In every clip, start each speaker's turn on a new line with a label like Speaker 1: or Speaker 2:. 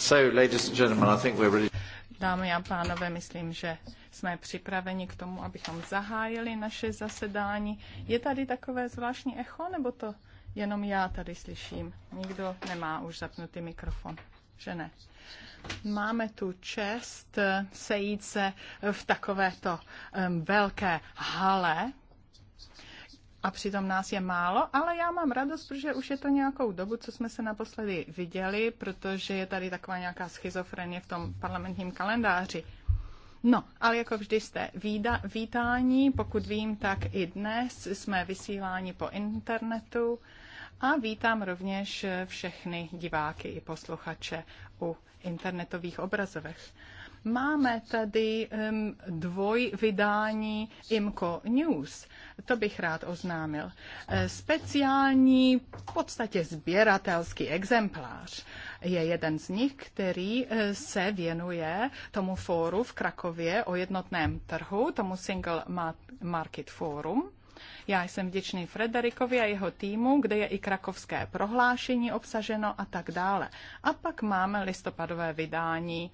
Speaker 1: So, ladies and gentlemen, I think we're
Speaker 2: Dámy a pánové, myslím, že jsme připraveni k tomu, abychom zahájili naše zasedání. Je tady takové zvláštní echo, nebo to jenom já tady slyším? Nikdo nemá už zapnutý mikrofon, že ne? Máme tu čest sejít se v takovéto velké hale, a přitom nás je málo, ale já mám radost, protože už je to nějakou dobu, co jsme se naposledy viděli, protože je tady taková nějaká schizofrenie v tom parlamentním kalendáři. No, ale jako vždy jste vída, vítání, pokud vím, tak i dnes jsme vysíláni po internetu a vítám rovněž všechny diváky i posluchače u internetových obrazovek. Máme tady um, dvoj vydání IMCO News. To bych rád oznámil. E, speciální, v podstatě sběratelský exemplář je jeden z nich, který e, se věnuje tomu fóru v Krakově o jednotném trhu, tomu Single Market Forum. Já jsem vděčný Frederikovi a jeho týmu, kde je i krakovské prohlášení obsaženo a tak dále. A pak máme listopadové vydání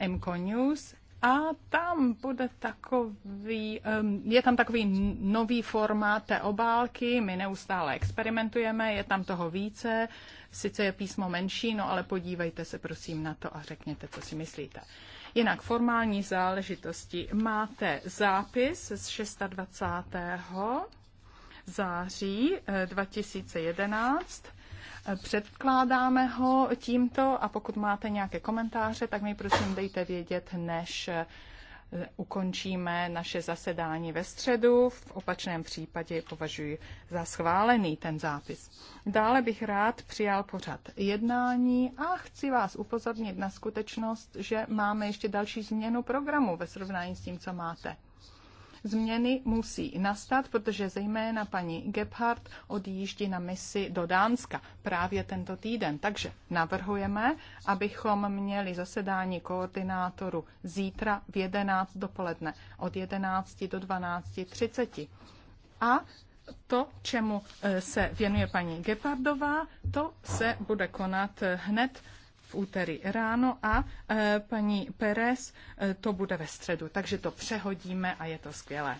Speaker 2: MCO News a tam bude takový, je tam takový nový formát té obálky, my neustále experimentujeme, je tam toho více, sice je písmo menší, no ale podívejte se prosím na to a řekněte, co si myslíte. Jinak formální záležitosti. Máte zápis z 26. září 2011 eh, Předkládáme ho tímto a pokud máte nějaké komentáře, tak mi prosím dejte vědět, než eh, ukončíme naše zasedání ve středu. V opačném případě považuji za schválený ten zápis. Dále bych rád přijal pořad jednání a chci vás upozornit na skutečnost, že máme ještě další změnu programu ve srovnání s tím, co máte. Změny musí nastat, protože zejména paní Gebhardt odjíždí na misi do Dánska právě tento týden. Takže navrhujeme, abychom měli zasedání koordinátoru zítra v 11 dopoledne od 11 do 12.30. A to, čemu eh, se věnuje paní Gepardová, to se bude konat hned úterý ráno a e, paní Perez e, to bude ve středu, takže to přehodíme a je to skvělé.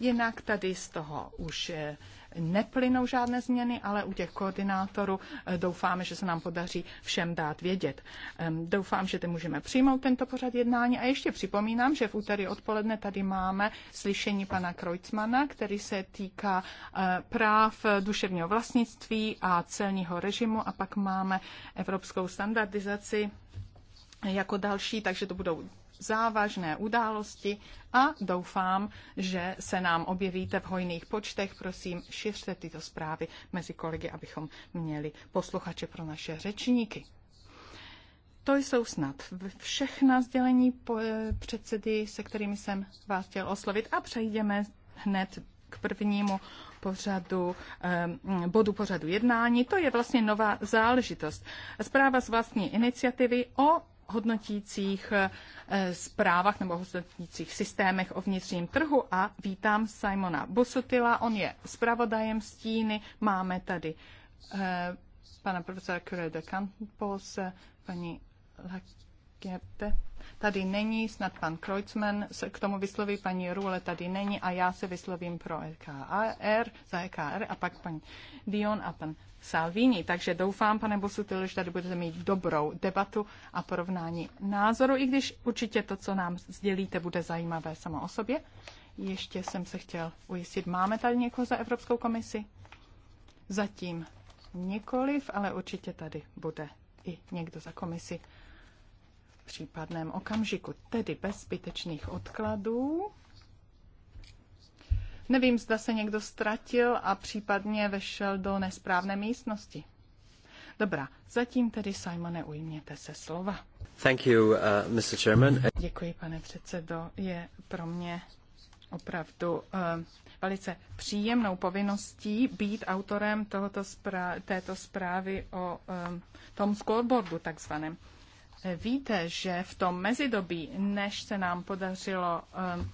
Speaker 2: Jinak tady z toho už e, neplynou žádné změny, ale u těch koordinátorů eh, doufáme, že se nám podaří všem dát vědět. Doufám, že teď můžeme přijmout tento pořad jednání a ještě připomínám, že v úterý odpoledne tady máme slyšení pana Krojcmana, který se týká eh, práv duševního vlastnictví a celního režimu a pak máme evropskou standardizaci jako další, takže to budou závažné události a doufám, že se nám objevíte v hojných počtech. Prosím, šiřte tyto zprávy mezi kolegy, abychom měli posluchače pro naše řečníky. To jsou snad všechna sdělení eh, předsedy, se kterými jsem vás chtěl oslovit a přejdeme hned k prvnímu pořadu, eh, bodu pořadu jednání. To je vlastně nová záležitost. Zpráva z vlastní iniciativy o hodnotících eh, zprávách nebo hodnotících systémech o vnitřním trhu a vítám Simona Busutila. On je zpravodajem stíny. Máme tady eh, pana profesora Cure de Campos, eh, paní Gepe. Tady není, snad pan Kreutzmann se k tomu vysloví, paní Rule tady není a já se vyslovím pro EKR, za EKR a pak pan Dion a pan Salvini. Takže doufám, pane Bosutil, že tady budete mít dobrou debatu a porovnání názoru, i když určitě to, co nám sdělíte, bude zajímavé samo o sobě. Ještě jsem se chtěl ujistit, máme tady někoho za Evropskou komisi? Zatím nikoliv, ale určitě tady bude i někdo za komisi případném okamžiku, tedy bez zbytečných odkladů. Nevím, zda se někdo ztratil a případně vešel do nesprávné místnosti. Dobrá, zatím tedy, Simone, ujměte se slova.
Speaker 3: Thank you, uh, Mr. Chairman.
Speaker 2: Děkuji, pane předsedo. Je pro mě opravdu uh, velice příjemnou povinností být autorem tohoto zpráv- této zprávy o um, tom scoreboardu takzvaném. Víte, že v tom mezidobí, než se nám podařilo ehm,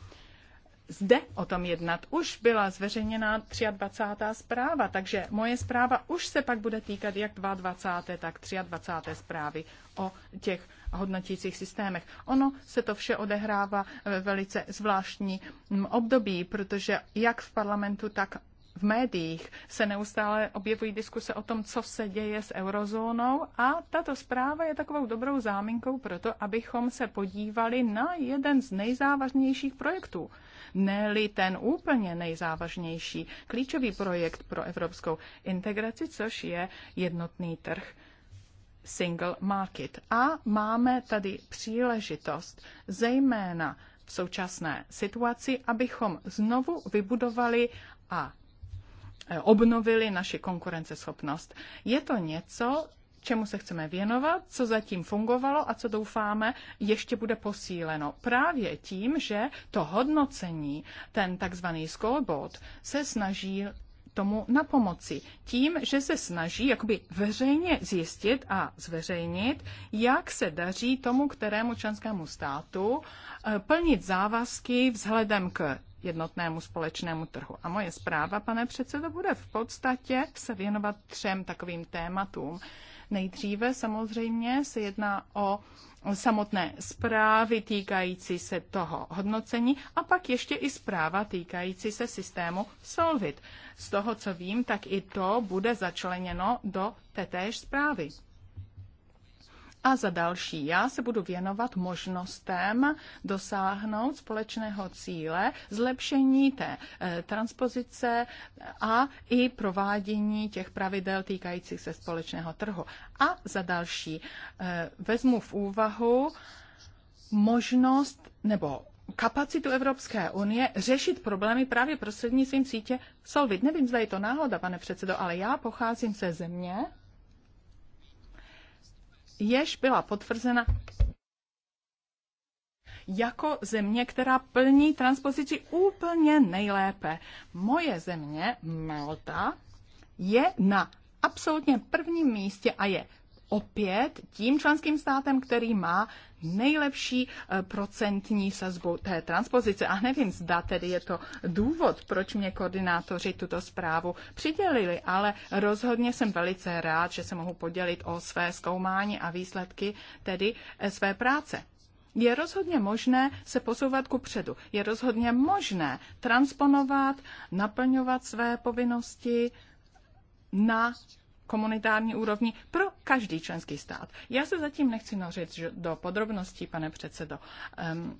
Speaker 2: zde o tom jednat, už byla zveřejněna 23. zpráva, takže moje zpráva už se pak bude týkat jak 22. tak 23. zprávy o těch hodnotících systémech. Ono se to vše odehrává ve velice zvláštní období, protože jak v parlamentu, tak v médiích se neustále objevují diskuse o tom, co se děje s eurozónou a tato zpráva je takovou dobrou záminkou pro to, abychom se podívali na jeden z nejzávažnějších projektů. Ne-li ten úplně nejzávažnější klíčový projekt pro evropskou integraci, což je jednotný trh single market. A máme tady příležitost, zejména v současné situaci, abychom znovu vybudovali a Eh, obnovili naši konkurenceschopnost. Je to něco, čemu se chceme věnovat, co zatím fungovalo a co doufáme ještě bude posíleno. Právě tím, že to hodnocení, ten takzvaný scoreboard, se snaží tomu na pomoci. Tím, že se snaží jakoby veřejně zjistit a zveřejnit, jak se daří tomu, kterému členskému státu eh, plnit závazky vzhledem k jednotnému společnému trhu. A moje zpráva, pane předsedo, bude v podstatě se věnovat třem takovým tématům. Nejdříve samozřejmě se jedná o samotné zprávy týkající se toho hodnocení a pak ještě i zpráva týkající se systému Solvit. Z toho, co vím, tak i to bude začleněno do tetéž zprávy. A za další, já se budu věnovat možnostem dosáhnout společného cíle zlepšení té eh, transpozice a i provádění těch pravidel týkajících se společného trhu. A za další, eh, vezmu v úvahu možnost nebo kapacitu Evropské unie řešit problémy právě prostřednictvím sítě Solvit. Nevím, zda je to náhoda, pane předsedo, ale já pocházím ze země, jež byla potvrzena jako země, která plní transpozici úplně nejlépe. Moje země, Malta, je na absolutně prvním místě a je opět tím členským státem, který má nejlepší eh, procentní sazbu té transpozice. A nevím, zda tedy je to důvod, proč mě koordinátoři tuto zprávu přidělili, ale rozhodně jsem velice rád, že se mohu podělit o své zkoumání a výsledky tedy eh, své práce. Je rozhodně možné se posouvat ku předu. Je rozhodně možné transponovat, naplňovat své povinnosti na komunitární úrovni pro každý členský stát. Já se zatím nechci nořit do podrobností, pane předsedo. Um,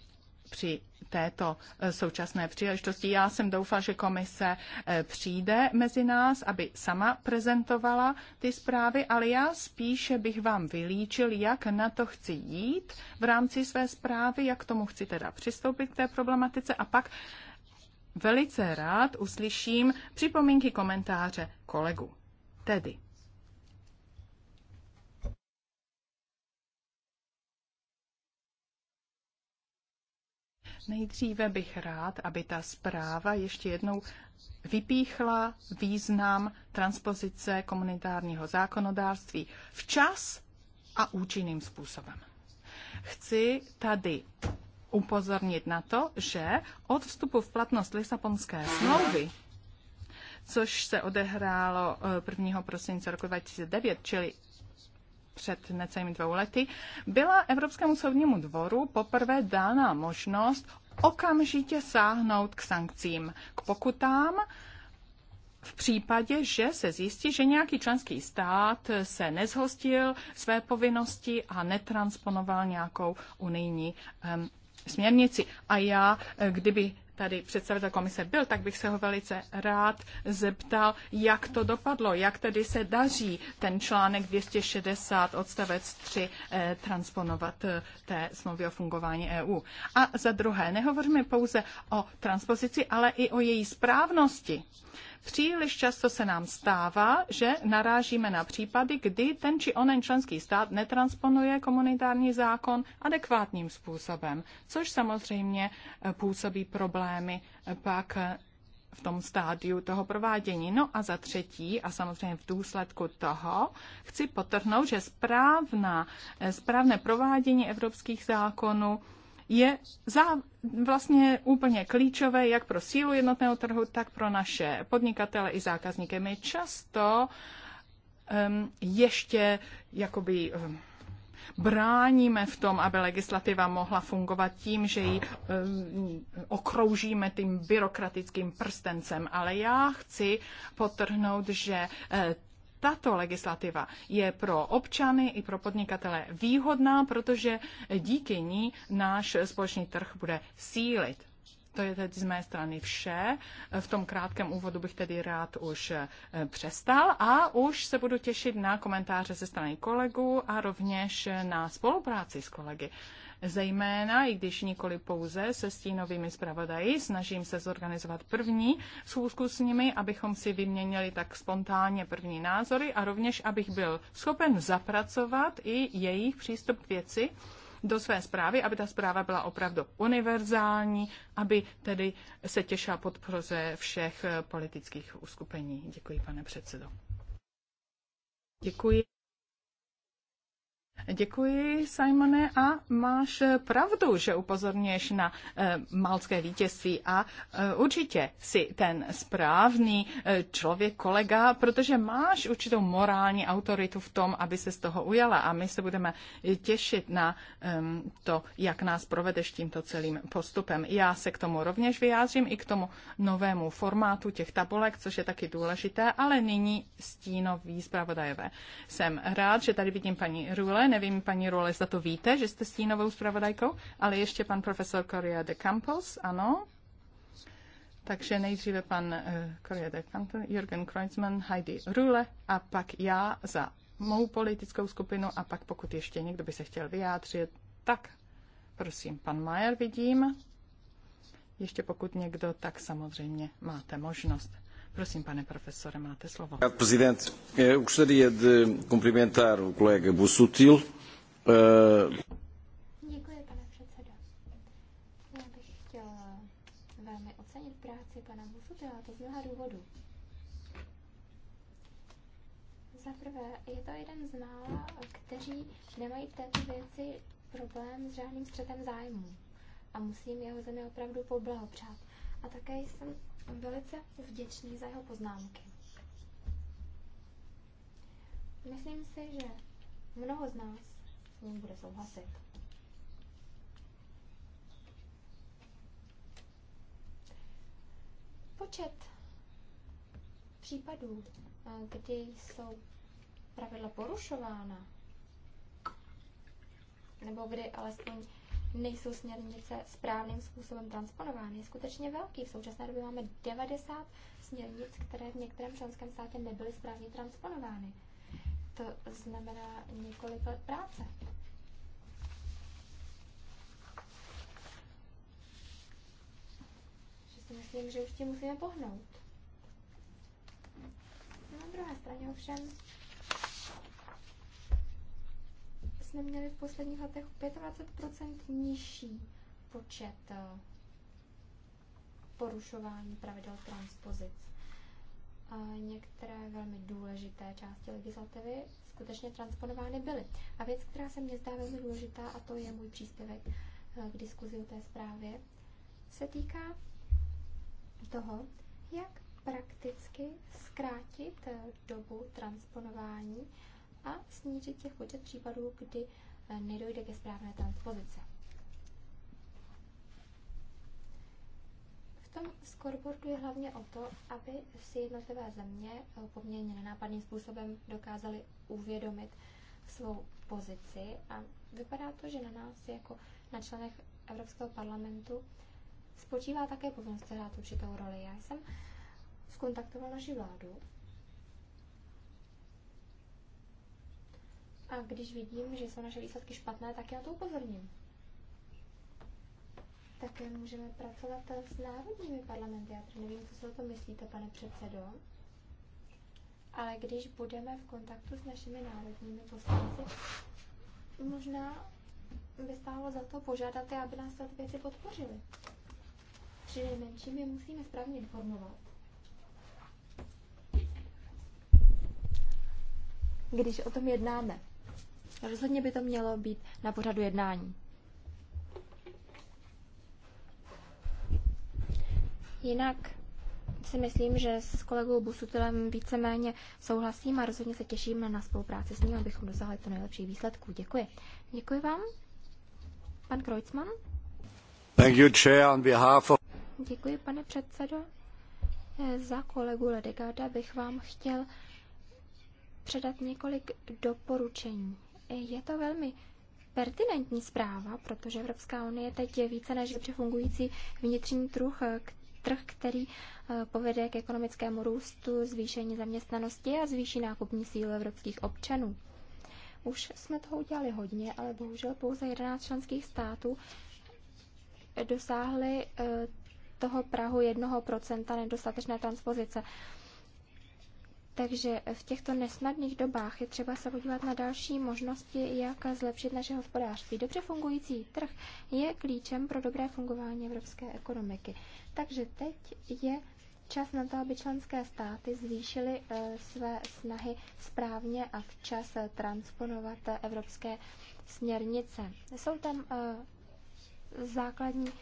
Speaker 2: při této e, současné příležitosti. Já jsem doufala, že komise e, přijde mezi nás, aby sama prezentovala ty zprávy, ale já spíše bych vám vylíčil, jak na to chci jít v rámci své zprávy, jak k tomu chci teda přistoupit k té problematice a pak velice rád uslyším připomínky, komentáře kolegu. Tedy Nejdříve bych rád, aby ta zpráva ještě jednou vypíchla význam transpozice komunitárního zákonodárství včas a účinným způsobem. Chci tady upozornit na to, že od vstupu v platnost Lisabonské smlouvy, což se odehrálo 1. Eh, prosince roku 2009, čili před necelými dvou lety, byla Evropskému soudnímu dvoru poprvé dána možnost okamžitě sáhnout k sankcím, k pokutám, v případě, že se zjistí, že nějaký členský stát se nezhostil své povinnosti a netransponoval nějakou unijní um, směrnici. A já, eh, kdyby tady představitel komise byl, tak bych se ho velice rád zeptal, jak to dopadlo, jak tedy se daří ten článek 260 odstavec 3 eh, transponovat eh, té smlouvy o fungování EU. A za druhé, nehovoříme pouze o transpozici, ale i o její správnosti. Příliš často se nám stává, že narážíme na případy, kdy ten či onen členský stát netransponuje komunitární zákon adekvátním způsobem, což samozřejmě eh, působí problémy eh, pak eh, v tom stádiu toho provádění. No a za třetí, a samozřejmě v důsledku toho, chci potrhnout, že správná, správné provádění evropských zákonů je za, vlastně úplně klíčové jak pro sílu jednotného trhu, tak pro naše podnikatele i zákazníky. My často um, ještě jakoby um, bráníme v tom, aby legislativa mohla fungovat tím, že ji um, okroužíme tím byrokratickým prstencem. Ale já chci potrhnout, že uh, tato legislativa je pro občany i pro podnikatele výhodná, protože díky ní náš společný trh bude sílit. To je tedy z mé strany vše. V tom krátkém úvodu bych tedy rád už eh, přestal a už se budu těšit na komentáře ze strany kolegů a rovněž na spolupráci s kolegy. Zejména, i když nikoli pouze se stínovými zpravodaji, snažím se zorganizovat první schůzku s nimi, abychom si vyměnili tak spontánně první názory a rovněž, abych byl schopen zapracovat i jejich přístup k věci do své zprávy, aby ta zpráva byla opravdu univerzální, aby tedy se těšila podproze všech politických uskupení. Děkuji, pane předsedo. Děkuji. Děkuji, Simone, a máš pravdu, že upozorněš na e, eh, malské vítězství a e, určitě jsi ten správný e, člověk, kolega, protože máš určitou morální autoritu v tom, aby se z toho ujala a my se budeme těšit na e, to, jak nás provedeš tímto celým postupem. Já se k tomu rovněž vyjádřím i k tomu novému formátu těch tabulek, což je taky důležité, ale nyní stínový zpravodajové. Jsem rád, že tady vidím paní Rule, Nevím, paní Role, zda to víte, že jste stínovou zpravodajkou, ale ještě pan profesor Correa de Campos, ano. Takže nejdříve pan eh, Correa de Campos, Jürgen Kreuzmann, Heidi Rule a pak já za mou politickou skupinu a pak pokud ještě někdo by se chtěl vyjádřit, tak prosím, pan Majer vidím. Ještě pokud někdo, tak samozřejmě máte možnost. Prosím, pane profesore, máte slovo. Prezident, eh, gostaria de cumprimentar o colega Bussutil. Eh, Děkuji, pane
Speaker 3: předsedo. Já bych chtěla velmi ocenit práci pana Busutila, to z mnoha důvodů. Za prvé, je to jeden z mála, kteří nemají v této věci problém s žádným střetem zájmů. A musím jeho zemi opravdu poblahopřát. A také jsem velice vděčný za jeho poznámky. Myslím si, že mnoho z nás s ním bude souhlasit. Počet případů, kdy jsou pravidla porušována, nebo kdy alespoň nejsou směrnice správným způsobem transponovány, je skutečně velký. V současné době máme 90 směrnic, které v některém členském státě nebyly správně transponovány. To znamená několik let práce. Že si myslím, že už tím musíme pohnout. Na druhé straně ovšem jsme měli v posledních letech 25% nižší počet eh, porušování pravidel transpozic. A některé velmi důležité části legislativy skutečně transponovány byly. A věc, která se mně zdá velmi důležitá, a to je můj příspěvek eh, k diskuzi o té zprávě, se týká toho, jak prakticky zkrátit eh, dobu transponování a snížit těch počet případů, kdy eh, nedojde ke správné transpozice. V tom scoreboardu je hlavně o to, aby si jednotlivé země eh, poměrně nenápadným způsobem dokázaly uvědomit svou pozici a vypadá to, že na nás jako na členech Evropského parlamentu spočívá také povinnost hrát určitou roli. Já jsem skontaktovala naši vládu A když vidím, že jsou naše výsledky špatné, tak já to upozorním. Také můžeme pracovat s národními parlamenty. Já tedy nevím, co si o to myslíte, pane předsedo. Ale když budeme v kontaktu s našimi národními poslanci, možná by stálo za to požádat aby nás tato věci podpořili. Při nejmenším je musíme správně informovat. Když o tom jednáme. Rozhodně by to mělo být na pořadu jednání. Jinak si myslím, že s kolegou Busutelem víceméně souhlasím a rozhodně se těším na spolupráci s ním, abychom dosáhli to nejlepší výsledku. Děkuji. Děkuji vám. Pan Kreuzmann.
Speaker 2: Thank you, chair, on behalf of...
Speaker 3: Děkuji, pane předsedo. Za kolegu Ledegarda bych vám chtěl předat několik doporučení. Je to velmi pertinentní zpráva, protože Evropská unie teď je více než dobře fungující vnitřní trh, trh, který eh, povede k ekonomickému růstu, zvýšení zaměstnanosti a zvýší nákupní sílu evropských občanů. Už jsme toho udělali hodně, ale bohužel pouze 11 členských států dosáhly eh, toho Prahu 1% nedostatečné transpozice. Takže v těchto nesnadných dobách je třeba se podívat na další možnosti, jak zlepšit naše hospodářství. Dobře fungující trh je klíčem pro dobré fungování evropské ekonomiky. Takže teď je čas na to, aby členské státy zvýšily eh, své snahy správně a včas transponovat evropské směrnice. Jsou tam eh, základní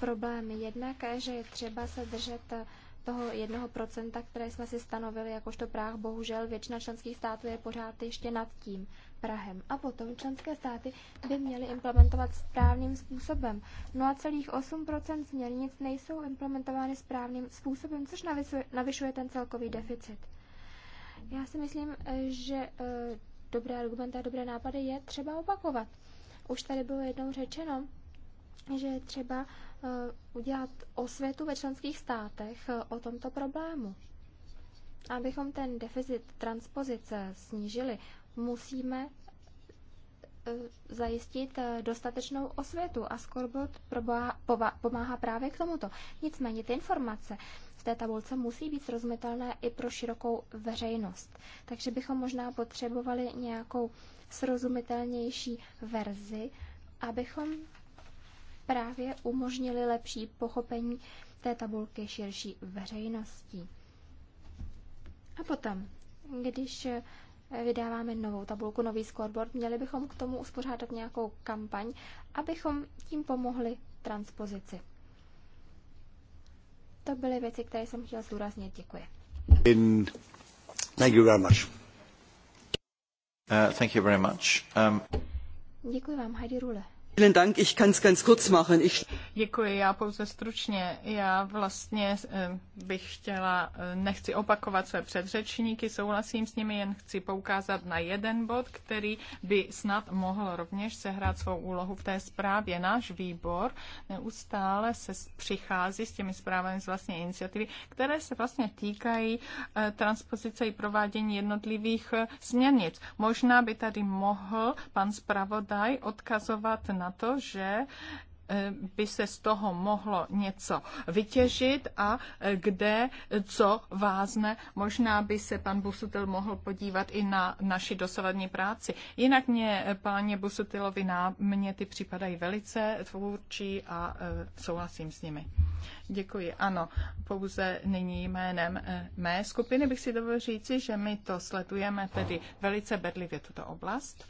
Speaker 3: problémy. Jednak, že je třeba se držet eh, toho jednoho procenta, které jsme si stanovili jakožto práh, bohužel většina členských států je pořád ještě nad tím Prahem. A potom členské státy by měly implementovat správným způsobem. 0,8 směrnic nejsou implementovány správným způsobem, což navyšuje, navyšuje ten celkový deficit. Já si myslím, že eh, dobré argumenty a dobré nápady je třeba opakovat. Už tady bylo jednou řečeno, že třeba Eh, udělat osvětu ve členských státech eh, o tomto problému. Abychom ten deficit transpozice snížili, musíme eh, zajistit dostatečnou osvětu a Skorbot pomáhá právě k tomuto. Nicméně ty informace v té tabulce musí být srozumitelné i pro širokou veřejnost. Takže bychom možná potřebovali nějakou srozumitelnější verzi, abychom právě umožnily lepší pochopení té tabulky širší veřejnosti. A potom, když eh, vydáváme novou tabulku, nový scoreboard, měli bychom k tomu uspořádat nějakou kampaň, abychom tím pomohli transpozici. To byly věci, které jsem chtěla zdůraznit. Děkuji.
Speaker 2: In... Thank you very much. Uh, thank you very much. Um... Děkuji vám, Heidi Rule. Děkuji, já pouze stručně. Já vlastně eh, bych chtěla, eh, nechci opakovat své předřečníky, souhlasím s nimi, jen chci poukázat na jeden bod, který by snad mohl rovněž sehrát svou úlohu v té zprávě. Náš výbor neustále se přichází s těmi zprávami z vlastní iniciativy, které se vlastně týkají eh, transpozice i provádění jednotlivých směrnic. Možná by tady mohl pan zpravodaj odkazovat na na to, že eh, by se z toho mohlo něco vytěžit a eh, kde co vázne. Možná by se pan Busutil mohl podívat i na naši dosavadní práci. Jinak mě, eh, páně Busutilovi, na mě ty připadají velice tvůrčí a souhlasím s nimi. Děkuji. Ano, pouze nyní jménem mé skupiny bych si dovolil říci, že my to sledujeme tedy velice bedlivě tuto oblast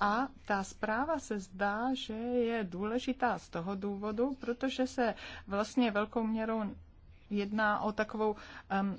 Speaker 2: a ta zpráva se zdá, že je důležitá z toho důvodu, protože se vlastně velkou měrou jedná o takovou um,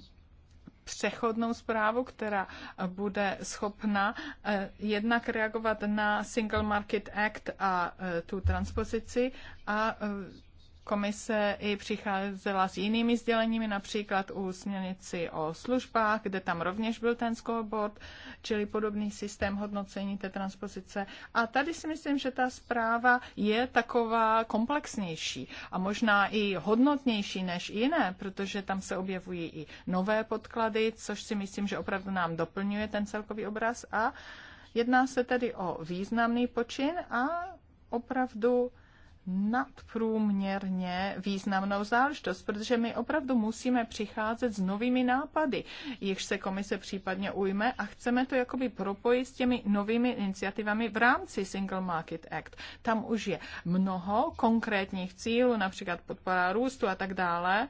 Speaker 2: přechodnou zprávu, která bude schopna eh, jednak reagovat na Single Market Act a eh, tu transpozici a eh, Komise i přicházela s jinými sděleními, například u směrnici o službách, kde tam rovněž byl ten scoreboard, čili podobný systém hodnocení té transpozice. A tady si myslím, že ta zpráva je taková komplexnější a možná i hodnotnější než jiné, protože tam se objevují i nové podklady, což si myslím, že opravdu nám doplňuje ten celkový obraz. A jedná se tedy o významný počin a opravdu nadprůměrně významnou záležitost, protože my opravdu musíme přicházet s novými nápady, jichž se komise případně ujme a chceme to jakoby propojit s těmi novými iniciativami v rámci Single Market Act. Tam už je mnoho konkrétních cílů, například podpora růstu a tak dále,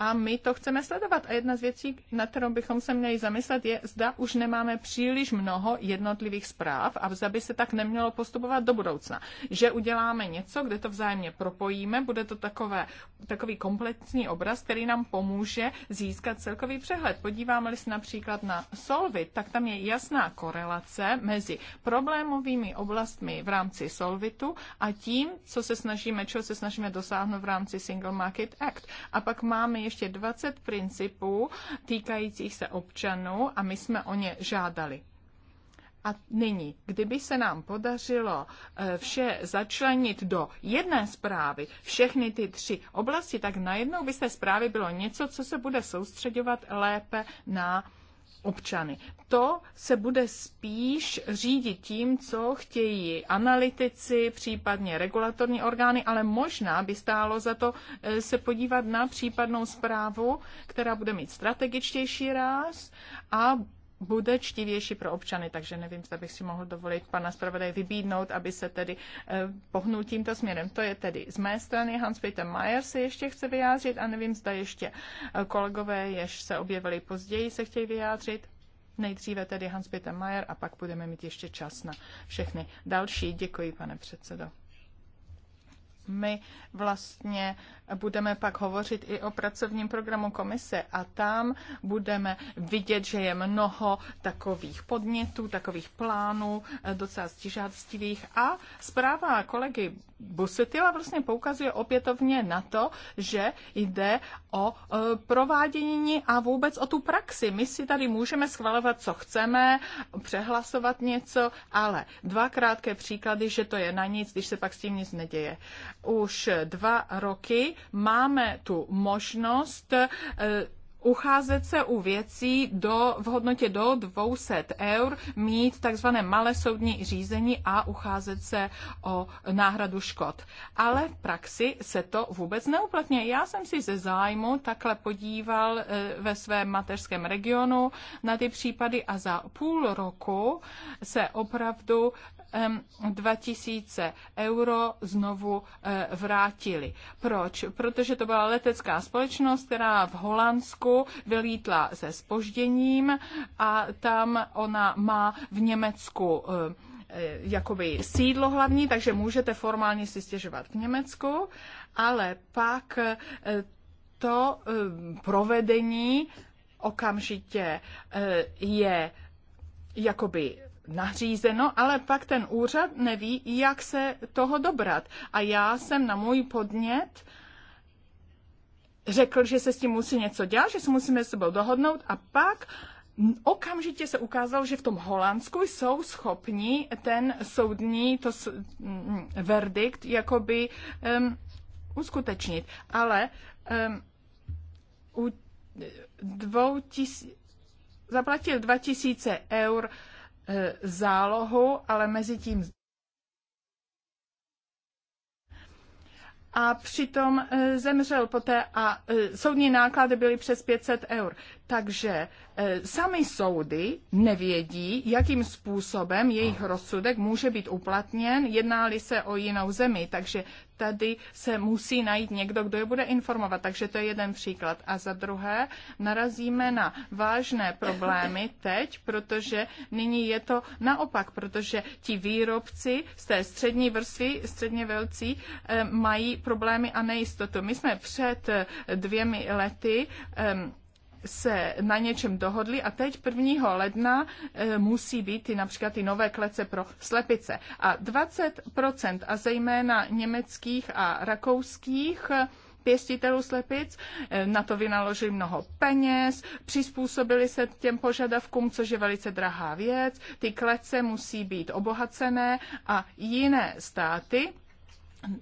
Speaker 2: a my to chceme sledovat. A jedna z věcí, na kterou bychom se měli zamyslet, je, zda už nemáme příliš mnoho jednotlivých zpráv a zda by se tak nemělo postupovat do budoucna. Že uděláme něco, kde to vzájemně propojíme, bude to takové, takový komplexní obraz, který nám pomůže získat celkový přehled. Podíváme-li se například na Solvit, tak tam je jasná korelace mezi problémovými oblastmi v rámci Solvitu a tím, co se snažíme, čeho se snažíme dosáhnout v rámci Single Market Act. A pak máme ještě 20 principů týkajících se občanů a my jsme o ně žádali. A nyní, kdyby se nám podařilo eh, vše začlenit do jedné zprávy, všechny ty tři oblasti, tak najednou by z té zprávy bylo něco, co se bude soustředovat lépe na občany. To se bude spíš řídit tím, co chtějí analytici, případně regulatorní orgány, ale možná by stálo za to eh, se podívat na případnou zprávu, která bude mít strategičtější ráz a bude čtivější pro občany, takže nevím, zda bych si mohl dovolit pana zpravodaj vybídnout, aby se tedy eh, pohnul tímto směrem. To je tedy z mé strany. Hans-Peter Mayer se ještě chce vyjádřit a nevím, zda ještě eh, kolegové, jež se objevili později, se chtějí vyjádřit. Nejdříve tedy Hans-Peter Mayer a pak budeme mít ještě čas na všechny další. Děkuji, pane předsedo my vlastně budeme pak hovořit i o pracovním programu komise a tam budeme vidět, že je mnoho takových podnětů, takových plánů, docela stižáctivých a zpráva kolegy Busetila vlastně poukazuje opětovně na to, že jde o e, provádění a vůbec o tu praxi. My si tady můžeme schvalovat, co chceme, přehlasovat něco, ale dva krátké příklady, že to je na nic, když se pak s tím nic neděje. Už dva roky máme tu možnost e, ucházet se u věcí do, v hodnotě do 200 eur, mít takzvané malé soudní řízení a ucházet se o náhradu škod. Ale v praxi se to vůbec neuplatňuje. Já jsem si ze zájmu takhle podíval eh, ve svém mateřském regionu na ty případy a za půl roku se opravdu 2000 euro znovu eh, vrátili. Proč? Protože to byla letecká společnost, která v Holandsku vylítla se spožděním a tam ona má v Německu eh, eh, jakoby sídlo hlavní, takže můžete formálně si stěžovat v Německu, ale pak to provedení okamžitě je jakoby nařízeno, ale pak ten úřad neví, jak se toho dobrat. A já jsem na můj podnět řekl, že se s tím musí něco dělat, že se musíme s sebou dohodnout a pak okamžitě se ukázalo, že v tom Holandsku jsou schopni ten soudní to, um, verdikt jakoby um, uskutečnit. Ale um, u dvou tis, zaplatil 2000 eur Eh, zálohu, ale mezi tím a přitom eh, zemřel poté a eh, soudní náklady byly přes 500 eur. Takže sami soudy nevědí, jakým způsobem jejich rozsudek může být uplatněn, jednáli se o jinou zemi. Takže tady se musí najít někdo, kdo je bude informovat. Takže to je jeden příklad. A za druhé, narazíme na vážné problémy teď, protože nyní je to naopak, protože ti výrobci z té střední vrstvy, středně velcí, eh, mají problémy a nejistotu. My jsme před eh, dvěmi lety eh, se na něčem dohodli a teď 1. ledna e, musí být ty, například ty nové klece pro slepice. A 20% a zejména německých a rakouských e, pěstitelů slepic, e, na to vynaložili mnoho peněz, přizpůsobili se těm požadavkům, což je velice drahá věc, ty klece musí být obohacené a jiné státy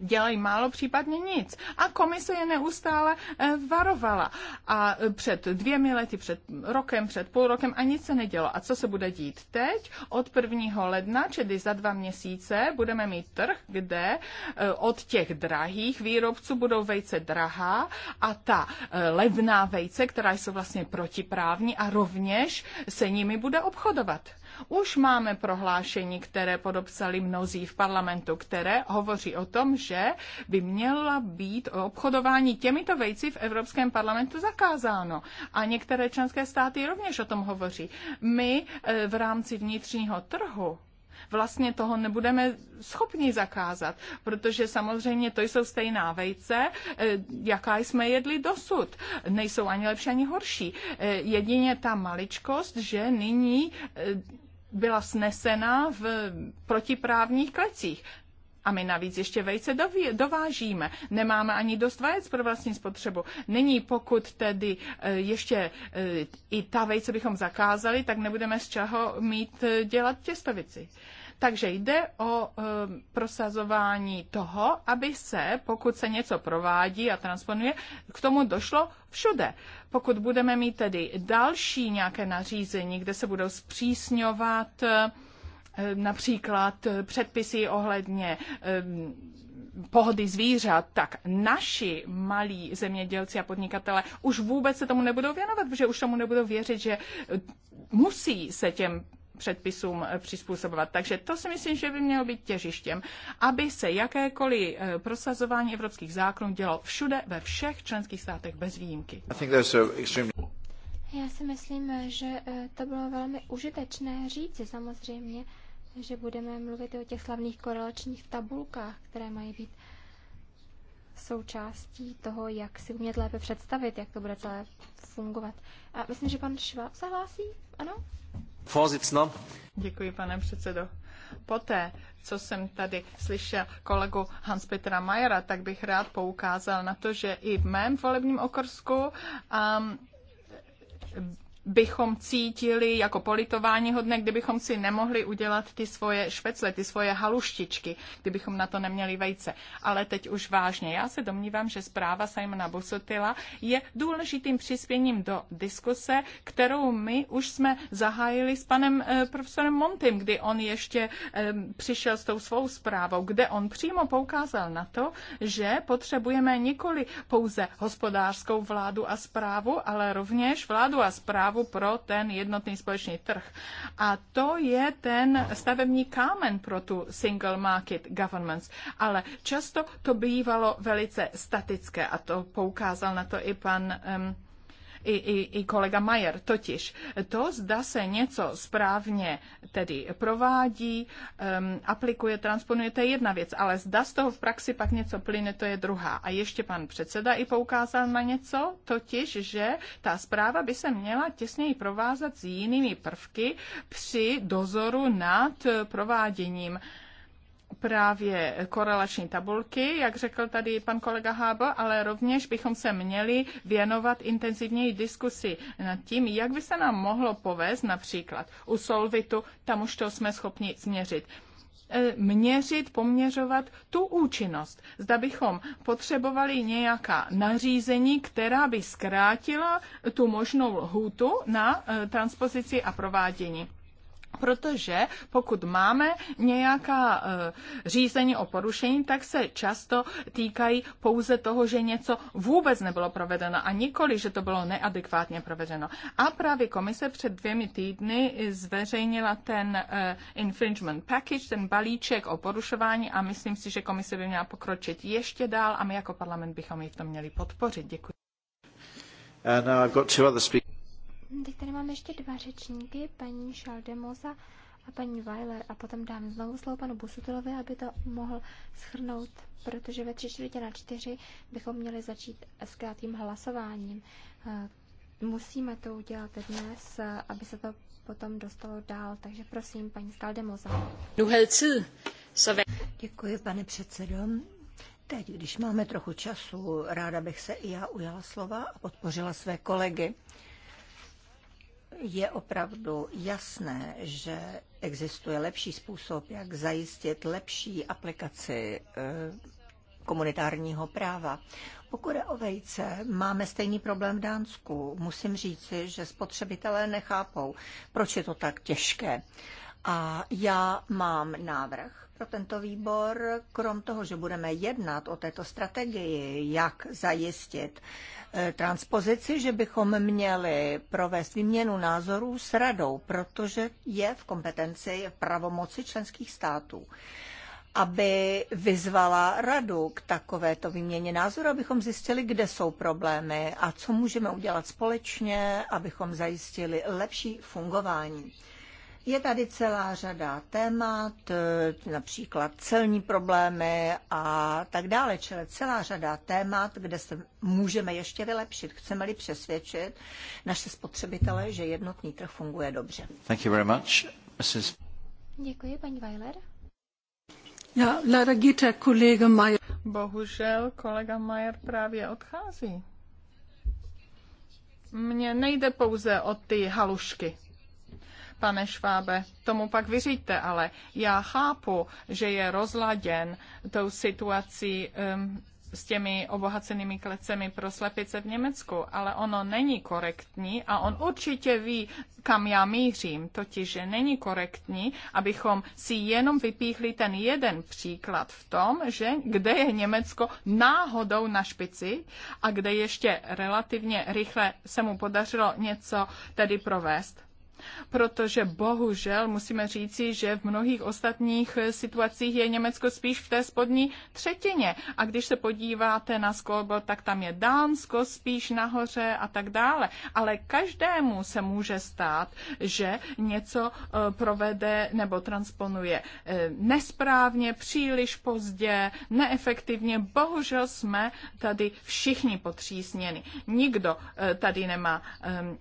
Speaker 2: dělají málo, případně nic. A komise je neustále eh, varovala. A eh, před dvěmi lety, před rokem, před půl rokem a nic se nedělo. A co se bude dít teď? Od 1. ledna, čili za dva měsíce, budeme mít trh, kde eh, od těch drahých výrobců budou vejce drahá a ta levná vejce, která jsou vlastně protiprávní a rovněž se nimi bude obchodovat. Už máme prohlášení, které podopsali mnozí v parlamentu, které hovoří o tom, že by měla být obchodování těmito vejci v Evropském parlamentu zakázáno. A některé členské státy rovněž o tom hovoří. My eh, v rámci vnitřního trhu vlastně toho nebudeme schopni zakázat, protože samozřejmě to jsou stejná vejce, eh, jaká jsme jedli dosud. Nejsou ani lepší, ani horší. Eh, jedině ta maličkost, že nyní byla snesena v protiprávních klecích. A my navíc ještě vejce dovážíme. Nemáme ani dost vajec pro vlastní spotřebu. Nyní, pokud tedy eh, ještě eh, i ta vejce bychom zakázali, tak nebudeme z čeho mít eh, dělat těstovici. Takže jde o eh, prosazování toho, aby se, pokud se něco provádí a transponuje, k tomu došlo všude. Pokud budeme mít tedy další nějaké nařízení, kde se budou zpřísňovat eh, například předpisy ohledně eh, pohody zvířat, tak naši malí zemědělci a podnikatele už vůbec se tomu nebudou věnovat, protože už tomu nebudou věřit, že musí se těm předpisům eh, přizpůsobovat. Takže to si myslím, že by mělo být těžištěm, aby se jakékoliv eh, prosazování evropských zákonů dělo všude, ve všech členských státech bez výjimky.
Speaker 3: Já si myslím, eh, že to bylo velmi užitečné říci samozřejmě, že budeme mluvit o těch slavných korelačních tabulkách, které mají být součástí toho, jak si umět lépe představit, jak to bude celé fungovat. A myslím,
Speaker 2: že pan Šváb se hlásí, ano? No? Děkuji, pane předsedo. Poté, co jsem tady slyšel kolegu Hans-Petra Majera, tak bych rád poukázal na to, že i v mém volebním okrsku um, bychom cítili jako politování hodné, kdybychom si nemohli udělat ty svoje švecle, ty svoje haluštičky, kdybychom na to neměli vejce. Ale teď už vážně. Já se domnívám, že zpráva Simona Busutila je důležitým přispěním do diskuse, kterou my už jsme zahájili s panem eh, profesorem Montym, kdy on ještě eh, přišel s tou svou zprávou, kde on přímo poukázal na to, že potřebujeme nikoli pouze hospodářskou vládu a zprávu, ale rovněž vládu a zprávu zprávu pro ten jednotný společný trh. A to je ten stavební kámen pro tu single market governments. Ale často to bývalo velice statické a to poukázal na to i pan um, i, i, i kolega Majer, totiž to, zda se něco správně tedy provádí, um, aplikuje, transponuje, to je jedna věc, ale zda z toho v praxi pak něco plyne, to je druhá. A ještě pan předseda i poukázal na něco, totiž, že ta zpráva by se měla těsněji provázat s jinými prvky při dozoru nad prováděním uh, právě korelační tabulky, jak řekl tady pan kolega Hábo, ale rovněž bychom se měli věnovat intenzivněji diskusi nad tím, jak by se nám mohlo povést například u Solvitu, tam už to jsme schopni změřit e, měřit, poměřovat tu účinnost. Zda bychom potřebovali nějaká nařízení, která by zkrátila tu možnou lhůtu na e, transpozici a provádění. Protože pokud máme nějaká e, řízení o porušení, tak se často týkají pouze toho, že něco vůbec nebylo provedeno a nikoli, že to bylo neadekvátně provedeno. A právě komise před dvěmi týdny zveřejnila ten e, infringement package, ten balíček o porušování a myslím si, že komise by měla pokročit ještě dál a my jako parlament bychom ji v tom měli podpořit. Děkuji.
Speaker 1: And, uh, got two other speakers.
Speaker 3: Teď tady máme ještě dva řečníky, paní Šaldemosa a paní Weiler a potom dám znovu slovo panu Busutilovi, aby to mohl schrnout, protože ve tři čtvrtě na čtyři bychom měli začít s krátkým hlasováním. Eh, musíme to udělat dnes, eh, aby se to potom dostalo dál, takže prosím, paní Skaldemoza.
Speaker 1: Děkuji, pane předsedo. Teď, když máme trochu času, ráda bych se i já ujala slova a podpořila své kolegy je opravdu jasné, že existuje lepší způsob, jak zajistit lepší aplikaci eh, komunitárního práva. Pokud je o vejce, máme stejný problém v Dánsku. Musím říci, že spotřebitelé nechápou, proč je to tak těžké. A já mám návrh pro tento výbor, krom toho, že budeme jednat o této strategii, jak zajistit Eh, transpozici, že bychom měli provést výměnu názorů s radou, protože je v kompetenci v pravomoci členských států aby vyzvala radu k takovéto výměně názoru, abychom zjistili, kde jsou problémy a co můžeme udělat společně, abychom zajistili lepší fungování. Je tady celá řada témat, e, například celní problémy a tak dále, čili celá řada témat, kde se můžeme ještě vylepšit. Chceme-li přesvědčit naše spotřebitele, že jednotný trh funguje dobře. Thank you very much. Mrs. Děkuji, paní
Speaker 3: Weiler.
Speaker 2: Já, leider geht der Kollege Mayer. Bohužel kolega Mayer právě odchází. Mně nejde pouze o ty halušky pane Švábe, tomu pak vyříte, ale já chápu, že je rozladěn tou situací um, s těmi obohacenými klecemi pro slepice v Německu, ale ono není korektní a on určitě ví, kam já mířím, totiž, že není korektní, abychom si jenom vypíchli ten jeden příklad v tom, že kde je Německo náhodou na špici a kde ještě relativně rychle se mu podařilo něco tedy provést protože bohužel musíme říci, že v mnohých ostatních situacích je Německo spíš v té spodní třetině. A když se podíváte na skolbo, tak tam je Dánsko spíš nahoře a tak dále. Ale každému se může stát, že něco eh, provede nebo transponuje eh, nesprávně, příliš pozdě, neefektivně. Bohužel jsme tady všichni potřísněni. Nikdo eh, tady nemá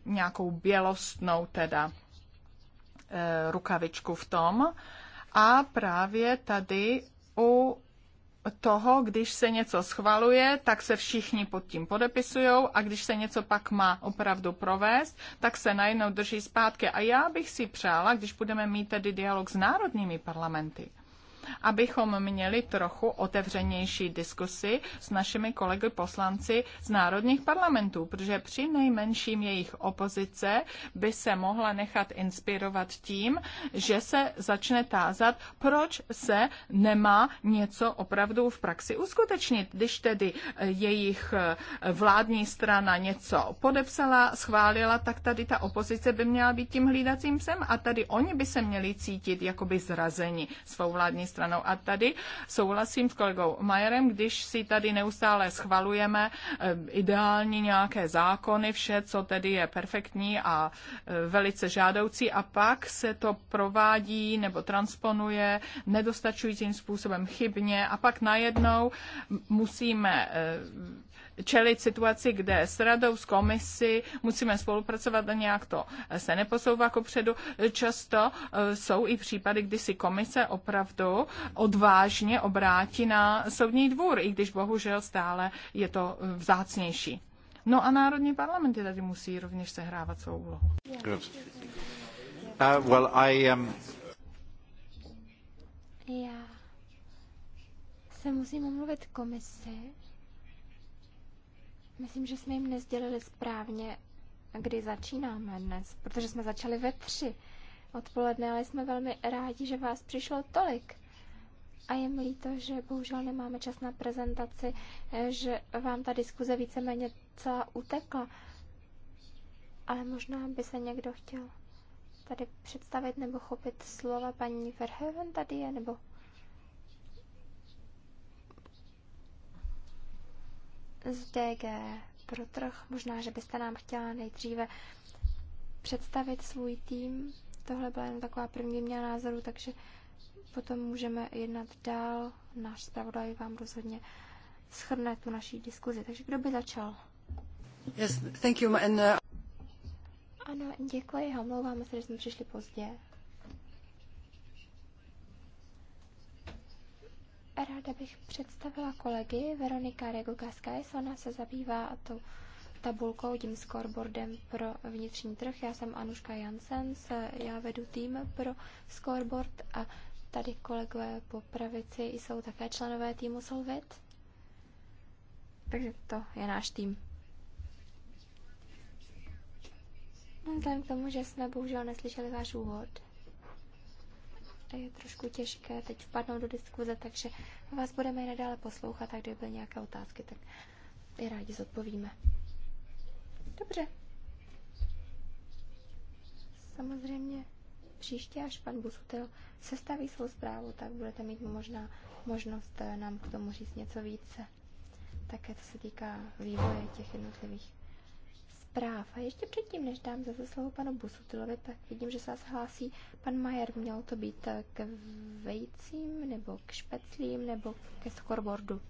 Speaker 2: nějakou bělostnou teda Eh, rukavičku v tom. A právě tady u toho, když se něco schvaluje, tak se všichni pod tím podepisují a když se něco pak má opravdu provést, tak se najednou drží zpátky. A já bych si přála, když budeme mít tedy dialog s národními parlamenty, abychom měli trochu otevřenější diskusy s našimi kolegy poslanci z národních parlamentů, protože při nejmenším jejich opozice by se mohla nechat inspirovat tím, že se začne tázat, proč se nemá něco opravdu v praxi uskutečnit, když tedy eh, jejich eh, vládní strana něco podepsala, schválila, tak tady ta opozice by měla být tím hlídacím psem a tady oni by se měli cítit jakoby zrazeni svou vládní stranou stranou. A tady souhlasím s kolegou Majerem, když si tady neustále schvalujeme eh, ideální nějaké zákony, vše, co tedy je perfektní a eh, velice žádoucí a pak se to provádí nebo transponuje nedostačujícím způsobem chybně a pak najednou musíme eh, čelit situaci, kde s radou, s komisí musíme spolupracovat a nějak to se neposouvá předu. Často eh, jsou i případy, kdy si komise opravdu odvážně obrátí na soudní dvůr, i když bohužel stále je to eh, vzácnější. No a národní parlamenty tady musí rovněž sehrávat svou úlohu.
Speaker 1: Uh, well, I, um...
Speaker 3: Já se musím omluvit komisi, Myslím, že jsme jim nezdělili správně, kdy začínáme dnes, protože jsme začali ve tři odpoledne, ale jsme velmi rádi, že vás přišlo tolik. A je mi líto, že bohužel nemáme čas na prezentaci, že vám ta diskuze víceméně celá utekla. Ale možná by se někdo chtěl tady představit nebo chopit slova paní Verheven tady je, nebo z DG pro trh. Možná, že byste nám chtěla nejdříve představit svůj tým. Tohle byla jen taková první měna názoru, takže potom můžeme jednat dál. Náš zpravodaj vám rozhodně schrne tu naší diskuzi. Takže kdo by začal?
Speaker 2: Yes, thank you. And, uh...
Speaker 3: Ano, děkuji. Omlouváme se, že jsme přišli pozdě. Ráda bych představila kolegy Veronika Regukaskajs, ona se zabývá tou tabulkou, tím scoreboardem pro vnitřní trh. Já jsem Anuška Jansens, já vedu tým pro scoreboard a tady kolegové po pravici jsou také členové týmu Solvit. Takže to je náš tým. Vzhledem k tomu, že jsme bohužel neslyšeli váš úvod, je trošku těžké teď vpadnout do diskuze, takže vás budeme i nadále poslouchat a kdyby byly nějaké otázky, tak je rádi zodpovíme. Dobře. Samozřejmě příště, až pan Busutel sestaví svou zprávu, tak budete mít možná možnost eh, nám k tomu říct něco více. Také co se týká vývoje těch jednotlivých zpráv. A ještě předtím, než dám zase slovo panu Busutilovi, tak vidím, že se vás hlásí pan Majer. Měl to být eh, k
Speaker 1: vejcím, nebo k špeclím, nebo ke scoreboardu.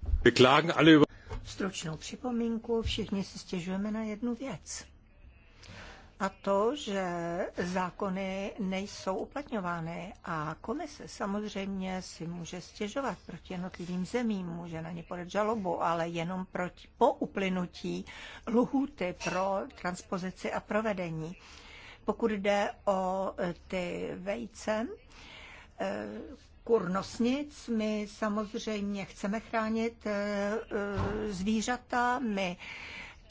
Speaker 1: Stručnou připomínku, všichni si stěžujeme na jednu věc a to, že zákony nejsou uplatňovány a komise samozřejmě si může stěžovat proti jednotlivým zemím, může na ně podat žalobu, ale jenom proti, po uplynutí lhůty pro transpozici a provedení. Pokud jde o e, ty vejce, e, kurnosnic. My samozřejmě chceme chránit e, zvířata, my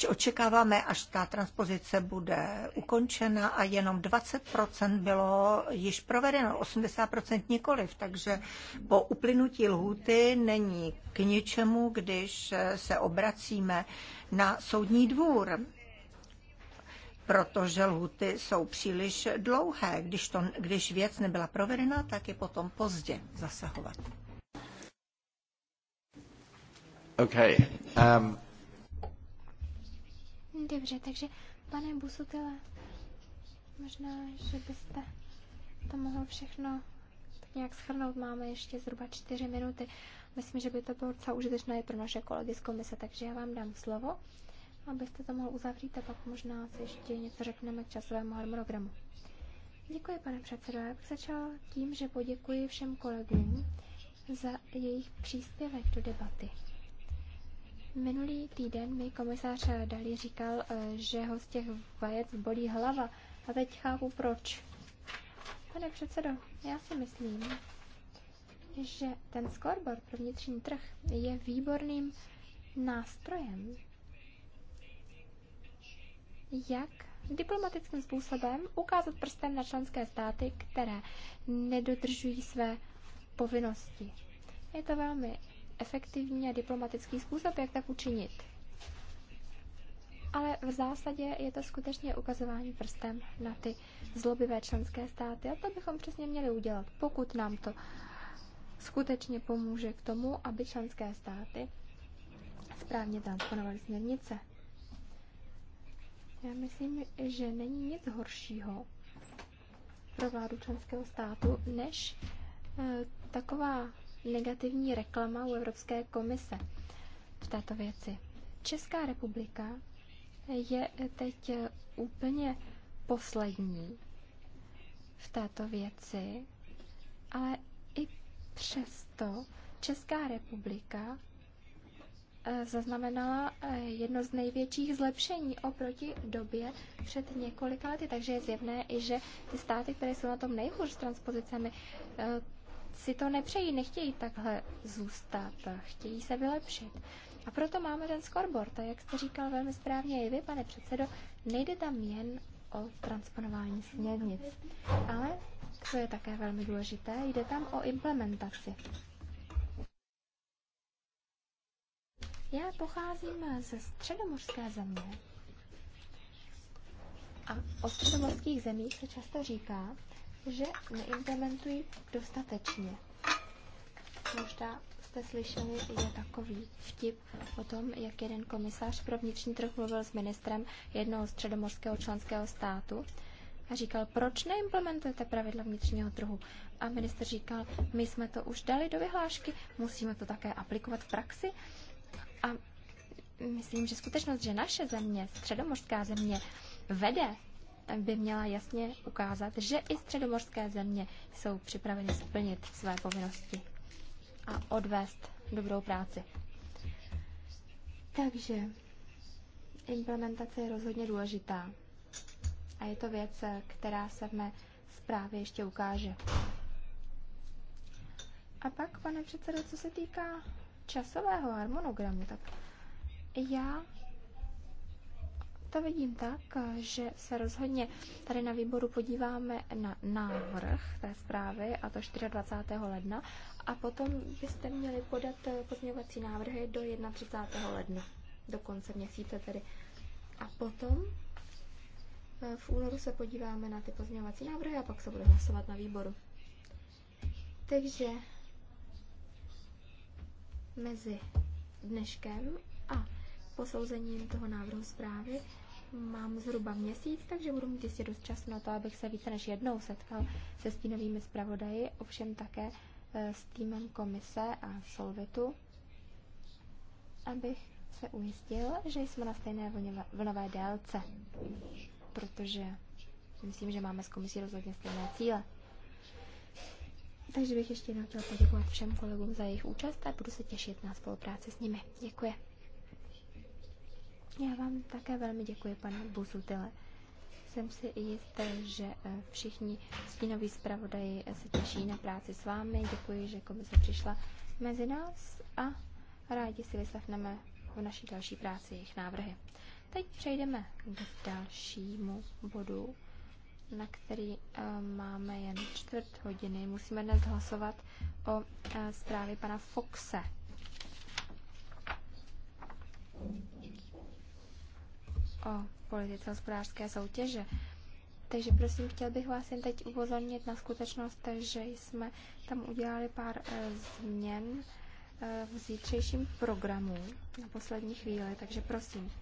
Speaker 1: očekáváme, až ta transpozice bude ukončena a jenom 20% bylo již provedeno, 80% nikoliv, takže po uplynutí lhůty není k ničemu, když se obracíme na soudní dvůr protože lhuty jsou příliš dlouhé. Když, to, když věc nebyla provedena, tak je potom pozdě zasahovat.
Speaker 2: Okay. Um,
Speaker 3: Dobře, takže pane Busutile, možná, že byste to mohl všechno tak nějak schrnout. Máme ještě zhruba čtyři minuty. Myslím, že by to bylo docela užitečné pro naše kolegy z komise, takže já vám dám slovo, abyste to mohl uzavřít a pak možná si ještě něco řekneme k časovému harmonogramu. Děkuji, pane předsedo. Já bych začal tím, že poděkuji všem kolegům za jejich příspěvek do debaty. Minulý týden mi komisář Dali říkal, eh, že ho z těch vajec bolí hlava. A teď chápu proč. Pane předsedo, já si myslím, že ten scoreboard pro vnitřní trh je výborným nástrojem, jak diplomatickým způsobem ukázat prstem na členské státy, které nedodržují své povinnosti. Je to velmi efektivní a diplomatický způsob, jak tak učinit. Ale v zásadě je to skutečně ukazování prstem na ty zlobivé členské státy. A to bychom přesně měli udělat, pokud nám to skutečně pomůže k tomu, aby členské státy správně transponovaly směrnice. Já myslím, že není nic horšího pro vládu členského státu, než eh, taková negativní reklama u Evropské komise v této věci. Česká republika je teď úplně poslední v této věci, ale i přesto Česká republika eh, zaznamenala eh, jedno z největších zlepšení oproti době před několika lety. Takže je zjevné i, že ty státy, které jsou na tom nejhůř s transpozicemi, eh, si to nepřejí, nechtějí takhle zůstat, chtějí se vylepšit. A proto máme ten scoreboard. A jak jste říkal velmi správně i vy, pane předsedo, nejde tam jen o transponování směrnic. Ale, co je také velmi důležité, jde tam o implementaci. Já pocházím ze středomorské země. A o středomorských zemích se často říká, že neimplementují dostatečně. Možná jste slyšeli, je takový vtip o tom, jak jeden komisař pro vnitřní trh mluvil s ministrem jednoho středomorského členského státu a říkal, proč neimplementujete pravidla vnitřního trhu? A minister říkal, my jsme to už dali do vyhlášky, musíme to také aplikovat v praxi. A myslím, že skutečnost, že naše země, středomořská země, vede by měla jasně ukázat, že i středomorské země jsou připraveny splnit své povinnosti a odvést dobrou práci. Takže implementace je rozhodně důležitá a je to věc, která se v mé zprávě ještě ukáže. A pak, pane předsedo, co se týká časového harmonogramu, tak já to vidím tak, že se rozhodně tady na výboru podíváme na návrh té zprávy, a to 24. ledna, a potom byste měli podat eh, pozměňovací návrhy do 31. ledna, do konce měsíce tedy. A potom eh, v únoru se podíváme na ty pozměňovací návrhy a pak se bude hlasovat na výboru. Takže mezi dneškem a posouzením toho návrhu zprávy. Mám zhruba měsíc, takže budu mít jistě dost času na to, abych se více než jednou setkal se stínovými zpravodaji, ovšem také eh, s týmem komise a Solvitu, abych se ujistil, že jsme na stejné vlnové délce, protože myslím, že máme s komisí rozhodně stejné cíle. Takže bych ještě jednou chtěla poděkovat všem kolegům za jejich účast a budu se těšit na spolupráci s nimi. Děkuji. Já vám také velmi děkuji, pane Buzutile. Jsem si jisté, že eh, všichni stínoví zpravodaji eh, se těší na práci s vámi. Děkuji, že komise přišla mezi nás a rádi si vyslechneme v naší další práci jejich návrhy. Teď přejdeme k dalšímu bodu, na který eh, máme jen čtvrt hodiny. Musíme dnes hlasovat o zprávě pana Foxe o politice hospodářské soutěže. Takže prosím, chtěl bych vás jen teď upozornit na skutečnost, že jsme tam udělali pár eh, změn eh, v zítřejším programu na poslední chvíli, takže prosím,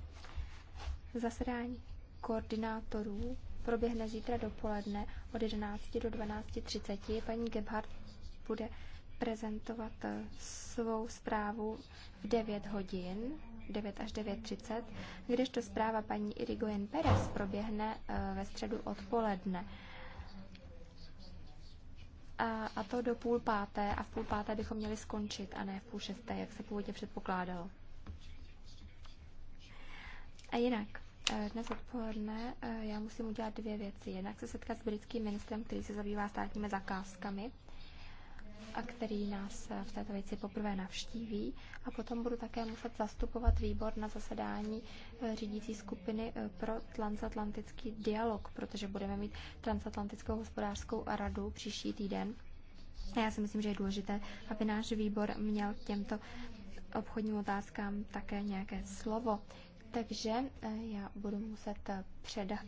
Speaker 3: zasedání koordinátorů proběhne zítra dopoledne od 11 do 12.30. Paní Gebhardt bude prezentovat eh, svou zprávu v 9 hodin. 9 až 9.30, kdežto zpráva paní Irigoyen Perez proběhne eh, ve středu odpoledne. A, a to do půl páté a v půl páté bychom měli skončit a ne v půl šesté, jak se původně předpokládalo. A jinak, eh, dnes odpoledne eh, já musím udělat dvě věci. Jednak se setkat s britským ministrem, který se zabývá státními zakázkami a který nás eh, v této věci poprvé navštíví. A potom budu také muset zastupovat výbor na zasedání eh, řídící skupiny eh, pro transatlantický dialog, protože budeme mít transatlantickou hospodářskou radu příští týden. A já si myslím, že je důležité, aby náš výbor měl k těmto obchodním otázkám také nějaké slovo. Takže já budu muset předat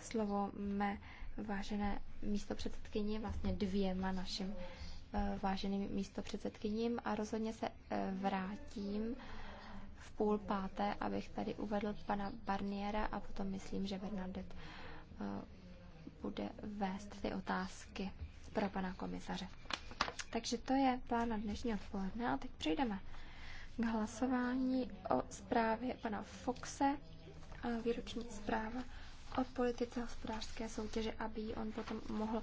Speaker 3: slovo mé vážené předsedkyni vlastně dvěma našim Eh, váženým místopředsedkyním a rozhodně se eh, vrátím v půl páté, abych tady uvedl pana Barniera a potom myslím, že Bernadette eh, bude vést ty otázky pro pana komisaře. Takže to je plán na dnešní odpoledne a teď přejdeme k hlasování o zprávě pana Foxe, výroční zpráva o politice hospodářské soutěže, aby on potom mohl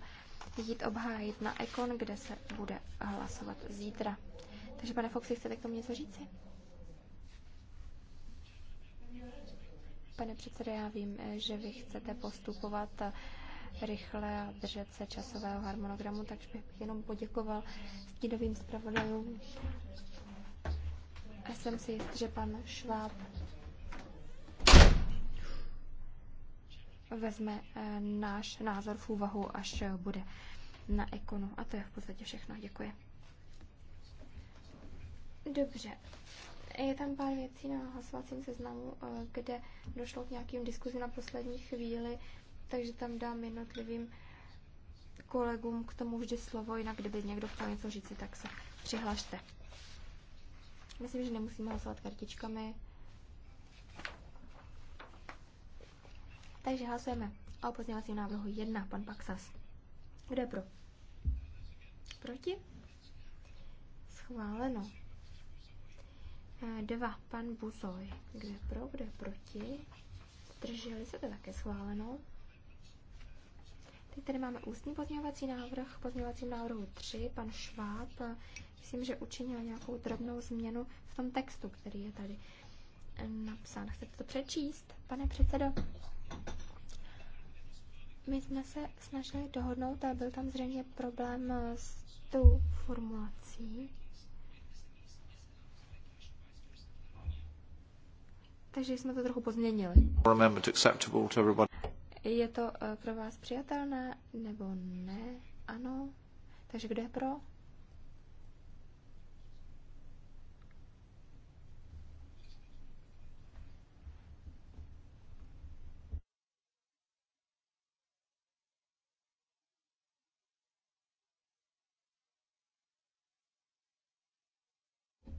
Speaker 3: jít obhájit na Ekon, kde se bude hlasovat zítra. Takže pane Foxy, chcete k tomu něco říci? Pane předsedo, já vím, že vy chcete postupovat rychle a držet se časového harmonogramu, takže bych jenom poděkoval stínovým zpravodajům. A jsem si jist, že pan Šváb vezme eh, náš názor v úvahu, až bude na ekonu. A to je v podstatě všechno. Děkuji. Dobře. Je tam pár věcí na hlasovacím seznamu, eh, kde došlo k nějakým diskuzím na poslední chvíli, takže tam dám jednotlivým kolegům k tomu vždy slovo, jinak kdyby někdo chtěl něco říci, tak se přihlašte. Myslím, že nemusíme hlasovat kartičkami. Takže hlasujeme o pozměňovacím návrhu 1, pan Paxas. Kdo je pro? Proti? Schváleno. 2, e, pan Buzoj. Kdo je pro, kdo je proti? Drželi se to také schváleno. Teď tady máme ústní pozměňovací návrh, pozměňovacím návrhu 3, pan Šváb, e, myslím, že učinil nějakou drobnou změnu v tom textu, který je tady e, napsán. Chcete to přečíst, pane předsedo? My jsme se snažili dohodnout, ale byl tam zřejmě problém eh, s tou formulací. Takže jsme to trochu pozměnili. Je to eh, pro vás přijatelné nebo ne? Ano. Takže kdo je pro?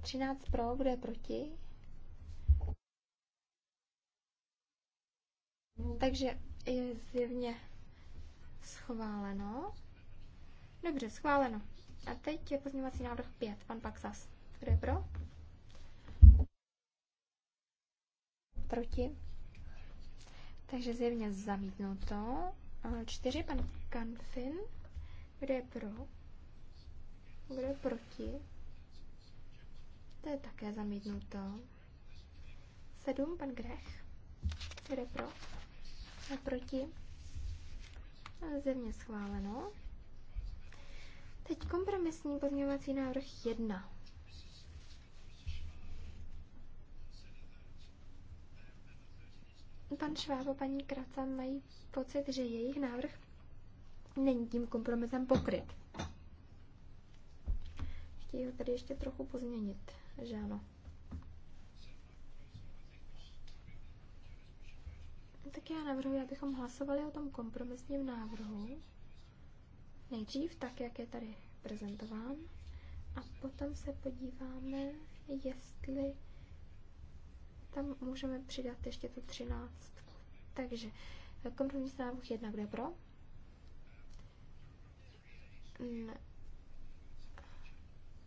Speaker 3: 13 pro, kdo je proti? Takže je zjevně schváleno. Dobře, schváleno. A teď je pozměňovací návrh 5, pan Paxas. Kdo je pro? Proti? Takže zjevně zamítnuto. 4, pan Kanfin. Kdo je pro? Kdo je proti? To je také zamítnuto. Sedm, pan Grech. Kde pro? A proti? Zevně schváleno. Teď kompromisní pozměňovací návrh 1. Pan Šváb a paní Kraca mají pocit, že jejich návrh není tím kompromisem pokryt. Chtějí ho tady ještě trochu pozměnit že ano. Tak já navrhuji, abychom hlasovali o tom kompromisním návrhu. Nejdřív tak, jak je tady prezentován. A potom se podíváme, jestli tam můžeme přidat ještě tu třináctku. Takže kompromisní návrh jedna, kde pro?
Speaker 2: Ne.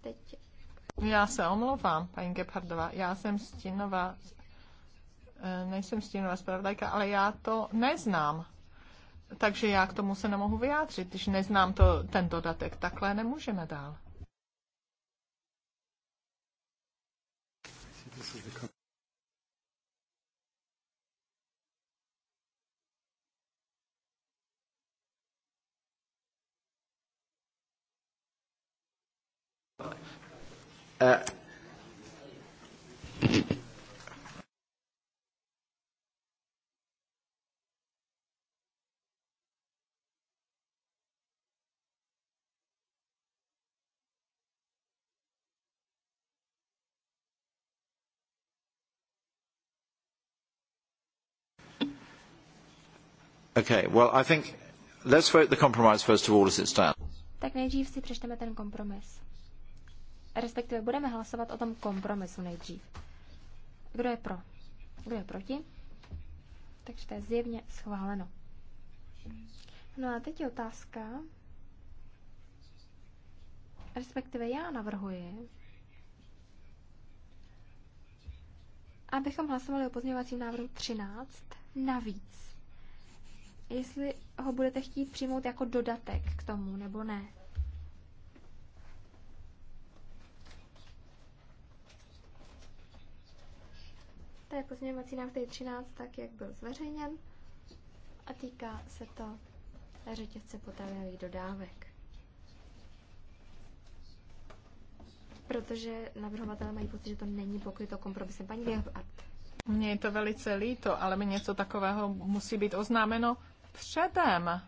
Speaker 2: Teď já se omlouvám, paní Gepardová, já jsem stínová, eh, nejsem stínová zpravodajka, ale já to neznám. Takže já k tomu se nemohu vyjádřit, když neznám to, ten dodatek. Takhle nemůžeme dál. Eh,
Speaker 1: okay, well, I think let's vote the compromise first of all as it stands.
Speaker 3: Tak nejdřív si přečteme ten kompromis respektive budeme hlasovat o tom kompromisu nejdřív. Kdo je pro? Kdo je proti? Takže to je zjevně schváleno. No a teď je otázka, respektive já navrhuji, abychom hlasovali o pozměňovacím návrhu 13 navíc. Jestli ho budete chtít přijmout jako dodatek k tomu, nebo ne. To je pozměňovací návrh 13, tak jak byl zveřejněn a týká se to řetězce potravinových dodávek. Protože navrhovatelé mají pocit, že to není pokryto kompromisem. Paní Gerhardt.
Speaker 2: Mně je to velice líto, ale mi něco takového musí být oznámeno předem.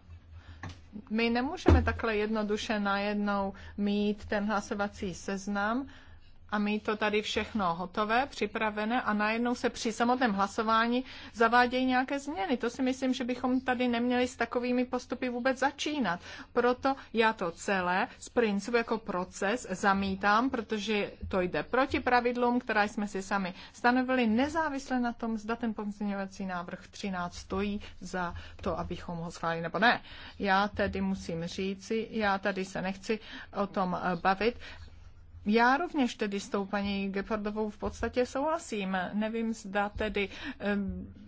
Speaker 2: My nemůžeme takhle jednoduše najednou mít ten hlasovací seznam a mít to tady všechno hotové, připravené a najednou se při samotném hlasování zavádějí nějaké změny. To si myslím, že bychom tady neměli s takovými postupy vůbec začínat. Proto já to celé z principu jako proces zamítám, protože to jde proti pravidlům, která jsme si sami stanovili, nezávisle na tom, zda ten pozměňovací návrh 13 stojí za to, abychom ho schválili nebo ne. Já tedy musím říci, já tady se nechci o tom bavit. Já rovněž tedy s tou paní Gepardovou v podstatě souhlasím. Nevím, zda tedy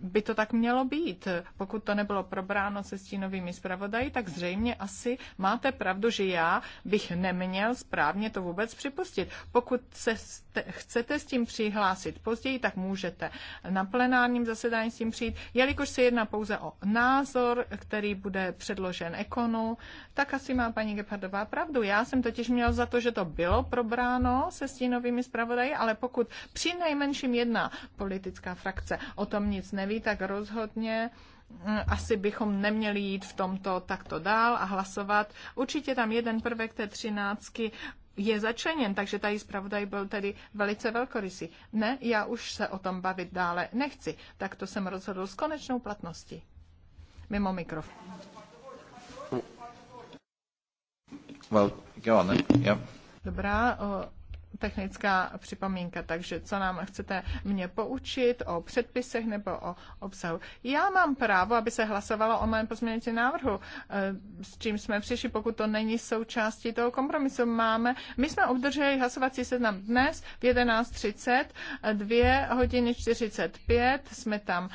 Speaker 2: by to tak mělo být. Pokud to nebylo probráno se stínovými zpravodaji, tak zřejmě asi máte pravdu, že já bych neměl správně to vůbec připustit. Pokud se chcete s tím přihlásit později, tak můžete na plenárním zasedání s tím přijít. Jelikož se jedná pouze o názor, který bude předložen ekonu, tak asi má paní Gepardová pravdu. Já jsem totiž měl za to, že to bylo probráno ráno se stínovými zpravodaji, ale pokud při nejmenším jedna politická frakce o tom nic neví, tak rozhodně mm, asi bychom neměli jít v tomto takto dál a hlasovat. Určitě tam jeden prvek té třináctky je začleněn, takže tady zpravodaj byl tedy velice velkorysý. Ne, já už se o tom bavit dále nechci. Tak to jsem rozhodl s konečnou platností. Mimo mikrofon.
Speaker 1: Well, go on then. Yep.
Speaker 2: Dobrá, technická připomínka, takže co nám chcete mě poučit o předpisech nebo o obsahu. Já mám právo, aby se hlasovalo o mém pozměnění návrhu, e, s čím jsme přišli, pokud to není součástí toho kompromisu. Máme, my jsme obdrželi hlasovací seznam dnes v 11.30, 2 hodiny 45, jsme tam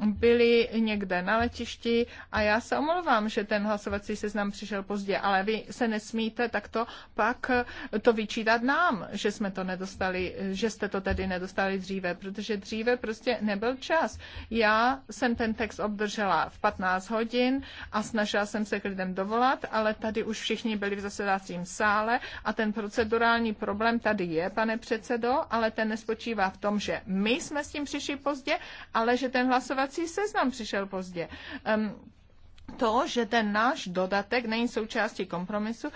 Speaker 2: um, byli někde na letišti a já se omlouvám, že ten hlasovací seznam přišel pozdě, ale vy se nesmíte takto pak to vyčítat nám vám, že jsme to nedostali, že jste to tedy nedostali dříve, protože dříve prostě nebyl čas. Já jsem ten text obdržela v 15 hodin a snažila jsem se k lidem dovolat, ale tady už všichni byli v zasedacím sále a ten procedurální problém tady je, pane předsedo, ale ten nespočívá v tom, že my jsme s tím přišli pozdě, ale že ten hlasovací seznam přišel pozdě. Um, to, že ten náš dodatek není součástí kompromisu,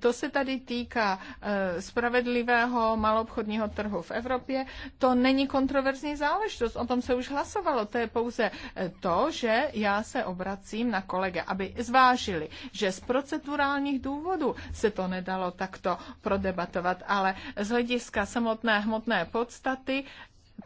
Speaker 2: to se tady týká eh, spravedlivého maloobchodního trhu v Evropě. To není kontroverzní záležitost, o tom se už hlasovalo. To je pouze eh, to, že já se obracím na kolege, aby zvážili, že z procedurálních důvodů se to nedalo takto prodebatovat, ale z hlediska samotné hmotné podstaty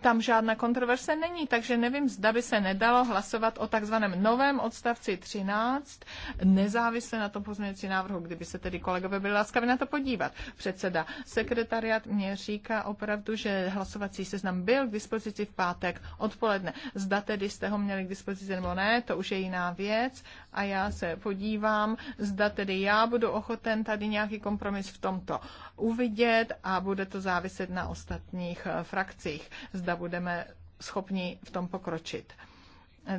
Speaker 2: tam žádná kontroverse není, takže nevím, zda by se nedalo hlasovat o takzvaném novém odstavci 13, nezávisle na tom pozměňující návrhu, kdyby se tedy kolegové byli láskaví, na to podívat. Předseda, sekretariat mě říká opravdu, že hlasovací seznam byl k dispozici v pátek odpoledne. Zda tedy jste ho měli k dispozici nebo ne, to už je jiná věc, a já se podívám, zda tedy já budu ochoten tady nějaký kompromis v tomto uvidět a bude to záviset na ostatních eh, frakcích, zda budeme schopni v tom pokročit.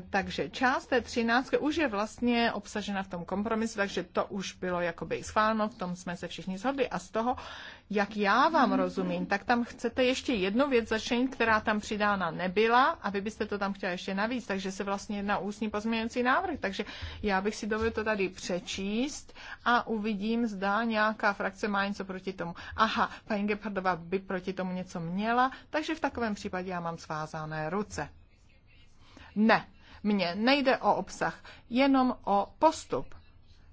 Speaker 2: Takže část té třináctky už je vlastně obsažena v tom kompromisu, takže to už bylo jakoby schváleno, v tom jsme se všichni shodli. A z toho, jak já vám rozumím, tak tam chcete ještě jednu věc začlenit, která tam přidána nebyla a vy byste to tam chtěla ještě navíc, takže se vlastně jedná ústní pozměňující návrh. Takže já bych si dovolil to tady přečíst a uvidím, zda nějaká frakce má něco proti tomu. Aha, paní Gepardová by proti tomu něco měla, takže v takovém případě já mám svázané ruce. Ne, mně nejde o obsah, jenom o postup.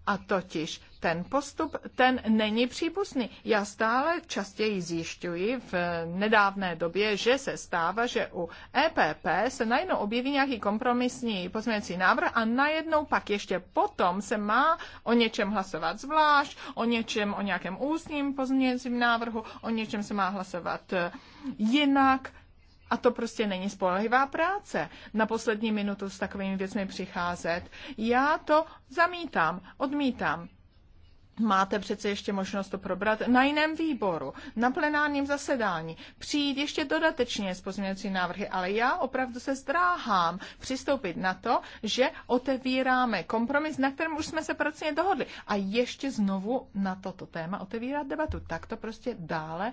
Speaker 2: A totiž ten postup, ten není přípustný. Já stále častěji zjišťuji v nedávné době, že se stává, že u EPP se najednou objeví nějaký kompromisní pozměňovací návrh a najednou pak ještě potom se má o něčem hlasovat zvlášť, o něčem, o nějakém ústním pozměňovacím návrhu, o něčem se má hlasovat jinak a to prostě není spolehlivá práce. Na poslední minutu s takovými věcmi přicházet. Já to zamítám, odmítám. Máte přece ještě možnost to probrat na jiném výboru, na plenárním zasedání, přijít ještě dodatečně s pozměňovací návrhy, ale já opravdu se zdráhám přistoupit na to, že otevíráme kompromis, na kterém už jsme se pracně dohodli. A ještě znovu na toto téma otevírat debatu. Tak to prostě dále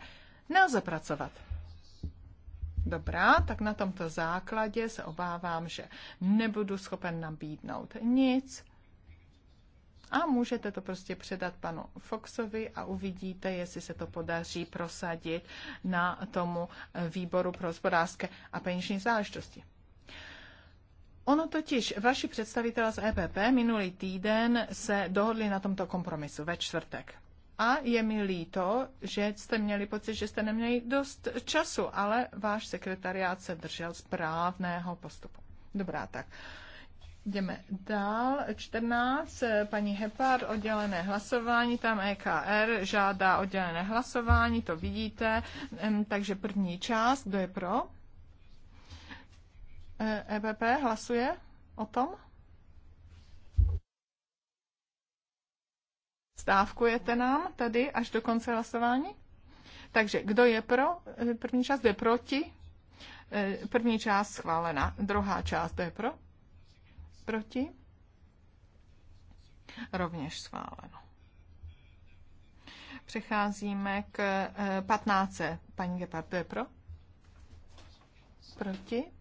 Speaker 2: nelze pracovat. Dobrá, tak na tomto základě se obávám, že nebudu schopen nabídnout nic. A můžete to prostě předat panu Foxovi a uvidíte, jestli se to podaří prosadit na tomu výboru pro hospodářské a peněžní záležitosti. Ono totiž, vaši představitelé z EPP minulý týden se dohodli na tomto kompromisu ve čtvrtek. A je mi líto, že jste měli pocit, že jste neměli dost času, ale váš sekretariát se držel správného postupu. Dobrá, tak. Jdeme dál. 14. Paní Hepard, oddělené hlasování, tam EKR žádá oddělené hlasování, to vidíte. Takže první část, kdo je pro? EPP e hlasuje o tom? Stávkujete nám tady až do konce hlasování? Takže kdo je pro? Eh, první část, je proti? Eh, první část schválena. Druhá část, je pro? Proti? Rovněž schváleno. Přecházíme k 15. Eh, Paní Gepard, to je pro? Proti?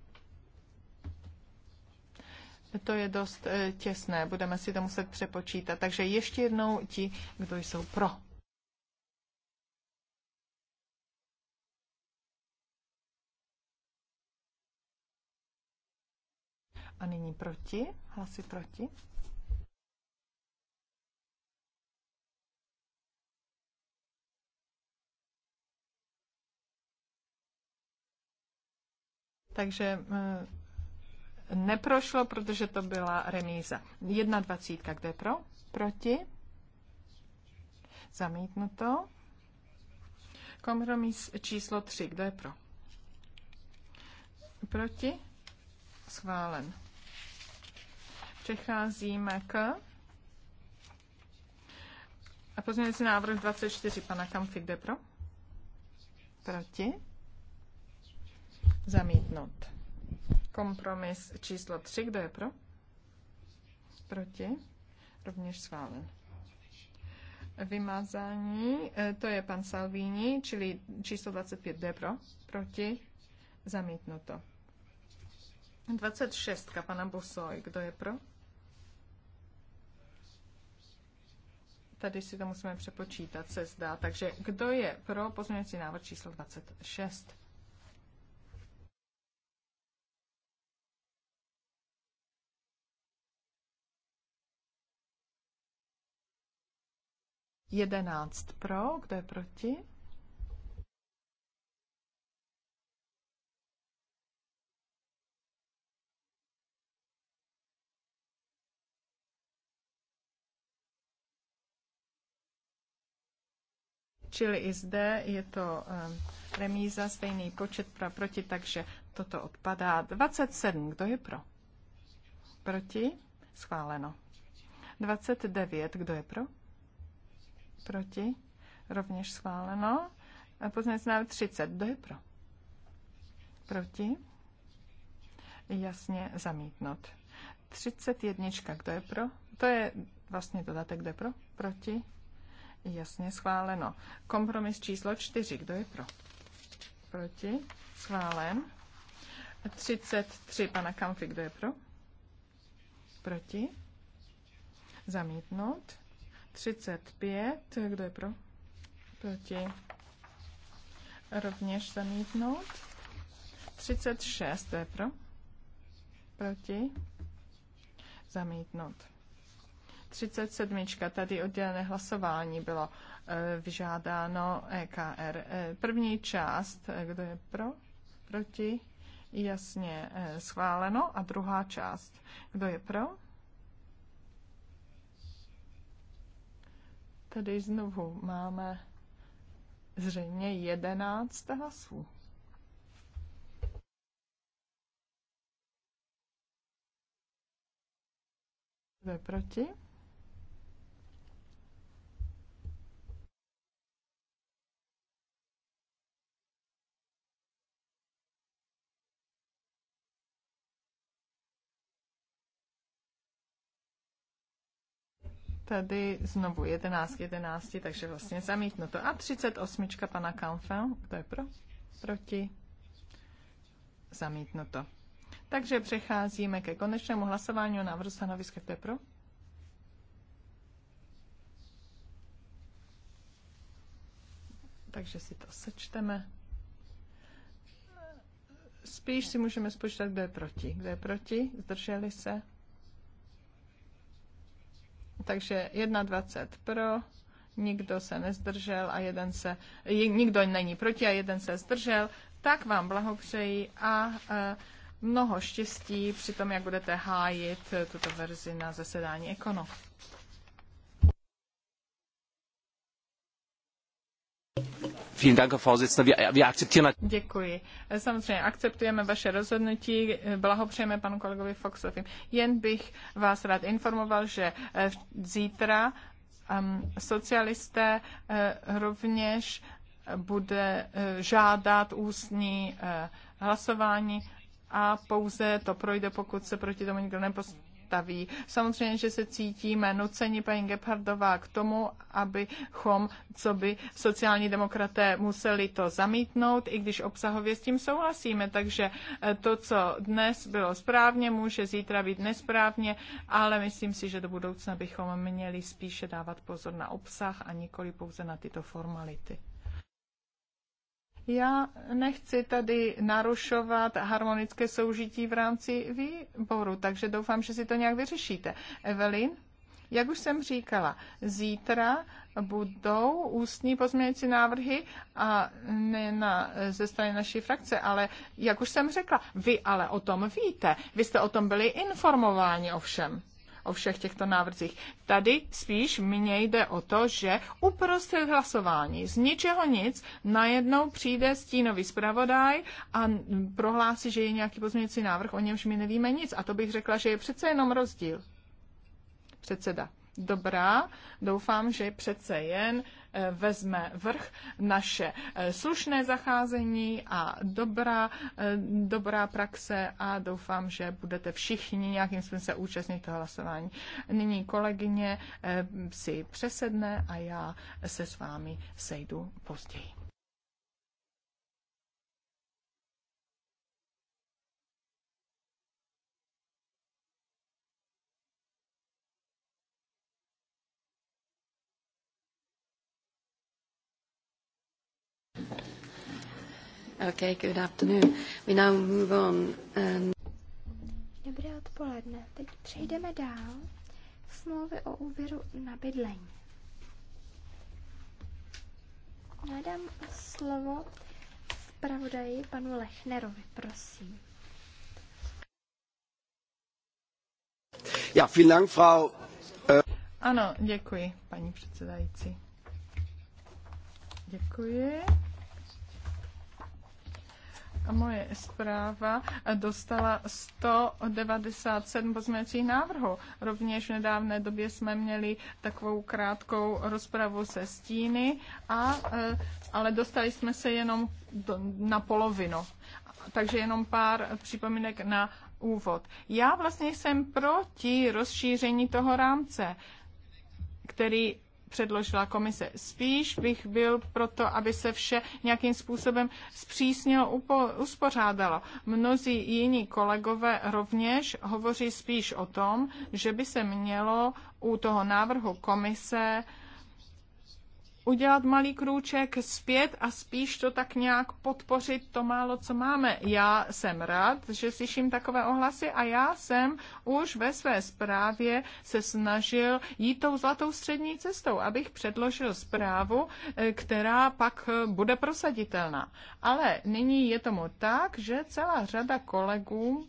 Speaker 2: to je dost eh, těsné, budeme si to muset přepočítat. Takže ještě jednou ti, kdo jsou pro. A nyní proti, hlasy proti. Takže eh, neprošlo, protože to byla remíza. 21. Kde pro? Proti? Zamítnuto. Kompromis číslo 3. Kdo je pro? Proti? Schválen. Přecházíme k a pozměňující návrh 24 pana Kamfy, kde pro? Proti? Zamítnout. Kompromis číslo 3, kdo je pro? Proti? Rovněž schválen. Vymazání, eh, to je pan Salvini, čili číslo 25 D pro, proti, zamítnuto. 26 pana Busoj, kdo je pro? Tady si to musíme přepočítat, se zdá. Takže kdo je pro pozměňující návrh číslo 26? 11 pro, kdo je proti? Čili i zde je to ehm, remíza, stejný počet pro proti, takže toto odpadá. 27, kdo je pro? Proti? Schváleno. 29, kdo je pro? Proti? Rovněž schváleno. Pozměňovací návrh 30. Kdo je pro? Proti? Jasně zamítnout. 31. Kdo je pro? To je vlastně dodatek, kdo je pro? Proti? Jasně schváleno. Kompromis číslo 4. Kdo je pro? Proti? Schválen. 33 pana Kamfy, kdo je pro? Proti? Zamítnout. 35, kdo je pro? Proti. Rovněž zamítnout. 36, kdo je pro? Proti. Zamítnout. 37. Tady oddělené hlasování bylo eh, vyžádáno EKR. Eh, první část, eh, kdo je pro? Proti. Jasně schváleno. A druhá část, kdo je pro? tedy znovu máme zřejmě jedenáct hlasů. Kdo je proti? Tady znovu 11 11, takže vlastně to A 38 pana Kampfel, kdo je pro? Proti? to. Takže přecházíme ke konečnému hlasování o návrhu stanoviska. to je pro? Takže si to sečteme. Spíš si můžeme spočítat, kdo je proti. Kdo je proti? Zdrželi se? Takže 21 pro, nikdo se nezdržel a jeden se, nikdo není proti a jeden se zdržel, tak vám blahopřeji a e, mnoho štěstí při tom, jak budete hájit tuto verzi na zasedání Ekono. Děkuji. Samozřejmě akceptujeme vaše rozhodnutí, blahopřejeme panu kolegovi Foxovi. Jen bych vás rád informoval, že eh, zítra ehm, socialisté eh, rovněž bude eh, žádat ústní hlasování a pouze to projde, pokud se proti tomu nikdo nepostaví odmítaví. Samozřejmě, že se cítíme nuceni, paní Gebhardová, k tomu, abychom, co by sociální demokraté museli to zamítnout, i když obsahově s tím souhlasíme. Takže eh, to, co dnes bylo správně, může zítra být nesprávně, ale myslím si, že do budoucna bychom měli spíše dávat pozor na obsah a nikoli pouze na tyto formality. Já nechci tady narušovat harmonické soužití v rámci výboru, takže doufám, že si to nějak vyřešíte. Evelyn? Jak už jsem říkala, zítra budou ústní pozměňující návrhy a ne na, ze strany naší frakce, ale jak už jsem řekla, vy ale o tom víte. Vy jste o tom byli informováni ovšem o všech těchto návrzích. Tady spíš mně jde o to, že uprostřed hlasování z ničeho nic najednou přijde stínový zpravodaj a prohlásí, že je nějaký pozměňující návrh, o němž my nevíme nic. A to bych řekla, že je přece jenom rozdíl. Předseda. Dobrá, doufám, že přece jen vezme vrch naše eh, slušné zacházení a dobrá, eh, dobrá praxe a doufám, že budete všichni nějakým způsobem se účastnit toho hlasování. Nyní kolegyně eh, si přesedne a já se s vámi sejdu později.
Speaker 1: Okay, good afternoon. We now move on. Um...
Speaker 3: Dobré odpoledne. Teď přejdeme dál. Smlouvy o úvěru na bydlení. Nadám slovo zpravodaji panu Lechnerovi, prosím.
Speaker 2: Ja, vielen Dank, Frau. Äh, ano, děkuji, paní předsedající. Děkuji moje zpráva dostala 197 pozměňovacích návrhů. Rovněž v nedávné době jsme měli takovou krátkou rozpravu se stíny, a, eh, ale dostali jsme se jenom do, na polovinu. Takže jenom pár připomínek na úvod. Já vlastně jsem proti rozšíření toho rámce, který předložila komise. Spíš bych byl proto, aby se vše nějakým způsobem zpřísnilo, uspořádalo. Mnozí jiní kolegové rovněž hovoří spíš o tom, že by se mělo u toho návrhu komise udělat malý krůček zpět a spíš to tak nějak podpořit to málo, co máme. Já jsem rád, že slyším takové ohlasy a já jsem už ve své zprávě se snažil jít tou zlatou střední cestou, abych předložil zprávu, eh, která pak eh, bude prosaditelná. Ale nyní je tomu tak, že celá řada kolegů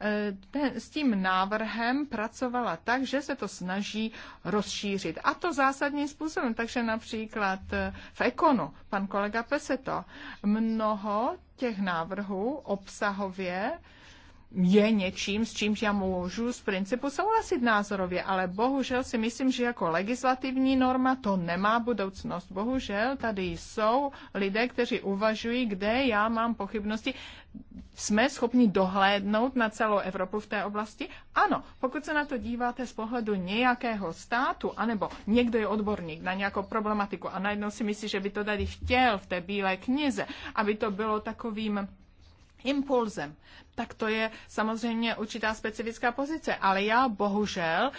Speaker 2: Eh, ten, s tím návrhem pracovala tak, že se to snaží rozšířit. A to zásadním způsobem. Takže například eh, v Ekonu, pan kolega Peseto, mnoho těch návrhů obsahově je něčím, s čímž já můžu z principu souhlasit názorově, ale bohužel si myslím, že jako legislativní norma to nemá budoucnost. Bohužel tady jsou lidé, kteří uvažují, kde já mám pochybnosti. Jsme schopni dohlédnout na celou Evropu v té oblasti? Ano, pokud se na to díváte z pohledu nějakého státu, anebo někdo je odborník na nějakou problematiku a najednou si myslí, že by to tady chtěl v té bílé knize, aby to bylo takovým impulzem. Tak to je samozřejmě určitá specifická pozice, ale já bohužel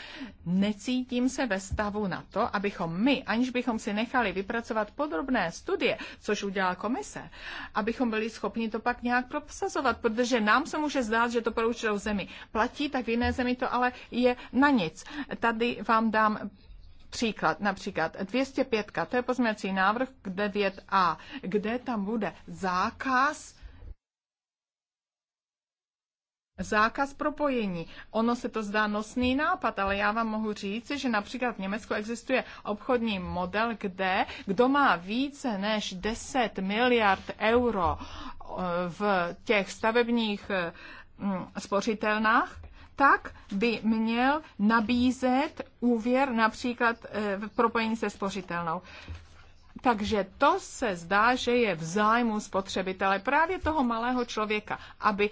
Speaker 2: necítím se ve stavu na to, abychom my, aniž bychom si nechali vypracovat podrobné studie, což udělá komise, abychom byli schopni to pak nějak prosazovat, protože nám se může zdát, že to pro určitou zemi platí, tak v jiné zemi to ale je na nic. Tady vám dám Příklad, například 205, to je pozměňovací návrh 9a, kde tam bude zákaz Zákaz propojení. Ono se to zdá nosný nápad, ale já vám mohu říct, že například v Německu existuje obchodní model, kde kdo má více než 10 miliard euro eh, v těch stavebních eh, hm, spořitelnách, tak by měl nabízet úvěr například eh, v propojení se spořitelnou. Takže to se zdá, že je v zájmu spotřebitele právě toho malého člověka, aby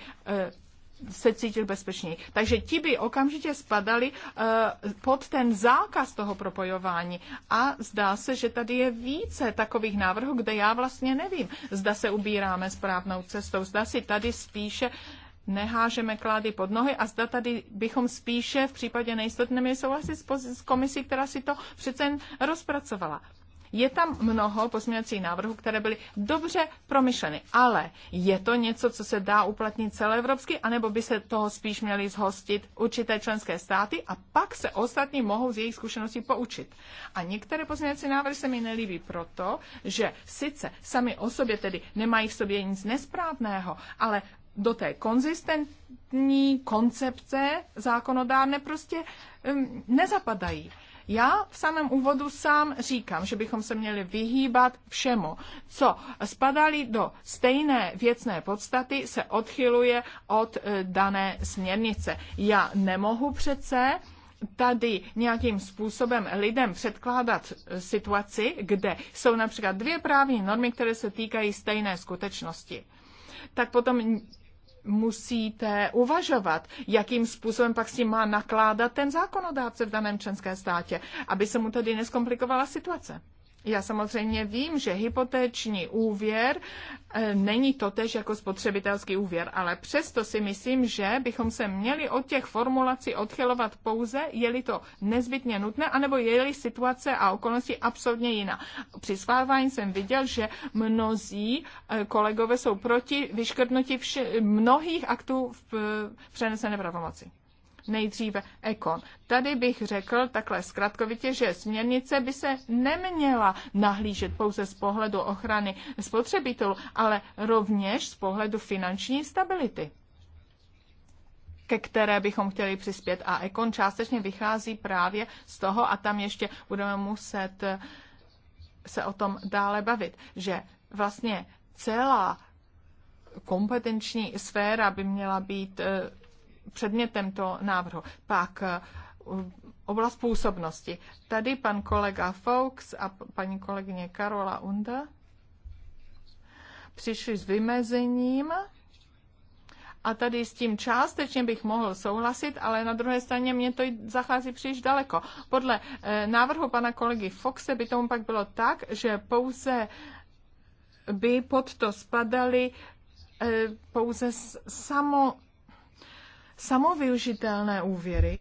Speaker 2: se cítil bezpečněji. Takže ti by okamžitě spadali uh, pod ten zákaz toho propojování. A zdá se, že tady je více takových návrhů, kde já vlastně nevím, zda se ubíráme správnou cestou, zda si tady spíše nehážeme klády pod nohy a zda tady bychom spíše v případě nejistot neměli souhlasit s, komisí, která si to přece rozpracovala. Je tam mnoho pozměňovacích návrhů, které byly dobře promyšleny, ale je to něco, co se dá uplatnit celoevropsky, anebo by se toho spíš měly zhostit určité členské státy a pak se ostatní mohou z jejich zkušeností poučit. A některé pozměňovací návrhy se mi nelíbí proto, že sice sami o sobě tedy nemají v sobě nic nesprávného, ale do té konzistentní koncepce zákonodárné prostě um, nezapadají. Já v samém úvodu sám říkám, že bychom se měli vyhýbat všemu, co spadali do stejné věcné podstaty, se odchyluje od e, dané směrnice. Já nemohu přece tady nějakým způsobem lidem předkládat e, situaci, kde jsou například dvě právní normy, které se týkají stejné skutečnosti tak potom musíte uvažovat, jakým způsobem pak s tím má nakládat ten zákonodárce v daném členské státě, aby se mu tedy neskomplikovala situace. Já samozřejmě vím, že hypotéční úvěr eh, není totež jako spotřebitelský úvěr, ale přesto si myslím, že bychom se měli od těch formulací odchylovat pouze, je-li to nezbytně nutné, anebo je-li situace a okolnosti absolutně jiná. Při schválování jsem viděl, že mnozí eh, kolegové jsou proti vyškrtnutí vše, mnohých aktů v eh, přenesené pravomoci nejdříve ekon. Tady bych řekl takhle zkratkovitě, že směrnice by se neměla nahlížet pouze z pohledu ochrany spotřebitelů, ale rovněž z pohledu finanční stability ke které bychom chtěli přispět. A Ekon částečně vychází právě z toho, a tam ještě budeme muset eh, se o tom dále bavit, že vlastně celá kompetenční sféra by měla být eh, předmětem toho návrhu. Pak eh, oblast působnosti. Tady pan kolega Fox a paní kolegyně Karola Unda přišli s vymezením a tady s tím částečně bych mohl souhlasit, ale na druhé straně mě to zachází příliš daleko. Podle eh, návrhu pana kolegy Foxe by tomu pak bylo tak, že pouze by pod to spadaly eh, pouze samo samovyužitelné úvěry.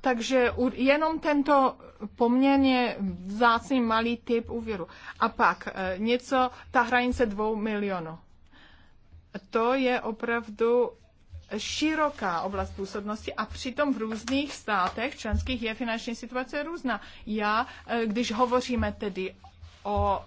Speaker 2: Takže jenom tento poměrně vzácný malý typ úvěru. A pak e, něco, ta hranice dvou milionů. To je opravdu široká oblast působnosti a přitom v různých státech členských je finanční situace různá. Já, e, když hovoříme tedy o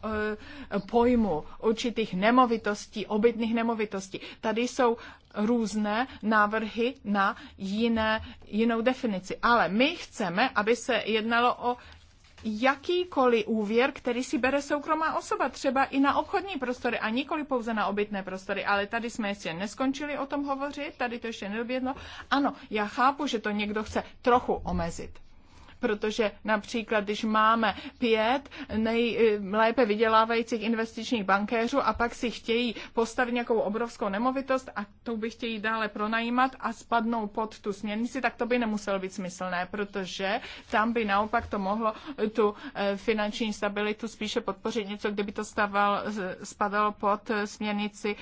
Speaker 2: e, pojmu určitých nemovitostí, obytných nemovitostí. Tady jsou různé návrhy na jiné, jinou definici. Ale my chceme, aby se jednalo o jakýkoliv úvěr, který si bere soukromá osoba, třeba i na obchodní prostory a nikoli pouze na obytné prostory, ale tady jsme ještě neskončili o tom hovořit, tady to ještě nedobědno. Ano, já chápu, že to někdo chce trochu omezit protože například, když máme pět nejlépe eh, vydělávajících investičních bankéřů a pak si chtějí postavit nějakou obrovskou nemovitost a tu by chtějí dále pronajímat a spadnou pod tu směrnici, tak to by nemuselo být smyslné, protože tam by naopak to mohlo eh, tu eh, finanční stabilitu spíše podpořit něco, kdyby to staval, spadalo pod směrnici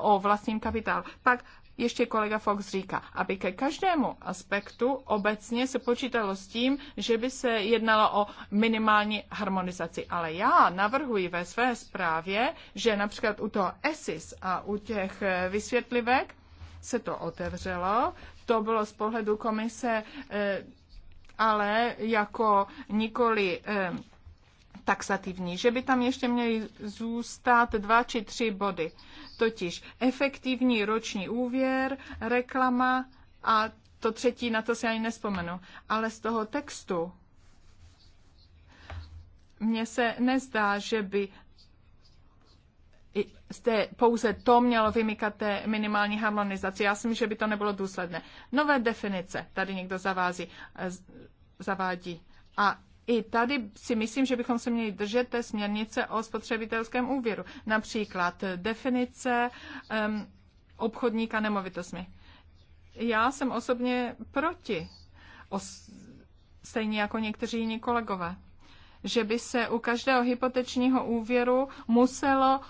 Speaker 2: o vlastním kapitálu. Pak ještě kolega Fox říká, aby ke každému aspektu obecně se počítalo s tím, že by se jednalo o minimální harmonizaci. Ale já navrhuji ve své zprávě, že například u toho ESIS a u těch eh, vysvětlivek se to otevřelo. To bylo z pohledu komise, eh, ale jako nikoli eh, taxativní, že by tam ještě měly zůstat dva či tři body, totiž efektivní roční úvěr, reklama a to třetí, na to si ani nespomenu. Ale z toho textu mně se nezdá, že by jste pouze to mělo vymykat té minimální harmonizaci. Já si myslím, že by to nebylo důsledné. Nové definice tady někdo zavází, eh, zavádí. A i tady si myslím, že bychom se měli držet té směrnice o spotřebitelském úvěru. Například definice um, obchodníka nemovitostmi. Já jsem osobně proti, os- stejně jako někteří jiní kolegové, že by se u každého hypotečního úvěru muselo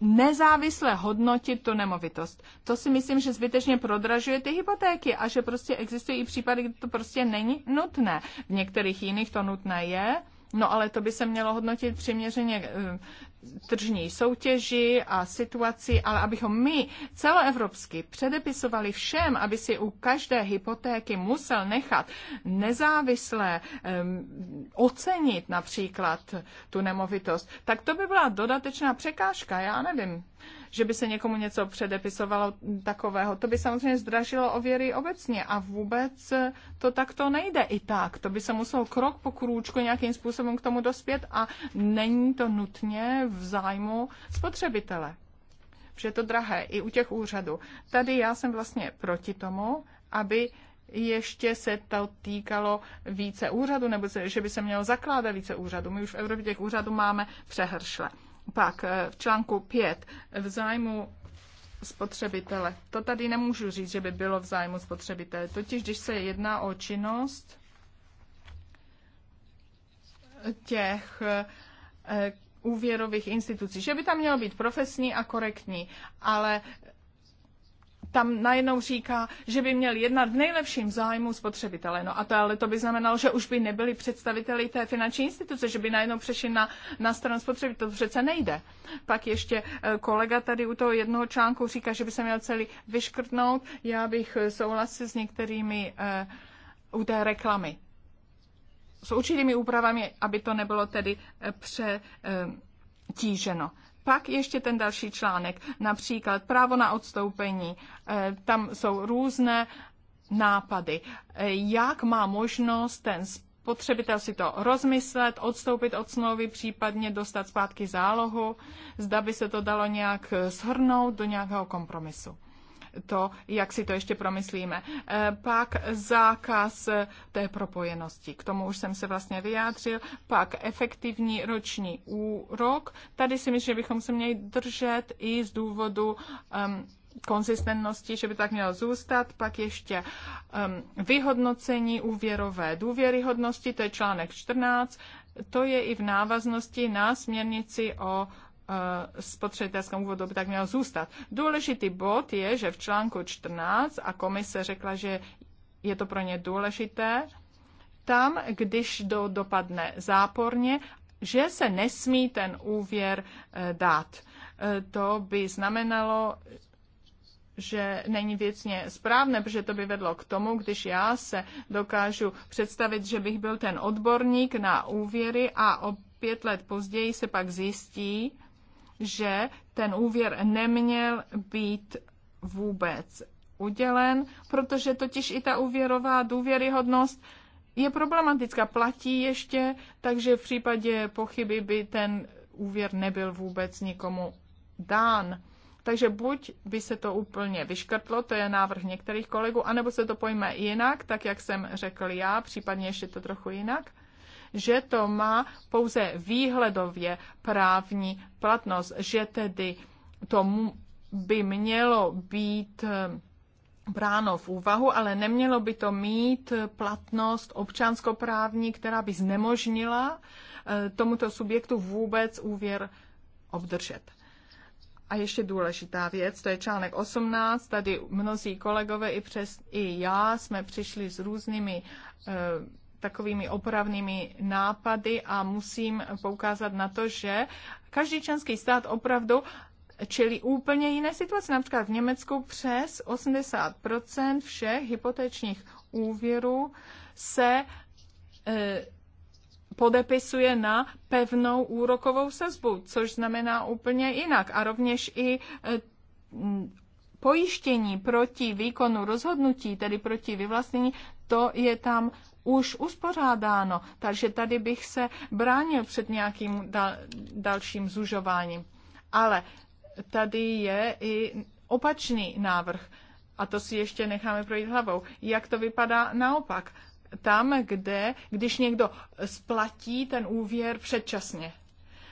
Speaker 2: nezávisle hodnotit tu nemovitost. To si myslím, že zbytečně prodražuje ty hypotéky a že prostě existují i případy, kdy to prostě není nutné. V některých jiných to nutné je, No ale to by se mělo hodnotit přiměřeně eh, tržní soutěži a situaci, ale abychom my celoevropsky předepisovali všem, aby si u každé hypotéky musel nechat nezávislé um, ocenit například tu nemovitost, tak to by byla dodatečná překážka, já nevím že by se někomu něco předepisovalo takového. To by samozřejmě zdražilo věry obecně a vůbec to takto nejde i tak. To by se muselo krok po krůčku nějakým způsobem k tomu dospět a není to nutně v zájmu spotřebitele. Protože je to drahé i u těch úřadů. Tady já jsem vlastně proti tomu, aby ještě se to týkalo více úřadů, nebo se, že by se mělo zakládat více úřadů. My už v Evropě těch úřadů máme přehršle. Pak eh, v článku 5 v zájmu spotřebitele. To tady nemůžu říct, že by bylo v zájmu spotřebitele. Totiž, když se jedná o činnost těch eh, úvěrových institucí, že by tam mělo být profesní a korektní, ale tam najednou říká, že by měl jednat v nejlepším zájmu spotřebitele. No a to, ale to by znamenalo, že už by nebyli představiteli té finanční instituce, že by najednou přešli na, na stranu spotřebitele. To přece nejde. Pak ještě eh, kolega tady u toho jednoho článku říká, že by se měl celý vyškrtnout. Já bych eh, souhlasil s některými uh, u té reklamy. S určitými úpravami, aby to nebylo tedy přetíženo. uh, pak ještě ten další článek, například právo na odstoupení. Eh, tam jsou různé nápady, eh, jak má možnost ten spotřebitel si to rozmyslet, odstoupit od smlouvy, případně dostat zpátky zálohu, zda by se to dalo nějak shrnout do nějakého kompromisu to, jak si to ještě promyslíme. E, pak zákaz e, té propojenosti, k tomu už jsem se vlastně vyjádřil. Pak efektivní roční úrok, tady si myslím, že bychom se měli držet i z důvodu um, konzistentnosti, že by tak mělo zůstat. Pak ještě um, vyhodnocení úvěrové důvěryhodnosti, to je článek 14, to je i v návaznosti na směrnici o Eh, spotřebitelském úvodu by tak mělo zůstat. Důležitý bod je, že v článku 14 a komise řekla, že je to pro ně důležité, tam, když do, dopadne záporně, že se nesmí ten úvěr eh, dát. Eh, to by znamenalo, že není věcně správné, protože to by vedlo k tomu, když já se dokážu představit, že bych byl ten odborník na úvěry a o pět let později se pak zjistí, že ten úvěr neměl být vůbec udělen, protože totiž i ta úvěrová důvěryhodnost je problematická, platí ještě, takže v případě pochyby by ten úvěr nebyl vůbec nikomu dán. Takže buď by se to úplně vyškrtlo, to je návrh některých kolegů, anebo se to pojme jinak, tak jak jsem řekl já, případně ještě to trochu jinak že to má pouze výhledově právní platnost, že tedy tomu by mělo být eh, bráno v úvahu, ale nemělo by to mít platnost občanskoprávní, která by znemožnila eh, tomuto subjektu vůbec úvěr obdržet. A ještě důležitá věc, to je článek 18, tady mnozí kolegové i, přes, i já jsme přišli s různými eh, takovými opravnými nápady a musím poukázat na to, že každý členský stát opravdu čili úplně jiné situace. Například v Německu přes 80% všech hypotečních úvěrů se e, podepisuje na pevnou úrokovou sazbu, což znamená úplně jinak. A rovněž i e, pojištění proti výkonu rozhodnutí, tedy proti vyvlastnění, to je tam už uspořádáno, takže tady bych se bránil před nějakým dal, dalším zužováním. Ale tady je i opačný návrh, a to si ještě necháme projít hlavou, jak to vypadá naopak. Tam, kde, když někdo splatí ten úvěr předčasně,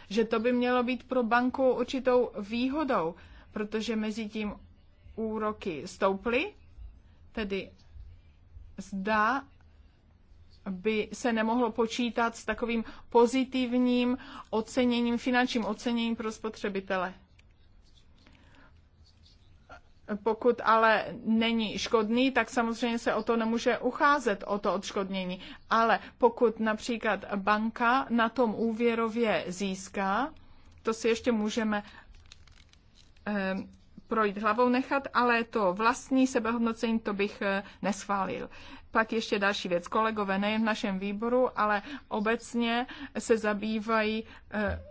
Speaker 2: že to by mělo být pro banku určitou výhodou, protože mezi tím úroky stouply, tedy zda by se nemohlo počítat s takovým pozitivním oceněním, finančním oceněním pro spotřebitele. Pokud ale není škodný, tak samozřejmě se o to nemůže ucházet, o to odškodnění. Ale pokud například banka na tom úvěrově získá, to si ještě můžeme projít hlavou nechat, ale to vlastní sebehodnocení to bych eh, neschválil. Pak ještě další věc. Kolegové nejen v našem výboru, ale obecně se zabývají eh,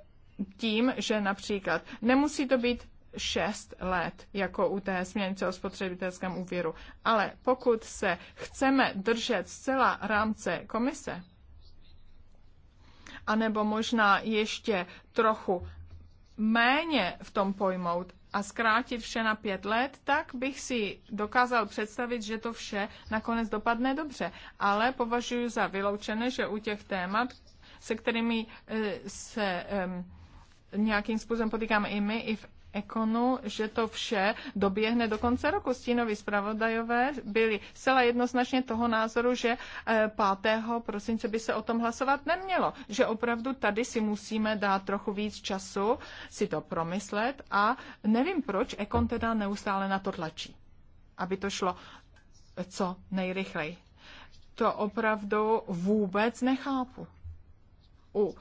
Speaker 2: tím, že například nemusí to být šest let, jako u té směrnice o spotřebitelském úvěru. Ale pokud se chceme držet zcela rámce komise, anebo možná ještě trochu méně v tom pojmout, a zkrátit vše na pět let, tak bych si dokázal představit, že to vše nakonec dopadne dobře. Ale považuji za vyloučené, že u těch témat, se kterými eh, se um, nějakým způsobem potýkáme i my, i v ekonu, že to vše doběhne do konce roku. Stínoví zpravodajové byli zcela jednoznačně toho názoru, že 5. Eh, prosince by se o tom hlasovat nemělo, že opravdu tady si musíme dát trochu víc času si to promyslet a nevím, proč ekon teda neustále na to tlačí, aby to šlo eh, co nejrychleji. To opravdu vůbec nechápu. U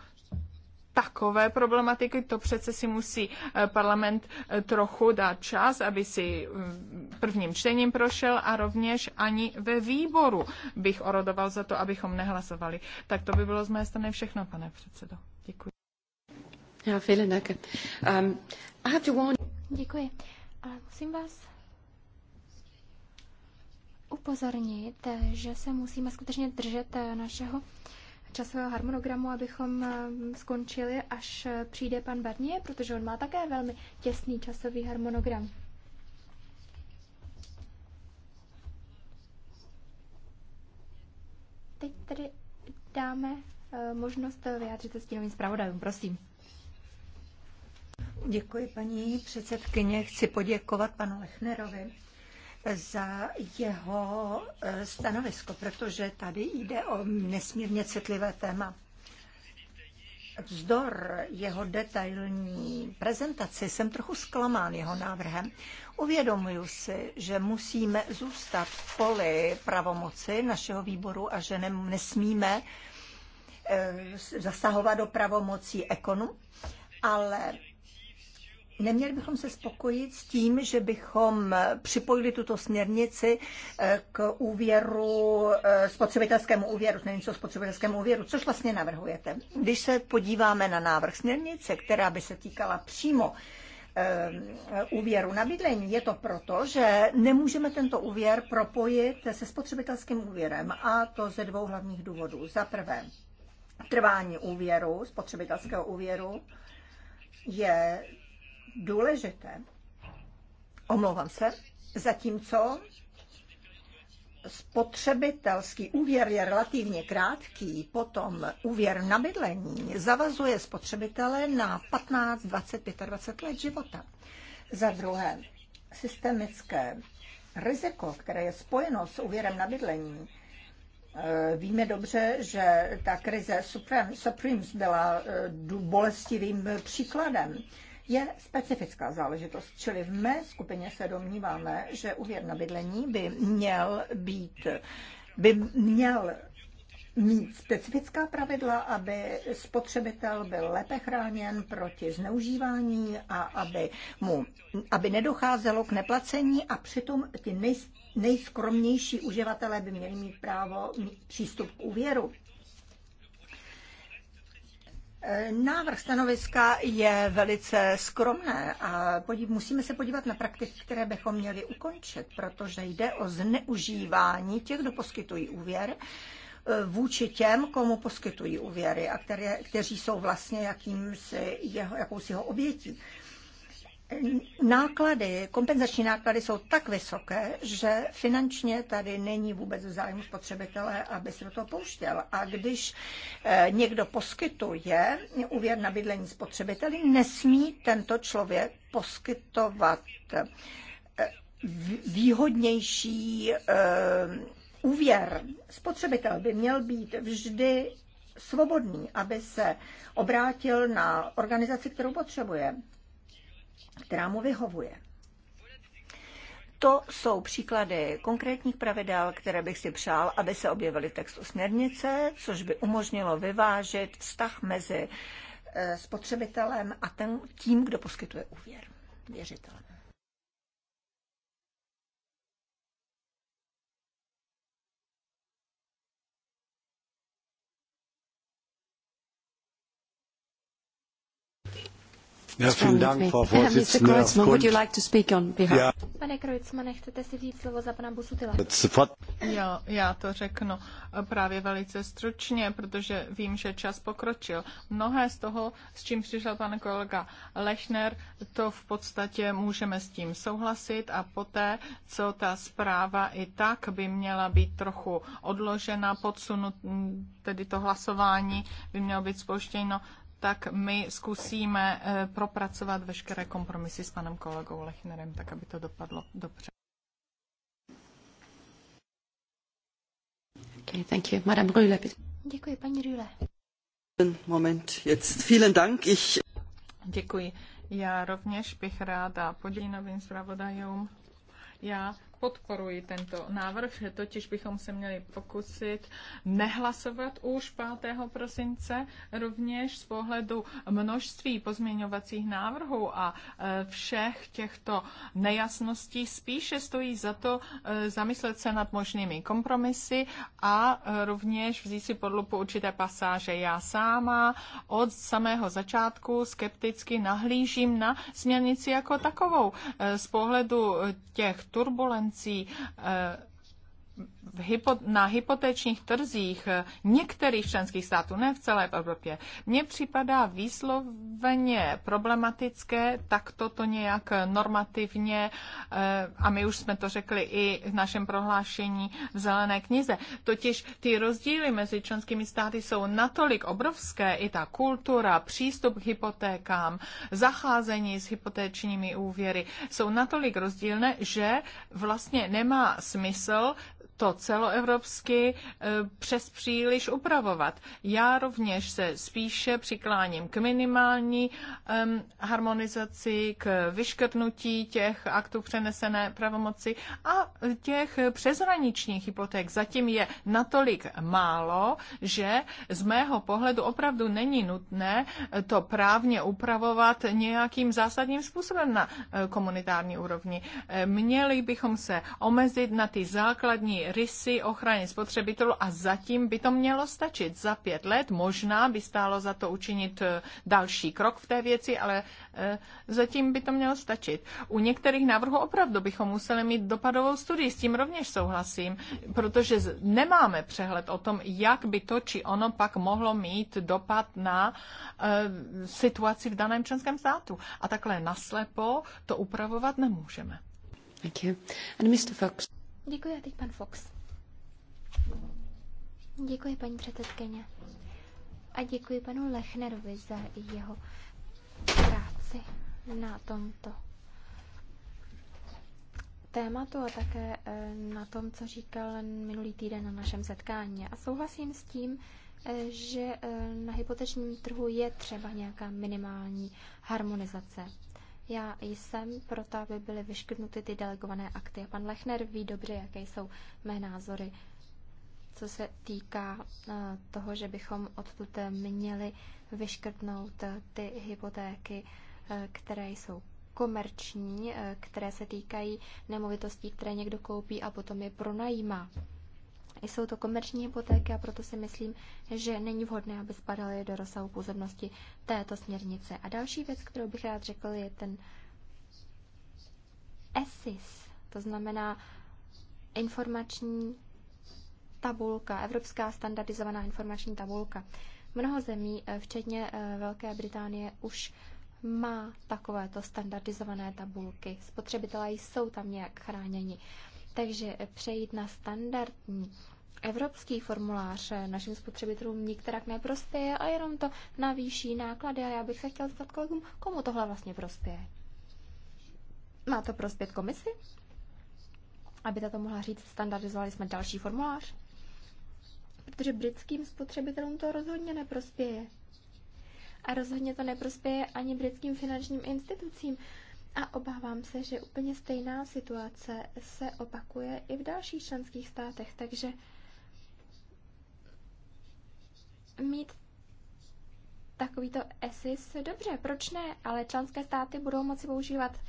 Speaker 2: takové problematiky, to přece si musí eh, parlament eh, trochu dát čas, aby si mm, prvním čtením prošel a rovněž ani ve výboru bych orodoval za to, abychom nehlasovali. Tak to by bylo z mé strany všechno, pane předsedo. Děkuji. Já, vielen Dank. Um, I have to
Speaker 3: warn... Děkuji. Ale musím vás upozornit, že se musíme skutečně držet eh, našeho časového harmonogramu, abychom eh, skončili, až eh, přijde pan Barnier, protože on má také velmi těsný časový harmonogram. Teď tedy dáme eh, možnost vyjádřit
Speaker 1: se stínovým zpravodajům. Prosím. Děkuji, paní předsedkyně. Chci poděkovat panu Lechnerovi za jeho e, stanovisko, protože tady jde o nesmírně citlivé téma. Vzdor jeho detailní prezentaci jsem trochu zklamán jeho návrhem. Uvědomuju si, že musíme zůstat v poli pravomoci našeho výboru a že ne, nesmíme e, zasahovat do pravomocí ekonu, ale Neměli bychom se spokojit s tím, že bychom připojili tuto směrnici eh, k úvěru, eh, spotřebitelskému úvěru, nevím co spotřebitelskému úvěru, což vlastně navrhujete. Když se podíváme na návrh směrnice, která by se týkala přímo eh, úvěru na bydlení. Je to proto, že nemůžeme tento úvěr propojit se spotřebitelským úvěrem a to ze dvou hlavních důvodů. Za prvé, trvání úvěru, spotřebitelského úvěru je důležité. Omlouvám se. Zatímco spotřebitelský úvěr je relativně krátký, potom úvěr na bydlení zavazuje spotřebitele na 15, 20, 25 let života. Za druhé, systemické riziko, které je spojeno s úvěrem na bydlení, eh, Víme dobře, že ta krize Supremes byla eh, bolestivým příkladem je specifická záležitost. Čili v mé skupině se domníváme, že úvěr na bydlení by měl být, by měl mít specifická pravidla, aby spotřebitel byl lépe chráněn proti zneužívání a aby, mu, aby nedocházelo k neplacení a přitom ti nej, nejskromnější uživatelé by měli mít právo mít přístup k úvěru. Návrh stanoviska je velice skromné a musíme se podívat na praktiky, které bychom měli ukončit, protože jde o zneužívání těch, kdo poskytují úvěr, eh, vůči těm, komu poskytují úvěry a které, kteří jsou vlastně jakýmsi jeho, jakousi jeho obětí náklady, kompenzační náklady jsou tak vysoké, že finančně tady není vůbec zájem spotřebitele, aby se do toho pouštěl. A když eh, někdo poskytuje úvěr na bydlení spotřebiteli, nesmí tento člověk poskytovat eh, výhodnější eh, úvěr. Spotřebitel by měl být vždy svobodný, aby se obrátil na organizaci, kterou potřebuje která mu vyhovuje. To jsou příklady konkrétních pravidel, které bych si přál, aby se objevily v textu směrnice, což by umožnilo vyvážit vztah mezi eh, spotřebitelem a tím, kdo poskytuje úvěr, věřitelem.
Speaker 3: Pane Kreuzmane, chcete si vzít slovo za pana Busutila? Jo,
Speaker 2: já to řeknu právě velice stručně, protože vím, že čas pokročil. Mnohé z toho, s čím přišel pan kolega Lechner, to v podstatě můžeme s tím souhlasit a poté, co ta zpráva i tak by měla být trochu odložena, podsunut, tedy to hlasování by mělo být spouštěno, tak my zkusíme eh, propracovat veškeré kompromisy s panem kolegou Lechnerem, tak aby to dopadlo dobře. Okay, thank you. Madame Rühle, Děkuji, paní Rühle. Moment, jetzt vielen Dank. Ich... Děkuji. Já rovněž bych ráda poděkovala novým zpravodajům. Já podporuji tento návrh, že totiž bychom se měli pokusit nehlasovat už 5. prosince, rovněž z pohledu množství pozměňovacích návrhů a e, všech těchto nejasností spíše stojí za to e, zamyslet se nad možnými kompromisy a e, rovněž vzít si pod lupu určité pasáže. Já sama od samého začátku skepticky nahlížím na směrnici jako takovou z pohledu těch turbulencí financí eh, v hypo, na hypotečních trzích některých členských států, ne v celé Evropě, mně připadá výsloveně problematické, tak toto nějak normativně, eh, a my už jsme to řekli i v našem prohlášení v Zelené knize, totiž ty rozdíly mezi členskými státy jsou natolik obrovské, i ta kultura, přístup k hypotékám, zacházení s hypotéčními úvěry jsou natolik rozdílné, že vlastně nemá smysl to celoevropsky eh, přes příliš upravovat. Já rovněž se spíše přikláním k minimální harmonizaci, k vyškrtnutí těch aktů přenesené pravomoci a těch přeshraničních hypoték. Zatím je natolik málo, že z mého pohledu opravdu není nutné to právně upravovat nějakým zásadním způsobem na eh, komunitární úrovni. Eh, měli bychom se omezit na ty základní rysy ochrany spotřebitelů a zatím by to mělo stačit. Za pět let možná by stálo za to učinit eh, další krok v té věci, ale eh, zatím by to mělo stačit. U některých návrhů opravdu bychom museli mít dopadovou studii, s tím rovněž souhlasím, protože nemáme přehled o tom, jak by to či ono pak mohlo mít dopad na eh, situaci v daném členském státu. A takhle naslepo to upravovat nemůžeme. Thank you. And Mr. Fox.
Speaker 3: Děkuji a teď pan Fox. Děkuji, paní předsedkyně. A děkuji panu Lechnerovi za jeho práci na tomto tématu a také eh, na tom, co říkal minulý týden na našem setkání. A souhlasím s tím, eh, že eh, na hypotečním trhu je třeba nějaká minimální harmonizace. Já jsem proto, aby byly vyškrtnuty ty delegované akty. A pan Lechner ví dobře, jaké jsou mé názory, co se týká eh, toho, že bychom odtud měli vyškrtnout eh, ty hypotéky, eh, které jsou komerční, které se týkají nemovitostí, které někdo koupí a potom je pronajímá. Jsou to komerční hypotéky a proto si myslím, že není vhodné, aby spadaly do rozsahu působnosti této směrnice. A další věc, kterou bych rád řekl, je ten ESIS, to znamená informační tabulka, evropská standardizovaná informační tabulka. Mnoho zemí, eh, včetně eh, Velké Británie, už má takovéto standardizované tabulky. Spotřebitelé jsou tam nějak chráněni. Takže přejít na standardní Evropský formulář našim spotřebitelům nikterak neprospěje a jenom to navýší náklady a já bych se chtěla zeptat kolegům, komu tohle vlastně prospěje. Má to prospět komisi? Aby tato mohla říct, standardizovali jsme další formulář? Protože britským spotřebitelům to rozhodně neprospěje. A rozhodně to neprospěje ani britským finančním institucím. A obávám se, že úplně stejná situace se opakuje i v dalších členských státech, takže mít takovýto ESIS, dobře, proč ne? Ale členské státy budou moci používat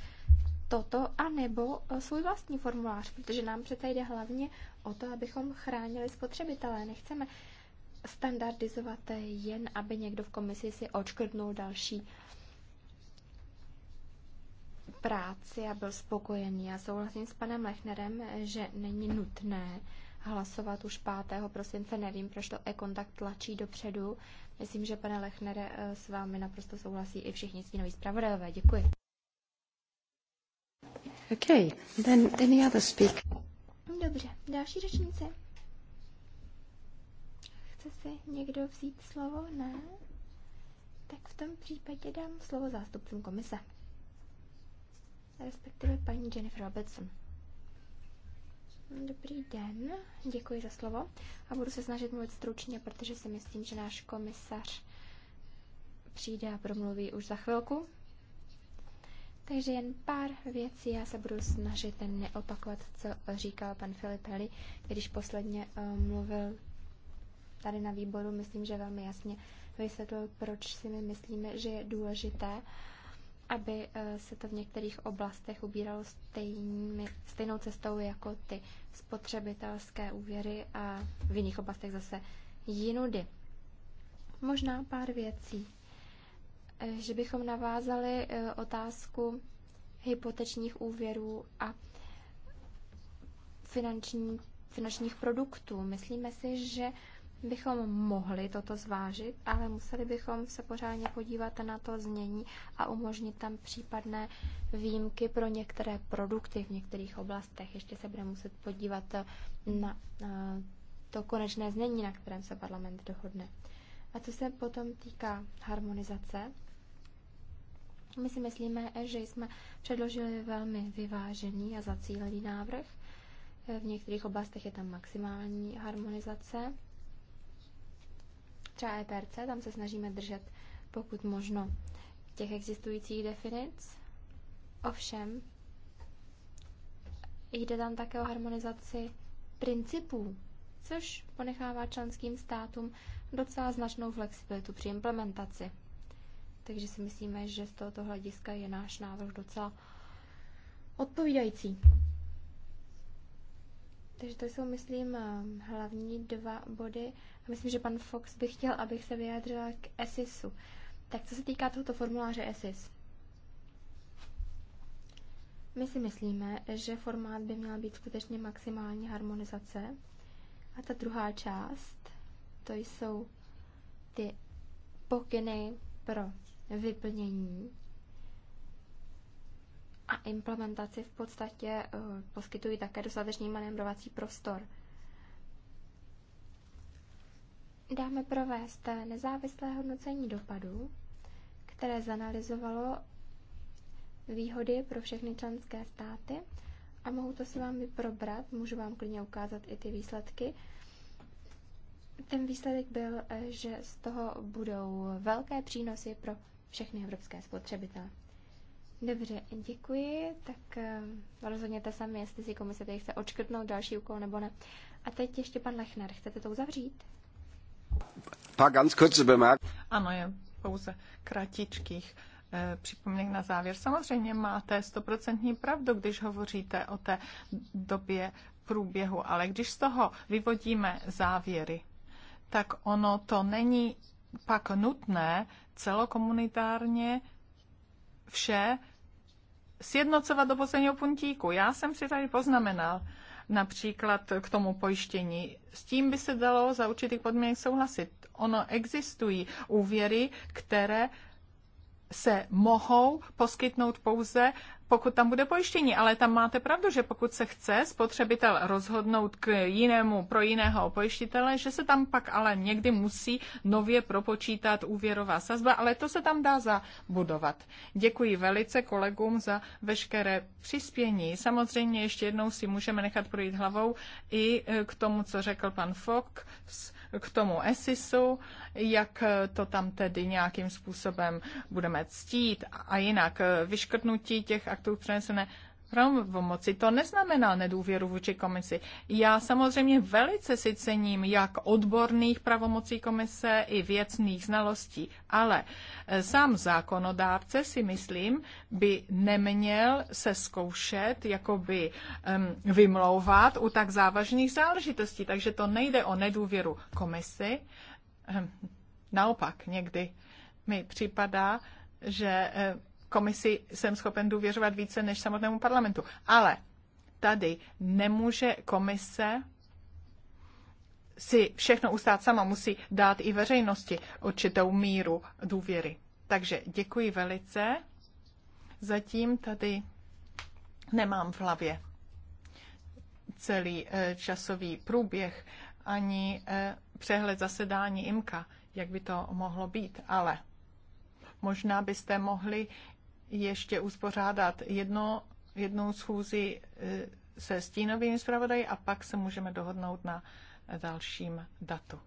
Speaker 3: toto a nebo eh, svůj vlastní formulář, protože nám přece jde hlavně o to, abychom chránili spotřebitele. Nechceme standardizovat jen, aby někdo v komisi si očkrtnul další práci a byl spokojený. Já souhlasím s panem Lechnerem, že není nutné hlasovat už 5. prosince. Nevím, proč to e-kontakt tlačí dopředu. Myslím, že pane Lechnere eh, s vámi naprosto souhlasí i všichni stínoví zpravodajové. Děkuji. Okay, then any other speak. Dobře, další řečnice. Chce si někdo vzít slovo? Ne? Tak v tom případě dám slovo zástupcům komise. Respektive paní Jennifer Robertson. Dobrý den, děkuji za slovo a budu se snažit mluvit stručně, protože si myslím, že náš komisař přijde a promluví už za chvilku. Takže jen pár věcí, já se budu snažit neopakovat, co říkal pan Filip Heli, když posledně eh, mluvil tady na výboru, myslím, že velmi jasně vysvětlil, proč si my myslíme, že je důležité aby eh, se to v některých oblastech ubíralo stejný, stejnou cestou jako ty spotřebitelské úvěry a v jiných oblastech zase jinudy. Možná pár věcí. Eh, že bychom navázali eh, otázku hypotečních úvěrů a finanční, finančních produktů. Myslíme si, že bychom mohli toto zvážit, ale museli bychom se pořádně podívat na to znění a umožnit tam případné výjimky pro některé produkty v některých oblastech. Ještě se budeme muset podívat na to konečné znění, na kterém se parlament dohodne. A co se potom týká harmonizace, my si myslíme, že jsme předložili velmi vyvážený a zacílený návrh. V některých oblastech je tam maximální harmonizace, třeba EPRC, tam se snažíme držet pokud možno těch existujících definic. Ovšem, jde tam také o harmonizaci principů, což ponechává členským státům docela značnou flexibilitu při implementaci. Takže si myslíme, že z tohoto hlediska je náš návrh docela odpovídající. Takže to jsou, myslím, hlavní dva body. A myslím, že pan Fox by chtěl, abych se vyjádřila k ESISu. Tak co se týká tohoto formuláře ESIS? My si myslíme, že formát by měl být skutečně maximální harmonizace. A ta druhá část, to jsou ty pokyny pro vyplnění a implementaci v podstatě eh, poskytují také dostatečný manévrovací prostor. dáme provést nezávislé hodnocení dopadů, které zanalizovalo výhody pro všechny členské státy a mohu to s vámi probrat, můžu vám klidně ukázat i ty výsledky. Ten výsledek byl, že z toho budou velké přínosy pro všechny evropské spotřebitele. Dobře, děkuji. Tak eh, rozhodněte sami, jestli si komise tady chce odškrtnout další úkol nebo ne. A teď ještě
Speaker 2: pan Lechner, chcete to uzavřít? Ano, je pouze kratičkých eh, připomněk na závěr. Samozřejmě máte stoprocentní pravdu, když hovoříte o té době průběhu, ale když z toho vyvodíme závěry, tak ono to není pak nutné celokomunitárně vše sjednocovat do posledního puntíku. Já jsem si tady poznamenal, například k tomu pojištění. S tím by se dalo za určitých podmínek souhlasit. Ono existují úvěry, které se mohou poskytnout pouze pokud tam bude pojištění, ale tam máte pravdu, že pokud se chce spotřebitel rozhodnout k jinému, pro jiného pojištitele, že se tam pak ale někdy musí nově propočítat úvěrová sazba, ale to se tam dá zabudovat. Děkuji velice kolegům za veškeré přispění. Samozřejmě ještě jednou si můžeme nechat projít hlavou i eh, k tomu, co řekl pan Fox k tomu ESISu, jak to tam tedy nějakým způsobem budeme ctít a jinak eh, vyškrtnutí těch aktů přenesené pravomoci. To neznamená nedůvěru vůči komisi. Já samozřejmě velice si cením jak odborných pravomocí komise i věcných znalostí, ale eh, sám zákonodárce si myslím, by neměl se zkoušet, jakoby um, vymlouvat u tak závažných záležitostí. Takže to nejde o nedůvěru komisi. Um, naopak někdy mi připadá, že um, komisi jsem schopen důvěřovat více než samotnému parlamentu. Ale tady nemůže komise si všechno ustát sama, musí dát i veřejnosti určitou míru důvěry. Takže děkuji velice. Zatím tady nemám v hlavě celý eh, časový průběh ani eh, přehled zasedání IMKA, jak by to mohlo být, ale možná byste mohli ještě uspořádat jedno, jednou schůzi e, se stínovými zpravodají a pak se můžeme dohodnout na dalším datu.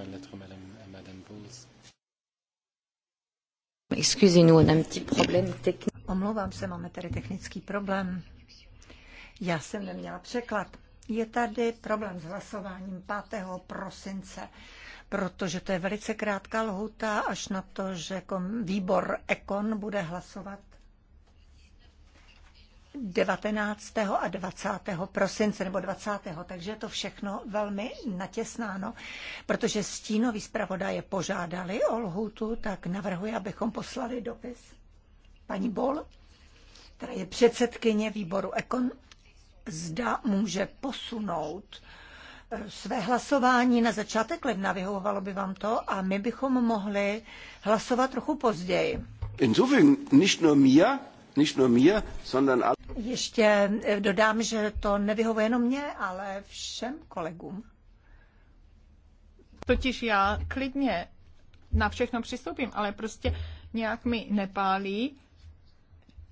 Speaker 1: contraire lettre, Madame, à Madame Bowles.
Speaker 3: Excusez-nous, on a un petit
Speaker 1: problème technique. Omlouvám se, máme tady technický problém. Já jsem neměla překlad. Je tady problém s hlasováním 5. prosince, protože to je velice krátká lhuta až na to, že výbor Ekon bude hlasovat 19. a 20. prosince nebo 20. Takže je to všechno velmi natěsnáno, protože stínový zpravodaje požádali o lhůtu, tak navrhuji, abychom poslali dopis paní Bol, která je předsedkyně výboru Ekon, zda může posunout eh, své hlasování na začátek ledna, vyhovovalo by vám to, a my bychom mohli hlasovat trochu později.
Speaker 2: Insofern nicht nur mir, nicht nur mir, sondern
Speaker 1: ještě
Speaker 2: dodám, že to nevyhovuje jenom mě, ale všem kolegům. Totiž já klidně na všechno přistoupím, ale prostě nějak mi nepálí,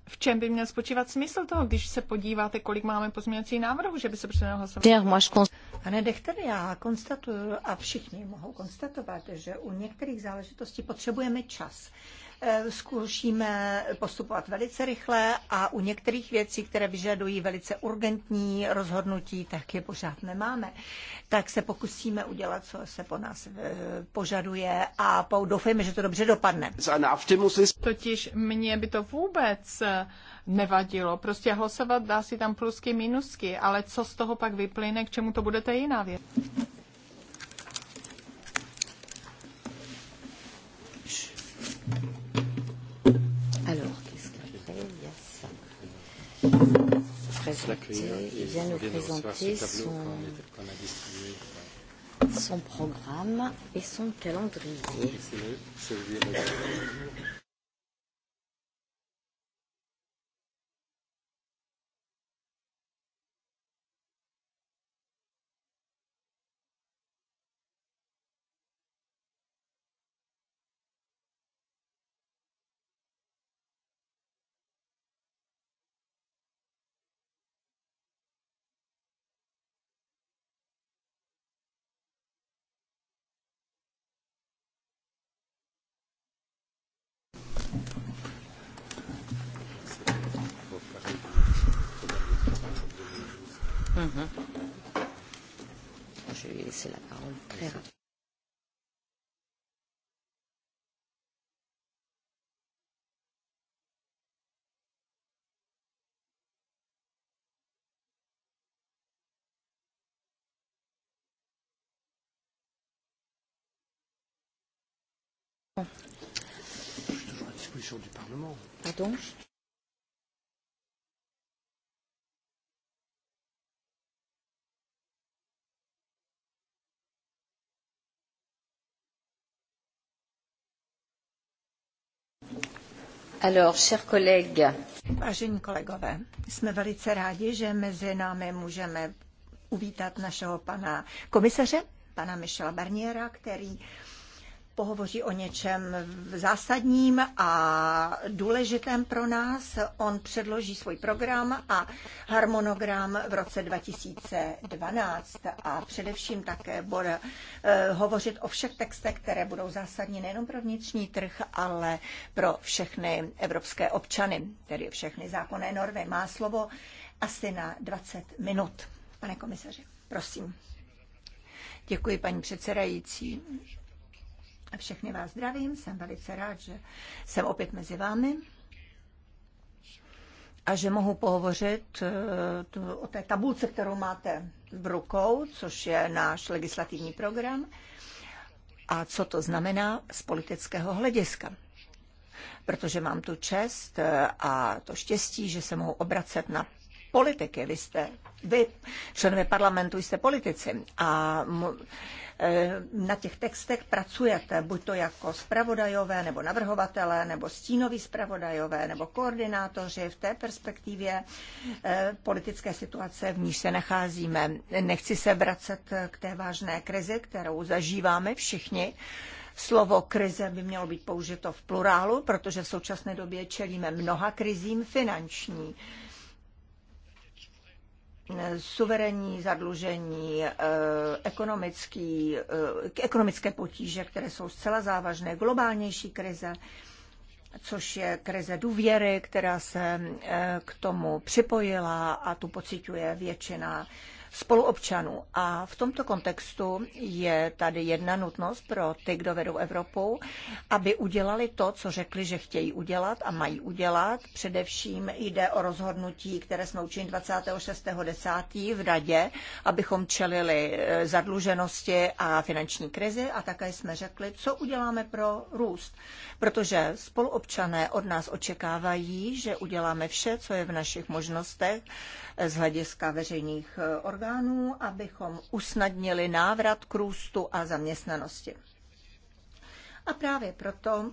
Speaker 2: v čem by měl spočívat smysl toho, když se podíváte, kolik máme pozměňovacích návrhů, že by se přidalo hlasovat? Pane Dechter, já konstatuju
Speaker 1: a všichni mohou konstatovat, že u některých záležitostí potřebujeme čas. Eh, zkoušíme postupovat velice rychle a u některých věcí, které vyžadují velice urgentní rozhodnutí, tak je pořád nemáme. Tak se pokusíme
Speaker 2: udělat, co se po nás eh, požaduje a doufejme, že to dobře dopadne. Totiž mně by to vůbec eh, nevadilo. Prostě hlasovat dá si tam plusky, minusky, ale co z toho pak vyplyne, k čemu to budete jiná věc?
Speaker 1: présenter, euh, il vient nous présenter son,
Speaker 3: son programme et son calendrier. Mhm. Je vais laisser la parole
Speaker 1: très rapidement. Je suis toujours à disposition du Parlement. Pardon Vážení kolegové, jsme velice rádi, že mezi námi můžeme uvítat našeho pana komisaře, pana Michela Barniera, který pohovoří o něčem zásadním a důležitém pro nás. On předloží svůj program a harmonogram v roce 2012 a především také bude eh, hovořit o všech textech, které budou zásadní nejenom pro vnitřní trh, ale pro všechny evropské občany, tedy všechny zákonné normy. Má slovo asi na 20 minut. Pane komisaři, prosím. Děkuji, paní předsedající. Všechny vás zdravím, jsem velice rád, že jsem opět mezi vámi a že mohu pohovořit eh, o té tabulce, kterou máte v rukou, což je náš legislativní program a co to znamená z politického hlediska. Protože mám tu čest eh, a to štěstí, že se mohu obracet na politiky. Vy jste, vy, členové parlamentu, jste politici a E, na těch textech pracujete, buď to jako spravodajové, nebo navrhovatelé, nebo stínoví spravodajové, nebo koordinátoři v té perspektivě e, politické situace, v níž se nacházíme. Nechci se vracet k té vážné krizi, kterou zažíváme všichni, Slovo krize by mělo být použito v plurálu, protože v současné době čelíme mnoha krizím finanční, suverénní zadlužení, eh, ekonomický, eh, ekonomické potíže, které jsou zcela závažné, globálnější krize, což je krize důvěry, která se eh, k tomu připojila a tu pociťuje většina spoluobčanů. A v tomto kontextu je tady jedna nutnost pro ty, kdo vedou Evropu, aby udělali to, co řekli, že chtějí udělat a mají udělat. Především jde o rozhodnutí, které jsme učili 26.10. v Radě, abychom čelili e, zadluženosti a finanční krizi a také jsme řekli, co uděláme pro růst. Protože spoluobčané od nás očekávají, že uděláme vše, co je v našich možnostech, z hlediska veřejných eh, orgánů, abychom usnadnili návrat k růstu a zaměstnanosti. A právě proto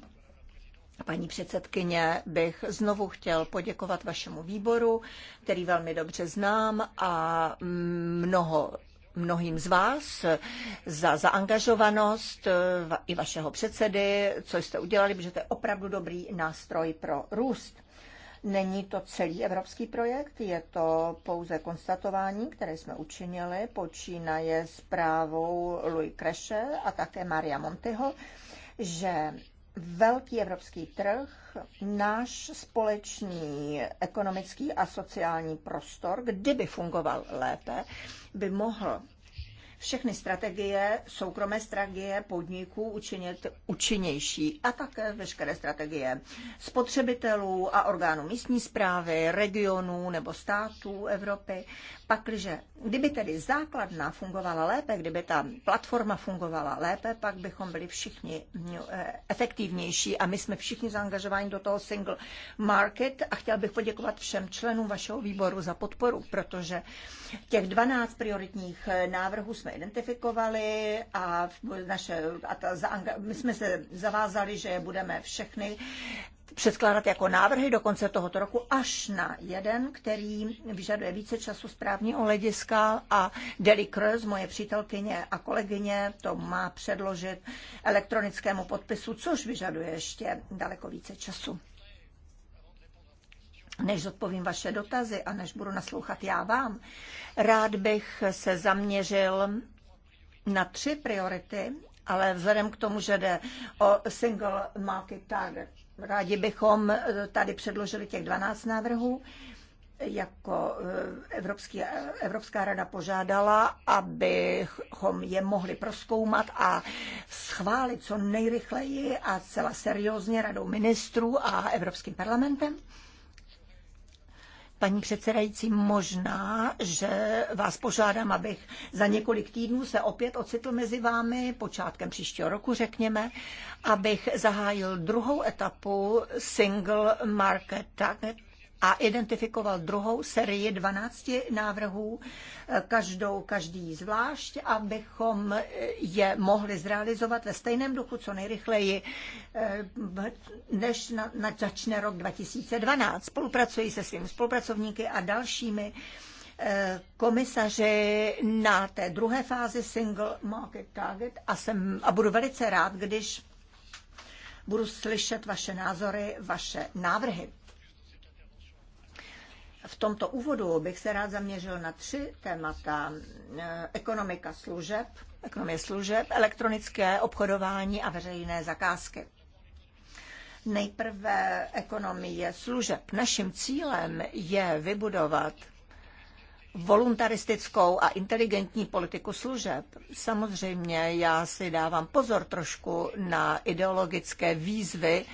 Speaker 1: Paní předsedkyně, bych znovu chtěl poděkovat vašemu výboru, který velmi dobře znám a mnoho mnohým z vás za zaangažovanost eh, i vašeho předsedy, co jste udělali, protože to je opravdu dobrý nástroj pro růst. Není to celý evropský projekt, je to pouze konstatování, které jsme učinili, počínaje zprávou Louis Kreše a také Maria Montyho, že velký evropský trh, náš společný ekonomický a sociální prostor, kdyby fungoval lépe, by mohl všechny strategie, soukromé strategie podniků učinit účinnější a také veškeré strategie spotřebitelů a orgánů místní zprávy, regionů nebo států Evropy. Pakliže, kdyby tedy základna fungovala lépe, kdyby ta platforma fungovala lépe, pak bychom byli všichni eh, efektivnější a my jsme všichni zaangažováni do toho single market a chtěl bych poděkovat všem členům vašeho výboru za podporu, protože Těch 12 prioritních návrhů jsme identifikovali a, naše, a ta, my jsme se zavázali, že budeme všechny předkládat jako návrhy do konce tohoto roku až na jeden, který vyžaduje více času správního hlediska a Deli Cruz, moje přítelkyně a kolegyně, to má předložit elektronickému podpisu, což vyžaduje ještě daleko více času. Než odpovím vaše dotazy a než budu naslouchat já vám, rád bych se zaměřil na tři priority, ale vzhledem k tomu, že jde o single market target, rádi bychom eh, tady předložili těch 12 návrhů jako eh, Evropský, eh, Evropská rada požádala, abychom je mohli proskoumat a schválit co nejrychleji a celá seriózně radou ministrů a Evropským parlamentem. Paní předsedající, možná, že vás požádám, abych za několik týdnů se opět ocitl mezi vámi, počátkem příštího roku řekněme, abych zahájil druhou etapu Single Market target a identifikoval druhou sérii 12 návrhů, každou, každý zvlášť, abychom je mohli zrealizovat ve stejném duchu co nejrychleji, eh, než na, na začne rok 2012. Spolupracuji se svými spolupracovníky a dalšími eh, komisaři na té druhé fázi Single Market Target a, jsem, a budu velice rád, když budu slyšet vaše názory, vaše návrhy. V tomto úvodu bych se rád zaměřil na tři témata. Eh, ekonomika služeb, ekonomie služeb, elektronické obchodování a veřejné zakázky. Nejprve ekonomie služeb. Naším cílem je vybudovat voluntaristickou a inteligentní politiku služeb. Samozřejmě já si dávám pozor trošku na ideologické výzvy,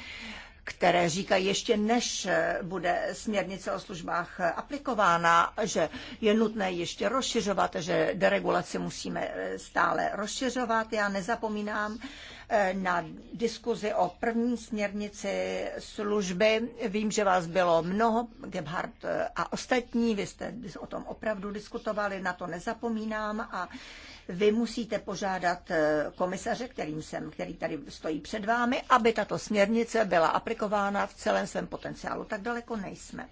Speaker 1: které říkají ještě než eh, bude směrnice o službách eh, aplikována, že je nutné ještě rozšiřovat, že deregulaci musíme eh, stále rozšiřovat. Já nezapomínám, Eh, na diskuzi o první směrnici služby. Vím, že vás bylo mnoho, Gebhardt eh, a ostatní, vy jste o tom opravdu diskutovali, na to nezapomínám a vy musíte požádat eh, komisaře, kterým jsem, který tady stojí před vámi, aby tato směrnice byla aplikována v celém svém potenciálu. Tak daleko nejsme.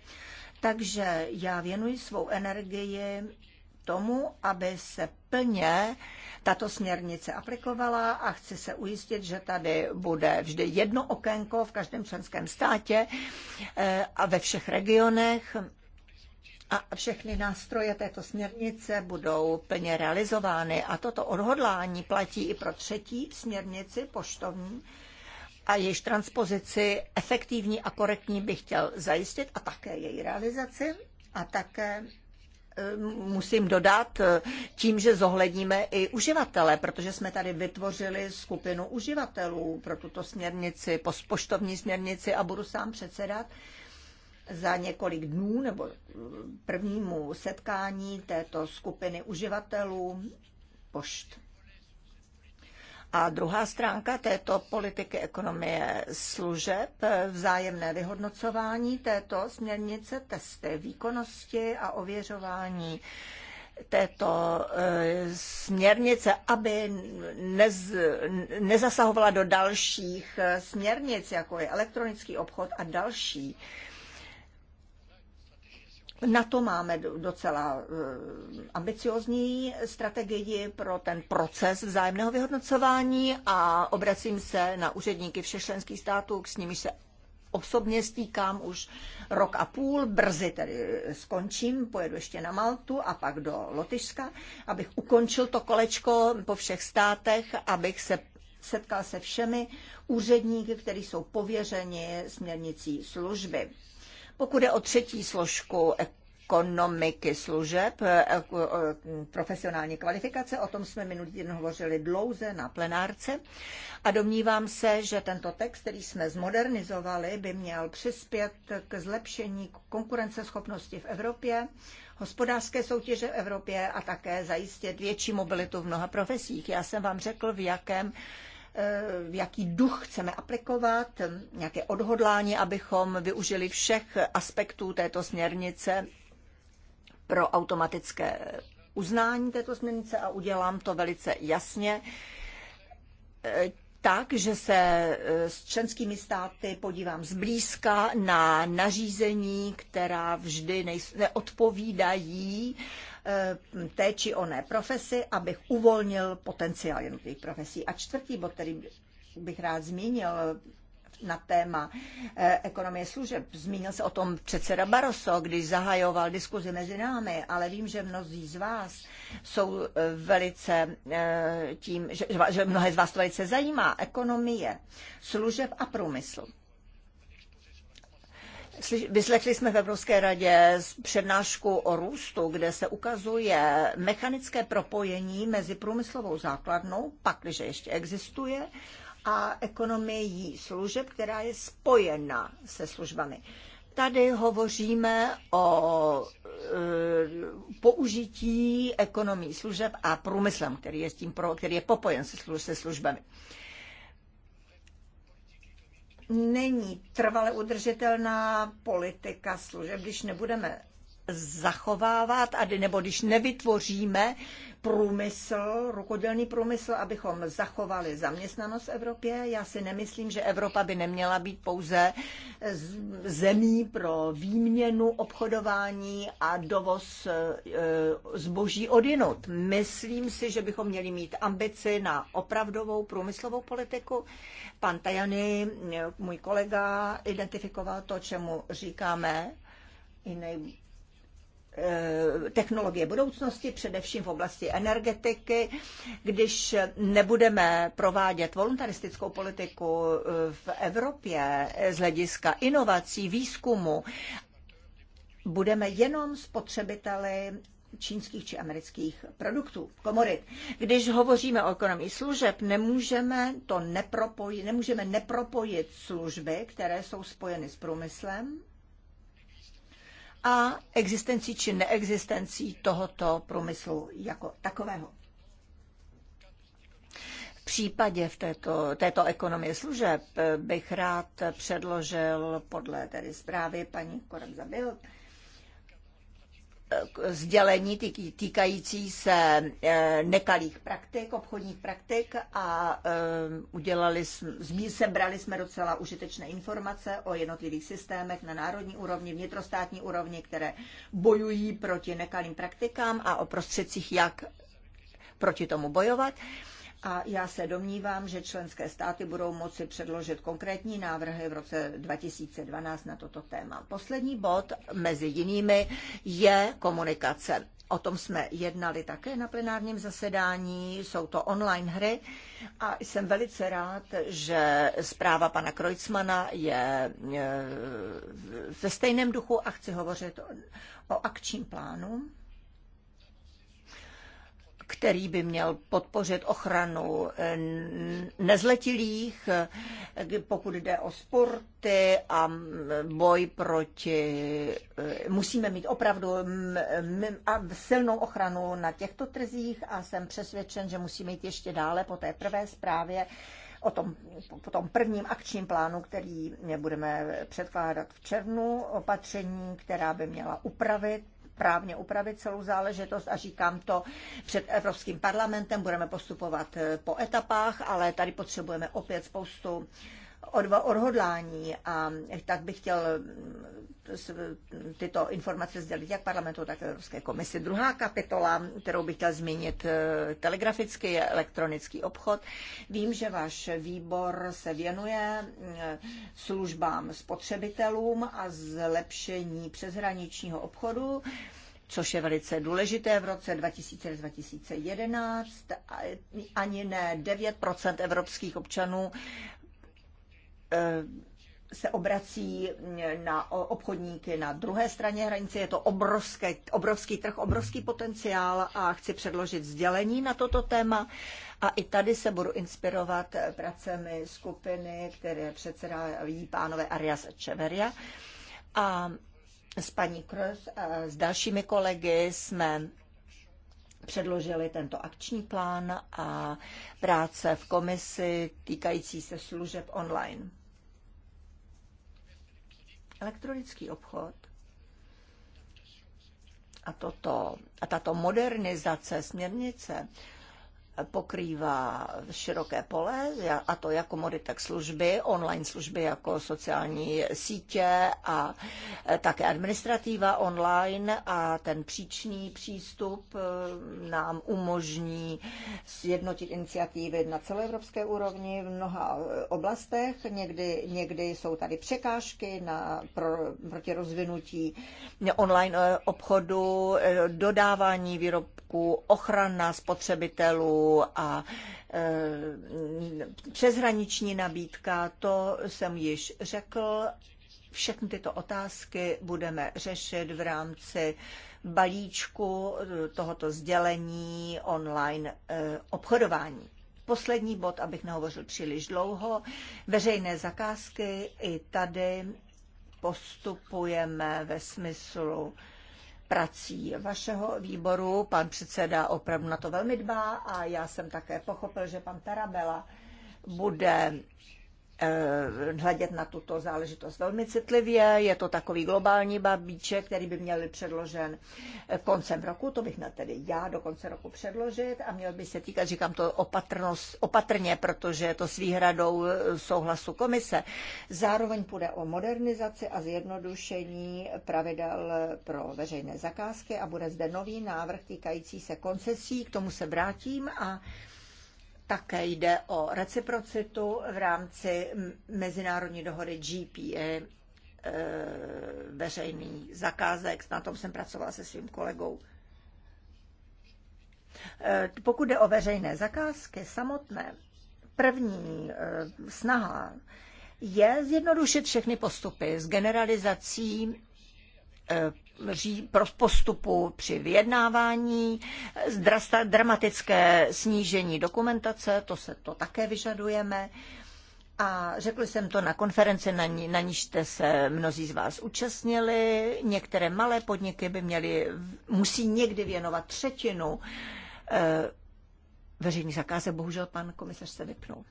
Speaker 1: Takže já věnuji svou energii tomu, aby se plně tato směrnice aplikovala a chci se ujistit, že tady bude vždy jedno okénko v každém členském státě eh, a ve všech regionech a všechny nástroje této směrnice budou plně realizovány. A toto odhodlání platí i pro třetí směrnici poštovní a jejíž transpozici efektivní a korektní bych chtěl zajistit a také její realizaci a také Eh, musím dodat, eh, tím, že zohledníme i uživatele, protože jsme tady vytvořili skupinu uživatelů pro tuto směrnici, poštovní směrnici a budu sám předsedat za několik dnů nebo eh, prvnímu setkání této skupiny uživatelů pošt. A druhá stránka této politiky ekonomie služeb, eh, vzájemné vyhodnocování této směrnice, testy výkonnosti a ověřování této eh, směrnice, aby nez, nezasahovala do dalších eh, směrnic, jako je elektronický obchod a další na to máme docela eh, ambiciozní strategii pro ten proces vzájemného vyhodnocování a obracím se na úředníky všech členských států, s nimiž se osobně stýkám už rok a půl, brzy tedy skončím, pojedu ještě na Maltu a pak do Lotyšska, abych ukončil to kolečko po všech státech, abych se setkal se všemi úředníky, kteří jsou pověřeni směrnicí služby. Pokud je o třetí složku ekonomiky služeb, e, e, profesionální kvalifikace. O tom jsme minulý týden hovořili dlouze na plenárce a domnívám se, že tento text, který jsme zmodernizovali, by měl přispět k zlepšení konkurenceschopnosti v Evropě, hospodářské soutěže v Evropě a také zajistit větší mobilitu v mnoha profesích. Já jsem vám řekl, v jakém Eh, jaký duch chceme aplikovat, nějaké odhodlání, abychom využili všech aspektů této směrnice pro automatické uznání této směrnice a udělám to velice jasně eh, tak, že se eh, s členskými státy podívám zblízka na nařízení, která vždy neodpovídají Eh, té či oné profesi, abych uvolnil potenciál jednotlivých profesí. A čtvrtý bod, který bych rád zmínil na téma eh, ekonomie služeb. Zmínil se o tom předseda Baroso, když zahajoval diskuzi mezi námi, ale vím, že mnozí z vás jsou eh, velice tím, že, že mnohé z vás to velice zajímá, ekonomie služeb a průmysl. Vyslechli jsme v Evropské radě přednášku o růstu, kde se ukazuje mechanické propojení mezi průmyslovou základnou, pakliže ještě existuje, a ekonomií služeb, která je spojena se službami. Tady hovoříme o e, použití ekonomii služeb a průmyslem, který je, s tím pro, který je popojen se, se službami. E, není trvale udržitelná politika služeb, když nebudeme zachovávat, a nebo když nevytvoříme průmysl, rukodělný průmysl, abychom zachovali zaměstnanost v Evropě. Já si nemyslím, že Evropa by neměla být pouze zemí pro výměnu, obchodování a dovoz e, zboží odinut. Myslím si, že bychom měli mít ambici na opravdovou průmyslovou politiku. Pan Tajany, e, můj kolega, identifikoval to, čemu říkáme Eh, technologie budoucnosti, především v oblasti energetiky. Když nebudeme provádět voluntaristickou politiku eh, v Evropě eh, z hlediska inovací, výzkumu, budeme jenom spotřebiteli čínských či amerických produktů, komorit. Když hovoříme o ekonomii služeb, nemůžeme, to nepropojit, nemůžeme nepropojit služby, které jsou spojeny s průmyslem, a existenci či neexistenci tohoto průmyslu jako takového. V případě v této, této ekonomie služeb bych rád předložil podle tedy zprávy paní Koramzabil, sdělení týkající se e, nekalých praktik, obchodních praktik a e, udělali jsme, sebrali jsme docela užitečné informace o jednotlivých systémech na národní úrovni, vnitrostátní úrovni, které bojují proti nekalým praktikám a o prostředcích, jak proti tomu bojovat. A já se domnívám, že členské státy budou moci předložit konkrétní návrhy v roce 2012 na toto téma. Poslední bod mezi jinými je komunikace. O tom jsme jednali také na plenárním zasedání, jsou to online hry a jsem velice rád, že zpráva pana Krojcmana je e, ve stejném duchu a chci hovořit o akčním plánu který by měl podpořit ochranu eh, nezletilých, eh, pokud jde o sporty a boj proti. Eh, musíme mít opravdu silnou ochranu na těchto trzích a jsem přesvědčen, že musíme jít ještě dále po té prvé zprávě o tom, po tom prvním akčním plánu, který budeme předkládat v červnu, opatření, která by měla upravit právně upravit celou záležitost a říkám to před Evropským parlamentem, budeme postupovat eh, po etapách, ale tady potřebujeme opět spoustu odhodlání a tak bych chtěl mm, tyto informace sdělit jak parlamentu, tak Evropské komisi. Druhá kapitola, kterou bych chtěl zmínit eh, telegraficky, je elektronický obchod. Vím, že váš výbor se věnuje mm, službám spotřebitelům a zlepšení přeshraničního obchodu což je velice důležité v roce 2011 Ani ne 9 evropských občanů Eh, se obrací na obchodníky na druhé straně hranice. Je to obrovské, obrovský trh, obrovský potenciál a chci předložit sdělení na toto téma. A i tady se budu inspirovat pracemi skupiny, které předsedají pánové Arias Čeveria. A s paní Kroos a s dalšími kolegy jsme předložili tento akční plán a práce v komisi týkající se služeb online. Elektronický obchod a, toto, a tato modernizace směrnice pokrývá široké pole, a to jako tak služby, online služby jako sociální sítě a e, také administrativa online a ten příčný přístup e, nám umožní sjednotit iniciativy na celoevropské úrovni v mnoha e, oblastech. Někdy, někdy jsou tady překážky na, pro, proti rozvinutí online obchodu, dodávání výrobků, ochrana spotřebitelů, a e, přeshraniční nabídka, to jsem již řekl. Všechny tyto otázky budeme řešit v rámci balíčku tohoto sdělení online e, obchodování. Poslední bod, abych nehovořil příliš dlouho. Veřejné zakázky i tady postupujeme ve smyslu prací vašeho výboru. Pan předseda opravdu na to velmi dbá a já jsem také pochopil, že pan Tarabela bude Eh, hledět na tuto záležitost velmi citlivě. Je to takový globální babíček, který by měl předložen koncem roku, to bych měl tedy já do konce roku předložit a měl by se týkat, říkám to opatrnost, opatrně, protože je to s výhradou eh, souhlasu komise. Zároveň půjde o modernizaci a zjednodušení pravidel pro veřejné zakázky a bude zde nový návrh týkající se koncesí, k tomu se vrátím a také jde o reciprocitu v rámci mezinárodní dohody GPA eh, veřejný zakázek. Na tom jsem pracovala se svým kolegou. Eh, pokud jde o veřejné zakázky samotné, první eh, snaha je zjednodušit všechny postupy s generalizací postupu při vyjednávání, dramatické snížení dokumentace, to se to také vyžadujeme. A řekl jsem to na konferenci, na, ní, na níž jste se mnozí z vás účastnili. Některé malé podniky by měly, musí někdy věnovat třetinu e, eh, veřejný zakáze Bohužel pan komisař se vypnul.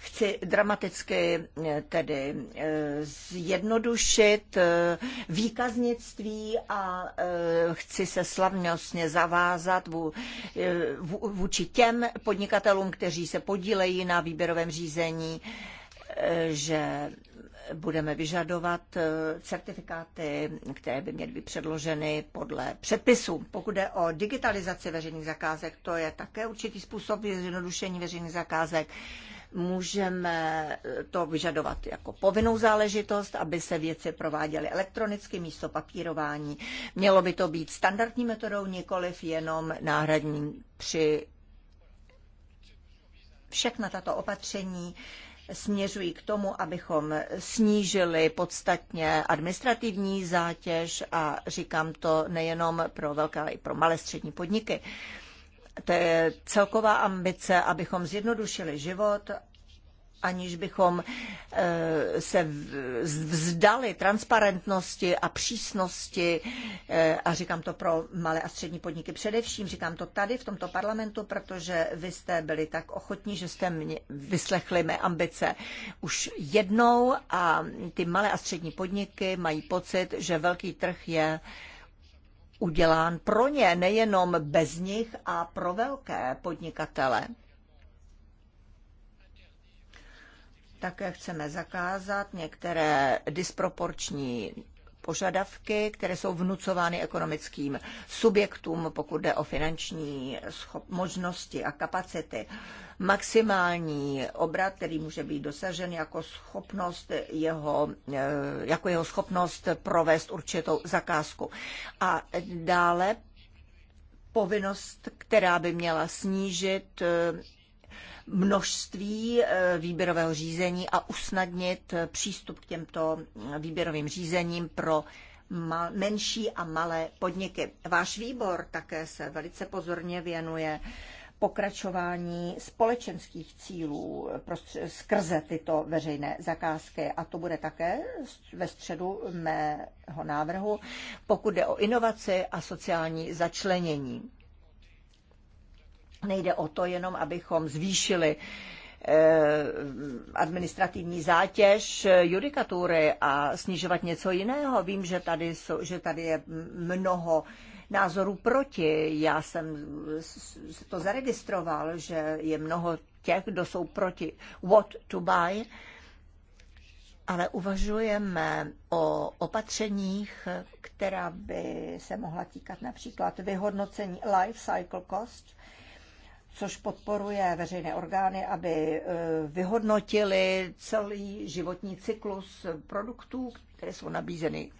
Speaker 1: chci dramaticky eh, tedy eh, zjednodušit eh, výkaznictví a chci se slavnostně zavázat vůči těm podnikatelům, kteří se podílejí na výběrovém řízení, že budeme vyžadovat certifikáty, které by měly být předloženy podle předpisů. Pokud jde o digitalizaci veřejných zakázek, to je také určitý způsob zjednodušení veřejných zakázek můžeme to vyžadovat jako povinnou záležitost, aby se věci prováděly elektronicky místo papírování. Mělo by to být standardní metodou, nikoliv jenom náhradní při všechna tato opatření směřují k tomu, abychom snížili podstatně administrativní zátěž a říkám to nejenom pro velké, ale i pro malé střední podniky. Uh, to je celková ambice, abychom zjednodušili život aniž bychom e, se vzdali transparentnosti a přísnosti, e, a říkám to pro malé a střední podniky především, říkám to tady v tomto parlamentu, protože vy jste byli tak ochotní, že jste mě vyslechli mé ambice už jednou a ty malé a střední podniky mají pocit, že velký trh je udělán pro ně, nejenom bez nich a pro velké podnikatele. Také chceme zakázat některé disproporční požadavky, které jsou vnucovány ekonomickým subjektům, pokud jde o finanční možnosti a kapacity. Maximální obrat, který může být dosažen jako schopnost jeho, e, jako jeho schopnost provést určitou zakázku. A dále povinnost, která by měla snížit e, množství eh, výběrového řízení a usnadnit eh, přístup k těmto eh, výběrovým řízením pro menší a malé podniky. Váš výbor také se velice pozorně věnuje pokračování společenských cílů skrze tyto veřejné zakázky. A to bude také ve středu mého návrhu, pokud jde o inovaci a sociální začlenění. Nejde o to jenom, abychom zvýšili eh, administrativní zátěž judikatury a snižovat něco jiného. Vím, že tady, jsou, že tady je mnoho názorů proti. Já jsem to zaregistroval, že je mnoho těch, kdo jsou proti what to buy, ale uvažujeme o opatřeních, která by se mohla týkat například vyhodnocení life cycle cost, což podporuje veřejné orgány, aby e, vyhodnotili celý životní cyklus produktů, které jsou nabízeny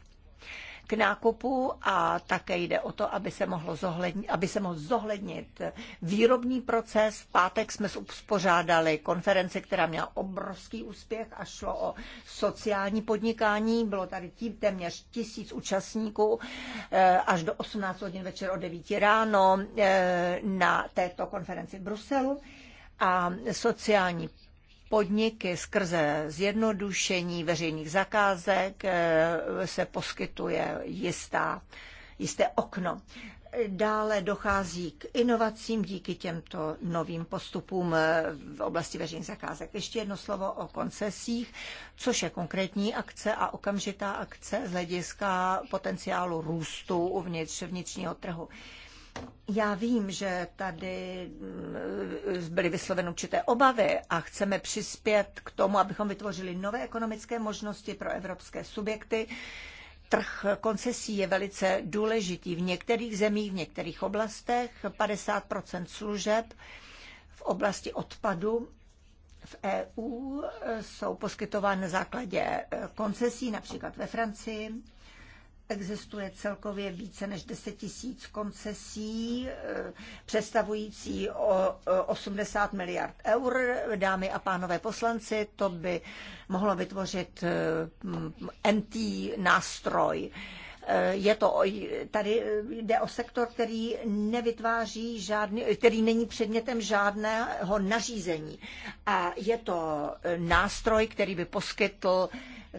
Speaker 1: k nákupu a také jde o to, aby se, mohlo zohlednit, aby se mohl zohlednit výrobní proces. V pátek jsme uspořádali konferenci, která měla obrovský úspěch a šlo o sociální podnikání. Bylo tady tím téměř tisíc účastníků eh, až do 18 hodin večer o 9 ráno eh, na této konferenci v Bruselu a sociální podniky skrze zjednodušení veřejných zakázek eh, se poskytuje jistá, jisté okno. Dále dochází k inovacím díky těmto novým postupům eh, v oblasti veřejných zakázek. Ještě jedno slovo o koncesích, což je konkrétní akce a okamžitá akce z hlediska potenciálu růstu uvnitř vnitřního trhu. Já vím, že tady mm, byly vysloveny určité obavy a chceme přispět k tomu, abychom vytvořili nové ekonomické možnosti pro evropské subjekty. Trh koncesí je velice důležitý v některých zemích, v některých oblastech. 50 služeb v oblasti odpadu v EU jsou poskytovány na základě koncesí, například ve Francii Existuje celkově více než 10 tisíc koncesí, eh, představující o 80 eh, miliard eur. Dámy a pánové poslanci, to by mohlo vytvořit eh, NT nástroj. Je to, tady jde o sektor, který nevytváří žádný, který není předmětem žádného nařízení. A je to nástroj, který by poskytl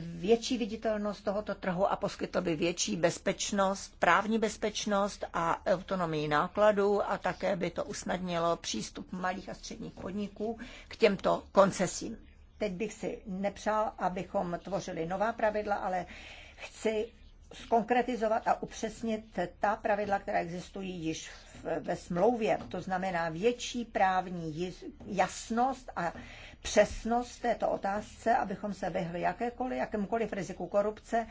Speaker 1: větší viditelnost tohoto trhu a poskytlo by větší bezpečnost, právní bezpečnost a autonomii nákladů a také by to usnadnilo přístup malých a středních podniků k těmto koncesím. Teď bych si nepřál, abychom tvořili nová pravidla, ale chci skonkretizovat a upřesnit ta pravidla, která existují již ve smlouvě. To znamená větší právní jasnost a přesnost této otázce, abychom se vyhli jakékoliv, jakémkoliv riziku korupce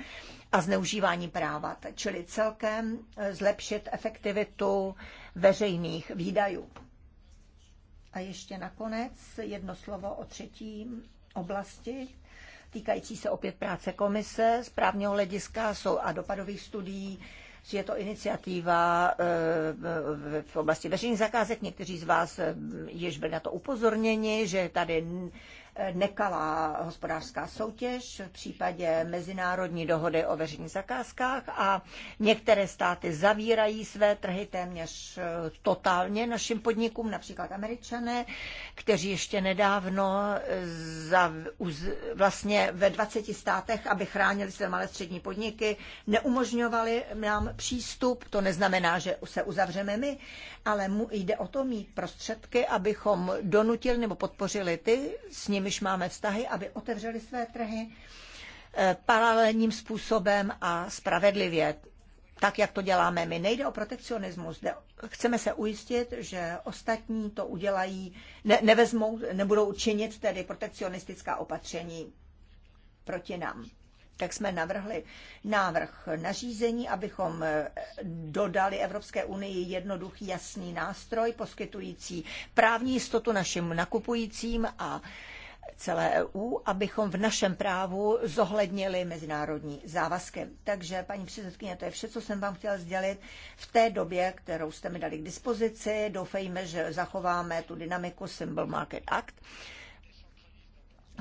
Speaker 1: a zneužívání práva, čili celkem eh, zlepšit efektivitu veřejných výdajů. A ještě nakonec jedno slovo o třetí oblasti, týkající se opět práce komise, správního hlediska jsou a dopadových studií že je to iniciativa eh, v oblasti veřejných zakázek. Někteří z vás eh, již byli na to upozorněni, že tady nekalá hospodářská soutěž v případě mezinárodní dohody o veřejných zakázkách a některé státy zavírají své trhy téměř eh, totálně našim podnikům, například američané, kteří ještě nedávno eh, za, uz, vlastně ve 20 státech, aby chránili své malé střední podniky, neumožňovali nám přístup. To neznamená, že se uzavřeme my, ale mu jde o to mít prostředky, abychom donutili nebo podpořili ty, s nimi nimiž máme vztahy, aby otevřeli své trhy eh, paralelním způsobem a spravedlivě tak, jak to děláme my. Nejde o protekcionismus, jde, chceme se ujistit, že ostatní to udělají, ne, nevezmou, nebudou činit tedy protekcionistická opatření proti nám. Tak jsme navrhli návrh nařízení, abychom eh, dodali Evropské unii jednoduchý, jasný nástroj, poskytující právní jistotu našim nakupujícím a celé EU, abychom v našem právu zohlednili mezinárodní závazky. Takže, paní předsedkyně, to je vše, co jsem vám chtěla sdělit v té době, kterou jste mi dali k dispozici. Doufejme, že zachováme tu dynamiku Symbol Market Act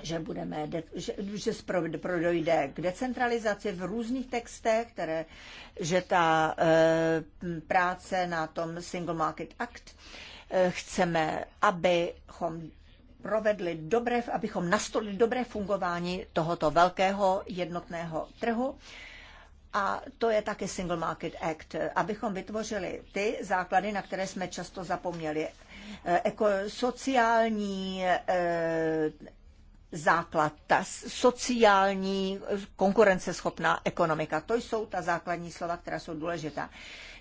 Speaker 1: že, budeme, že, že dojde k decentralizaci v různých textech, které, že ta e, práce na tom Single Market Act e, chceme, abychom provedli dobré, abychom nastolili dobré fungování tohoto velkého jednotného trhu. A to je taky Single Market Act, abychom vytvořili ty základy, na které jsme často zapomněli. E, eko, sociální e, základ, ta sociální konkurenceschopná ekonomika. To jsou ta základní slova, která jsou důležitá.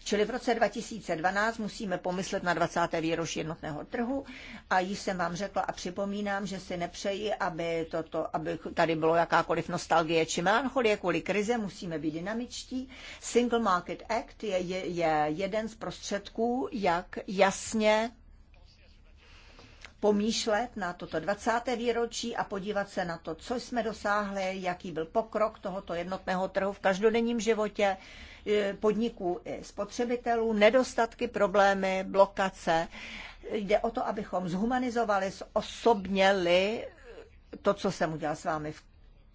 Speaker 1: Čili v roce 2012 musíme pomyslet na 20. výročí jednotného trhu a již jsem vám řekla a připomínám, že si nepřeji, aby, toto, aby tady bylo jakákoliv nostalgie či melancholie kvůli krize, musíme být dynamičtí. Single Market Act je, je, je jeden z prostředků, jak jasně pomýšlet na toto 20. výročí a podívat se na to, co jsme dosáhli, jaký byl pokrok tohoto jednotného trhu v každodenním životě, Eh, podniků i spotřebitelů, nedostatky, problémy, blokace. Jde o to, abychom zhumanizovali, osobněli to, co jsem udělal s vámi v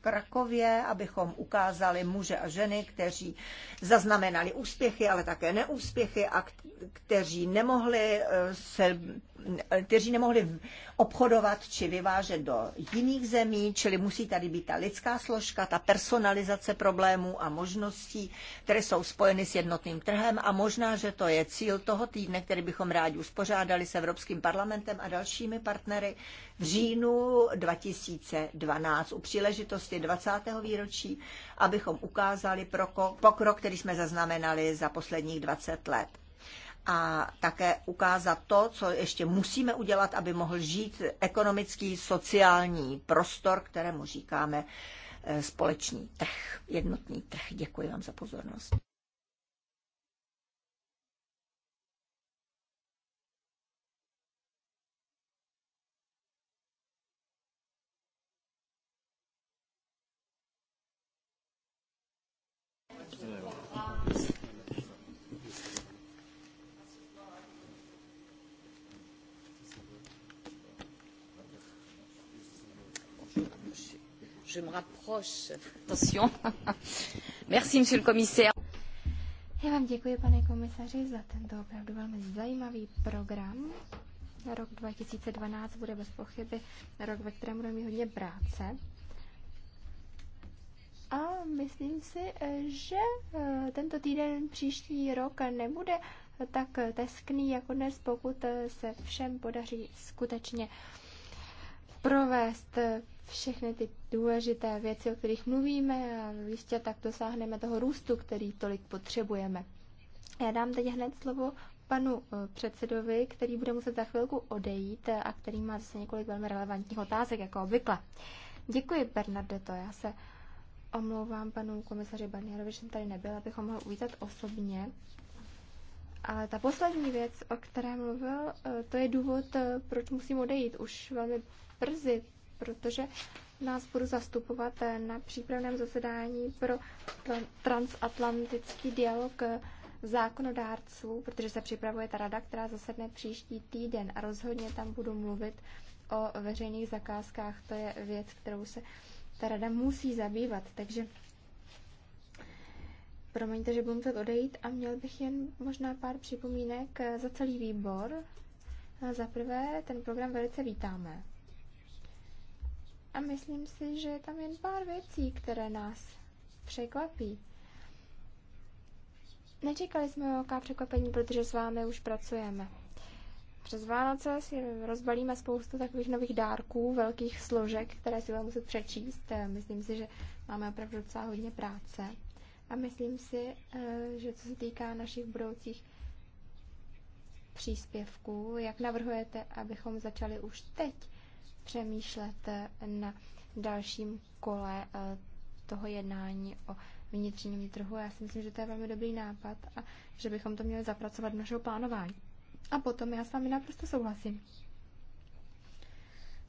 Speaker 1: Krakově, abychom ukázali muže a ženy, kteří zaznamenali úspěchy, ale také neúspěchy a kteří nemohli eh, se kteří nemohli obchodovat či vyvážet do jiných zemí, čili musí tady být ta lidská složka, ta personalizace problémů a možností, které jsou spojeny s jednotným trhem a možná, že to je cíl toho týdne, který bychom rádi uspořádali s Evropským parlamentem a dalšími partnery v říjnu 2012 u příležitosti 20. výročí, abychom ukázali pokrok, který jsme zaznamenali za posledních 20 let a také ukázat to, co ještě musíme udělat, aby mohl žít ekonomický, sociální prostor, kterému říkáme eh, společný trh, jednotný trh. Děkuji vám za pozornost. monsieur le commissaire.
Speaker 3: Já vám děkuji, pane komisaři, za tento opravdu velmi zajímavý program. Rok 2012 bude bez pochyby rok, ve kterém budeme mít hodně práce. A myslím si, že eh, tento týden příští rok nebude tak teskný jako dnes, pokud eh, se všem podaří skutečně provést všechny ty důležité věci, o kterých mluvíme a jistě tak dosáhneme toho růstu, který tolik potřebujeme. Já dám teď hned slovo panu eh, předsedovi, který bude muset za chvilku odejít eh, a který má zase několik velmi relevantních otázek, jako obvykle. Děkuji, Bernardeto. Já se omlouvám panu komisaři Barnierovi, že jsem tady nebyl, abych ho mohl uvítat osobně. Ale ta poslední věc, o které mluvil, eh, to je důvod, proč musím odejít. Už velmi brzy, protože nás budu zastupovat eh, na přípravném zasedání pro transatlantický dialog eh, zákonodárců, protože se připravuje ta rada, která zasedne příští týden a rozhodně tam budu mluvit o veřejných zakázkách. To je věc, kterou se ta rada musí zabývat, takže promiňte, že budu muset odejít a měl bych jen možná pár připomínek eh, za celý výbor. Za prvé, ten program velice vítáme. A myslím si, že je tam jen pár věcí, které nás překvapí. Nečekali jsme velká překvapení, protože s vámi už pracujeme. Přes Vánoce si rozbalíme spoustu takových nových dárků, velkých složek, které si budeme muset přečíst. Eh, myslím si, že máme opravdu docela hodně práce. A myslím si, eh, že co se týká našich budoucích příspěvků, jak navrhujete, abychom začali už teď přemýšlet na dalším kole eh, toho jednání o vnitřním trhu. Já si myslím, že to je velmi dobrý nápad a že bychom to měli zapracovat do našeho plánování. A potom já s vámi naprosto souhlasím,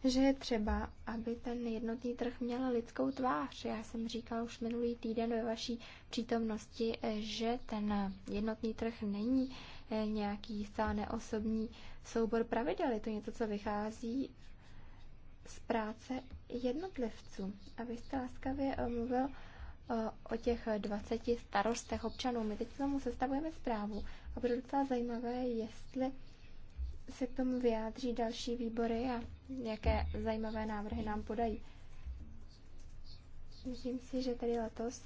Speaker 3: že je třeba, aby ten jednotný trh měl lidskou tvář. Já jsem říkal už minulý týden ve vaší přítomnosti, eh, že ten jednotný trh není eh, nějaký stále neosobní soubor pravidel. Je to něco, co vychází z práce jednotlivců. A vy jste laskavě eh, mluvil eh, o těch 20 eh, starostech občanů. My teď k tomu sestavujeme zprávu a bude docela zajímavé, jestli se k tomu vyjádří další výbory a jaké zajímavé návrhy nám podají. Myslím si, že tady letos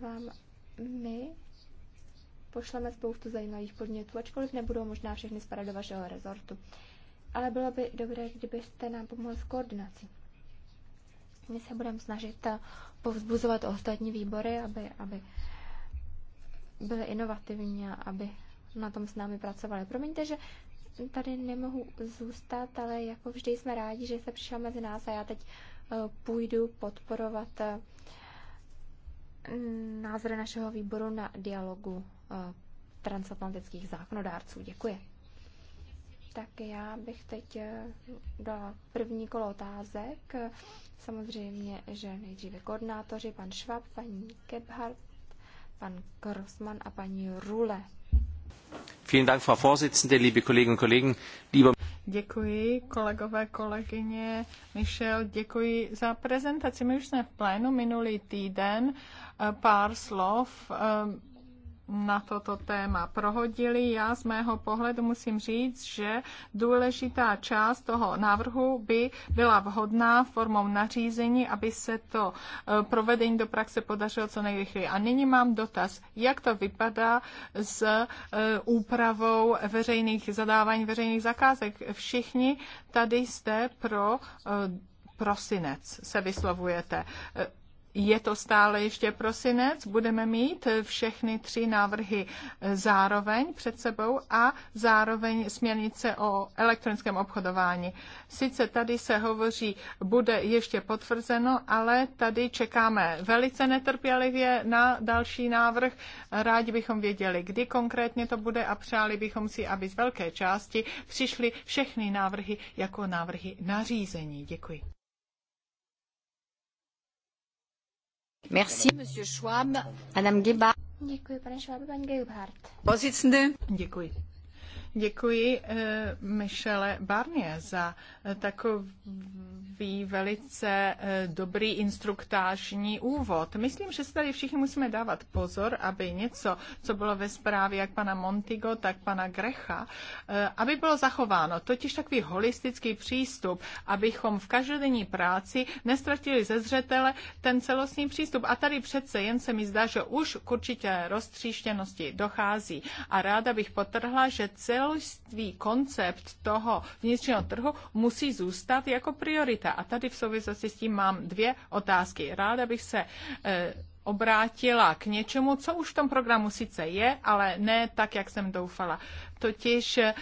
Speaker 3: vám my pošleme spoustu zajímavých podnětů, ačkoliv nebudou možná všechny spadat do vašeho rezortu ale bylo by dobré, kdybyste nám pomohl s koordinací. My se budeme snažit eh, povzbuzovat ostatní výbory, aby, aby byly inovativní a aby na tom s námi pracovali. Promiňte, že tady nemohu zůstat, ale jako vždy jsme rádi, že se přišel mezi nás a já teď eh, půjdu podporovat eh, názory našeho výboru na dialogu transatlantických zákonodárců. Děkuji tak já bych teď eh, dala první kolo otázek. Samozřejmě, že nejdříve koordinátoři, pan Švab, paní Kebhardt, pan Grossmann a paní Rule.
Speaker 1: Vielen Dank, Frau Vorsitzende, liebe Kolleginnen und Kollegen,
Speaker 2: Děkuji, kolegové, kolegyně. Michel, děkuji za prezentaci. My už jsme v plénu minulý týden eh, pár slov eh, na toto téma prohodili. Já z mého pohledu musím říct, že důležitá část toho návrhu by byla vhodná formou nařízení, aby se to e, provedení do praxe podařilo co nejrychleji. A nyní mám dotaz, jak to vypadá s e, úpravou veřejných zadávání veřejných zakázek. Všichni tady jste pro e, prosinec se vyslovujete. Je to stále ještě prosinec, budeme mít všechny tři návrhy zároveň před sebou a zároveň směrnice o elektronickém obchodování. Sice tady se hovoří, bude ještě potvrzeno, ale tady čekáme velice netrpělivě na další návrh. Rádi bychom věděli, kdy konkrétně to bude a přáli bychom si, aby z velké části přišly všechny návrhy jako návrhy nařízení. Děkuji. Merci,
Speaker 3: monsieur Schwab. Madame Gebhardt. Děkuji, pane Schwab, paní Gebhardt.
Speaker 2: Děkuji. Děkuji eh, Michele Barnier za eh, takový velice eh, dobrý instruktážní úvod. Myslím, že si tady všichni musíme dávat pozor, aby něco, co bylo ve zprávě jak pana Montigo, tak pana Grecha, aby bylo zachováno. Totiž takový holistický přístup, abychom v každodenní práci nestratili ze zřetele ten celostní přístup. A tady přece jen se mi zdá, že už k určité roztříštěnosti dochází. A ráda bych potrhla, že celý celistvý koncept toho vnitřního trhu musí zůstat jako priorita. A tady v souvislosti s tím mám dvě otázky. Ráda bych se eh, obrátila k něčemu, co už v tom programu sice je, ale ne tak, jak jsem doufala totiž eh,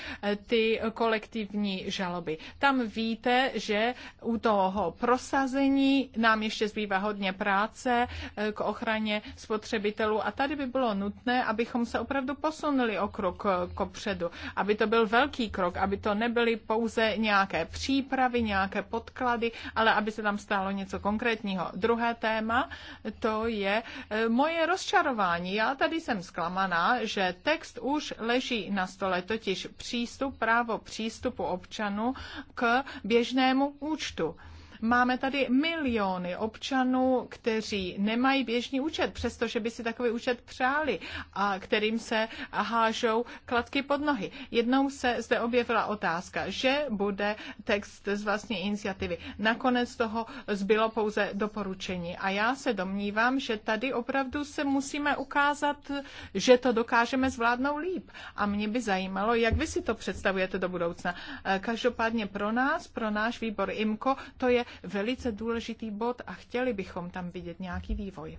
Speaker 2: ty kolektivní žaloby. Tam víte, že u toho prosazení nám ještě zbývá hodně práce eh, k ochraně spotřebitelů a tady by bylo nutné, abychom se opravdu posunuli o krok eh, kopředu, aby to byl velký krok, aby to nebyly pouze nějaké přípravy, nějaké podklady, ale aby se tam stalo něco konkrétního. Druhé téma, to je moje rozčarování. Já tady jsem zklamaná, že text už leží na stole kapitole, totiž přístup, právo přístupu občanů k běžnému účtu. Máme tady miliony občanů, kteří nemají běžný účet, přestože by si takový účet přáli a kterým se hážou kladky pod nohy. Jednou se zde objevila otázka, že bude text z vlastní iniciativy. Nakonec toho zbylo pouze doporučení. A já se domnívám, že tady opravdu se musíme ukázat, že to dokážeme zvládnout líp. A mě by zajímalo, jak vy si to představujete do budoucna. Každopádně pro nás, pro náš výbor IMKO, to je velice důležitý bod a chtěli bychom tam vidět nějaký vývoj.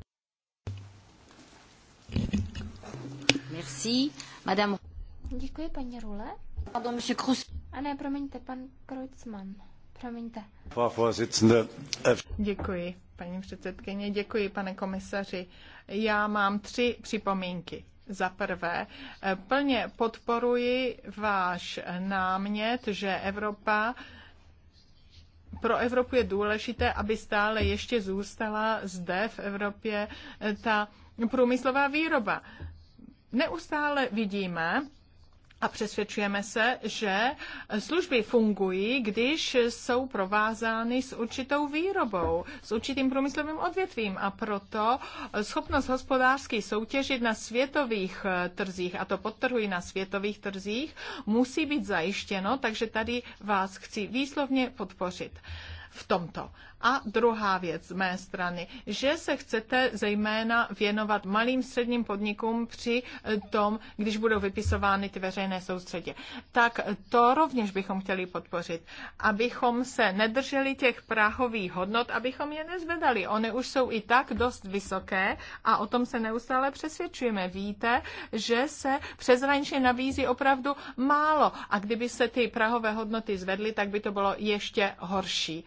Speaker 2: Merci. Madame.
Speaker 3: Děkuji, paní Rule. Pardon, monsieur Krus. A ne, promiňte, pan Kreutzmann.
Speaker 2: Promiňte. Äh, děkuji, paní předsedkyně, děkuji, pane komisaři. Já mám tři připomínky. Za prvé, eh, plně podporuji váš námět, že Evropa pro Evropu je důležité, aby stále ještě zůstala zde v Evropě ta průmyslová výroba. Neustále vidíme, a přesvědčujeme se, že služby fungují, když jsou provázány s určitou výrobou, s určitým průmyslovým odvětvím a proto schopnost hospodářský soutěžit na světových eh, trzích, a to podtrhuji na světových trzích, musí být zajištěno, takže tady vás chci výslovně podpořit v tomto. A druhá věc z mé strany, že se chcete zejména věnovat malým středním podnikům při eh, tom, když budou vypisovány ty veřejné soustředě. Tak eh, to rovněž bychom chtěli podpořit, abychom se nedrželi těch prahových hodnot, abychom je nezvedali. Ony už jsou i tak dost vysoké a o tom se neustále přesvědčujeme. Víte, že se přeshraničně nabízí opravdu málo a kdyby se ty prahové hodnoty zvedly, tak by to bylo ještě horší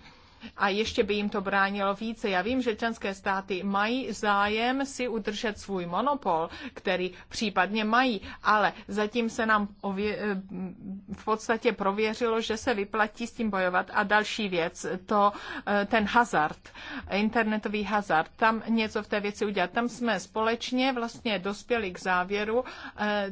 Speaker 2: a ještě by jim to bránilo více. Já vím, že členské státy mají zájem si udržet svůj monopol, který případně mají, ale zatím se nám eh, v podstatě prověřilo, že se vyplatí s tím bojovat. A další věc, to eh, ten hazard, internetový hazard, tam něco v té věci udělat. Tam jsme společně vlastně dospěli k závěru,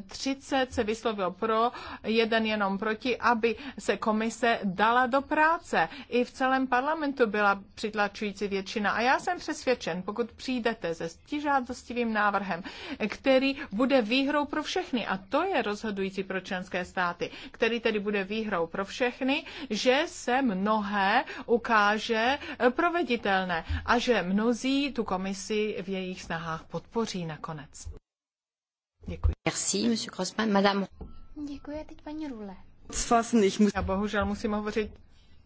Speaker 2: 30 eh, se vyslovil pro, jeden jenom proti, aby se komise dala do práce i v celém parlamentu parlamentu byla přitlačující většina a já jsem přesvědčen, pokud přijdete se stížádostivým návrhem, který bude výhrou pro všechny a to je rozhodující pro členské státy, který tedy bude výhrou pro všechny, že se mnohé ukáže eh, proveditelné a že mnozí tu komisi v jejich snahách podpoří nakonec. Děkuji. Merci, monsieur Crossman. Madame.
Speaker 3: Děkuji, teď paní Rule.
Speaker 2: Já bohužel musím hovořit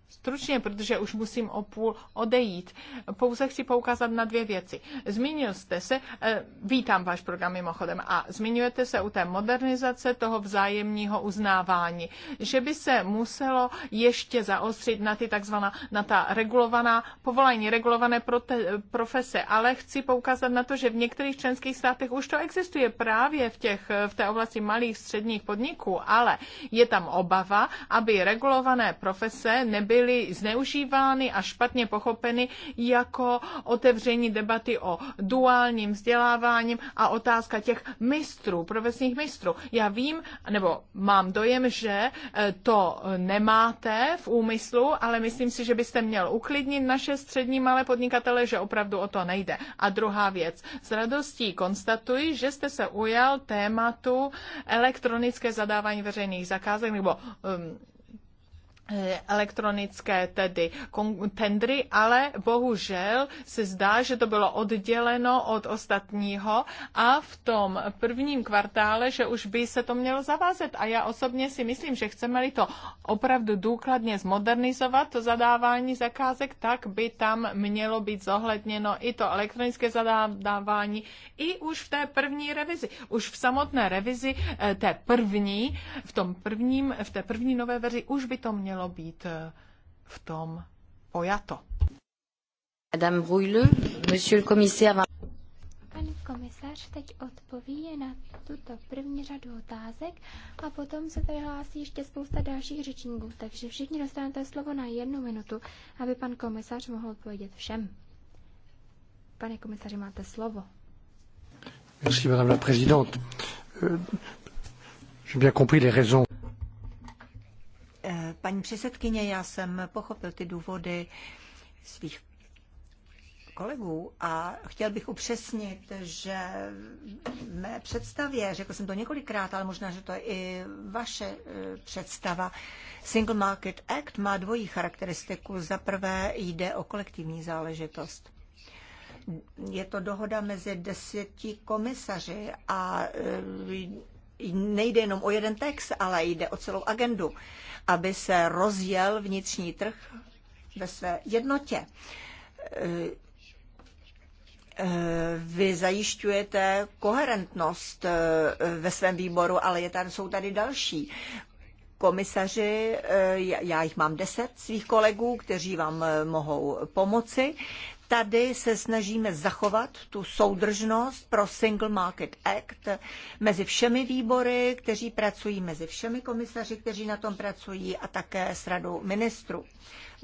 Speaker 2: Stručně, protože už musím o půl odejít. Pouze chci poukázat na dvě věci. Zmínil jste se, eh, vítám váš program mimochodem, a zmiňujete se u té modernizace toho vzájemního uznávání, že by se muselo ještě zaostřit na ty takzvaná, na ta regulovaná povolání, regulované prote, profese, ale chci poukázat na to, že v některých členských státech už to existuje právě v, těch, v té oblasti malých středních podniků, ale je tam obava, aby regulované profese nebyly byly zneužívány a špatně pochopeny jako otevření debaty o duálním vzděláváním a otázka těch mistrů, profesních mistrů. Já vím, nebo mám dojem, že eh, to nemáte v úmyslu, ale myslím si, že byste měl uklidnit naše střední malé podnikatele, že opravdu o to nejde. A druhá věc. S radostí konstatuji, že jste se ujal tématu elektronické zadávání veřejných zakázek nebo um, Eh, elektronické tedy tendry, ale bohužel se zdá, že to bylo odděleno od ostatního a v tom prvním kvartále, že už by se to mělo zavázet. A já osobně si myslím, že chceme-li to opravdu důkladně zmodernizovat, to zadávání zakázek, tak by tam mělo být zohledněno i to elektronické zadávání, i už v té první revizi. Už v samotné revizi eh, té první, v, tom prvním, v té první nové verzi už by to mělo mělo být eh, v tom pojato. Madame Brouille, monsieur le commissaire
Speaker 3: Pan komisař teď odpoví na tuto první řadu otázek a potom se tady hlásí ještě spousta dalších řečníků, takže všichni dostanete slovo na jednu minutu, aby pan komisař mohl odpovědět všem. Pane komisaři, máte slovo. Merci, madame la présidente. Euh, j'ai bien compris les raisons.
Speaker 1: Eh, paní předsedkyně, já jsem pochopil ty důvody svých kolegů a chtěl bych upřesnit, že v mé představě, řekl jsem to několikrát, ale možná, že to je i vaše eh, představa, Single Market Act má dvojí charakteristiku. Za prvé jde o kolektivní záležitost. Je to dohoda mezi deseti komisaři a eh, nejde jenom o jeden text, ale jde o celou agendu, aby se rozjel vnitřní trh ve své jednotě. E, e, vy zajišťujete koherentnost e, ve svém výboru, ale je tady, jsou tady další komisaři, já jich mám deset svých kolegů, kteří vám mohou pomoci. Tady se snažíme zachovat tu soudržnost pro Single Market Act mezi všemi výbory, kteří pracují, mezi všemi komisaři, kteří na tom pracují a také s radou ministrů.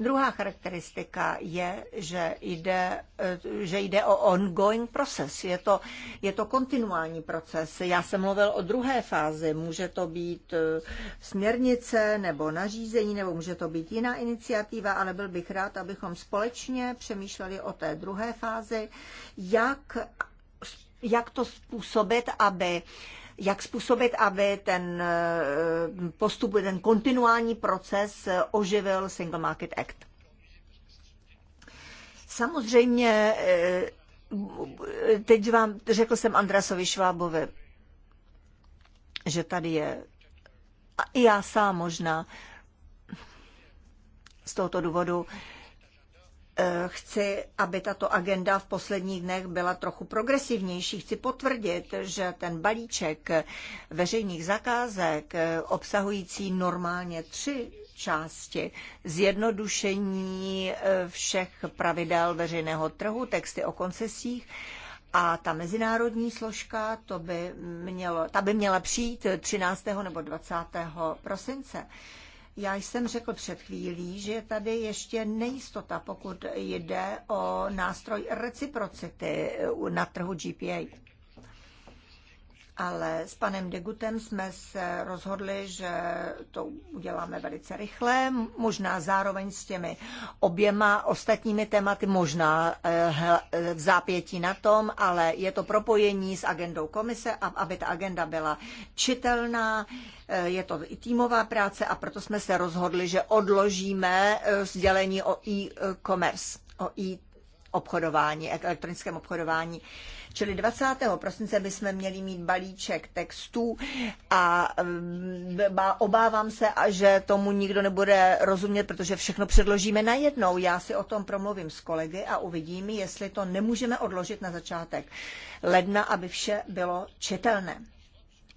Speaker 1: Druhá charakteristika je, že jde, eh, že jde o ongoing proces. Je to, je to kontinuální proces. Já jsem mluvil o druhé fázi. Může to být eh, směrnice nebo nařízení, nebo může to být jiná iniciativa, ale byl bych rád, abychom společně přemýšleli o té druhé fázi, jak jak to způsobit, aby jak způsobit, aby ten eh, postup, ten kontinuální proces eh, oživil Single Market Act. Samozřejmě, eh, teď vám řekl jsem Andrasovi Švábovi, že tady je, a i já sám možná, z tohoto důvodu, Eh, chci, aby tato agenda v posledních dnech byla trochu progresivnější. Chci potvrdit, že ten balíček veřejných zakázek eh, obsahující normálně tři části zjednodušení eh, všech pravidel veřejného trhu, texty o koncesích, a ta mezinárodní složka, to by mělo, ta by měla přijít 13. nebo 20. prosince. Já jsem řekl před chvílí, že je tady ještě nejistota, pokud jde o nástroj reciprocity na trhu GPA ale s panem Degutem jsme se rozhodli, že to uděláme velice rychle, možná zároveň s těmi oběma ostatními tématy, možná eh, eh, v zápětí na tom, ale je to propojení s agendou komise, aby ta agenda byla čitelná, eh, je to i týmová práce a proto jsme se rozhodli, že odložíme sdělení o e-commerce, o e-obchodování, elektronickém obchodování. Čili 20. prosince bychom měli mít balíček textů a mm, obávám se, že tomu nikdo nebude rozumět, protože všechno předložíme najednou. Já si o tom promluvím s kolegy a uvidím, jestli to nemůžeme odložit na začátek ledna, aby vše bylo čitelné.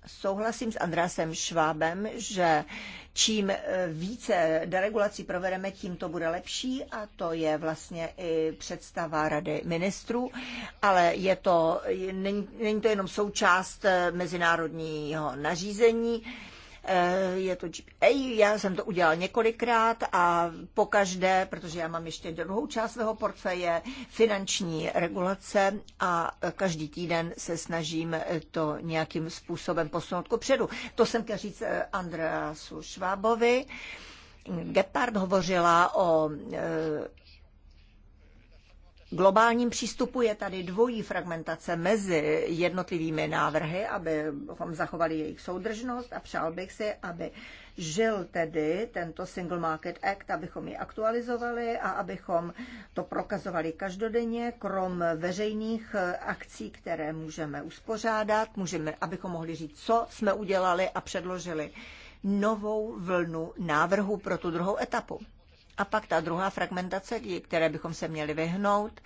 Speaker 1: Souhlasím s Andrásem Švábem, že čím eh, více deregulací provedeme, tím to bude lepší a to je vlastně i představa Rady ministrů, ale je to, není, není to jenom součást eh, mezinárodního nařízení, Eh, je to GPA, já jsem to udělal několikrát a pokaždé, protože já mám ještě druhou část svého portfeje, finanční regulace a každý týden se snažím to nějakým způsobem posunout ku předu. To jsem chtěl říct eh, Andreasu Švábovi. Gepard hovořila o eh, globálním přístupu je tady dvojí fragmentace mezi jednotlivými návrhy, abychom zachovali jejich soudržnost a přál bych si, aby žil tedy tento Single Market Act, abychom ji aktualizovali a abychom to prokazovali každodenně, krom veřejných akcí, které můžeme uspořádat, můžeme, abychom mohli říct, co jsme udělali a předložili novou vlnu návrhu pro tu druhou etapu. A pak ta druhá fragmentace, které bychom se měli vyhnout,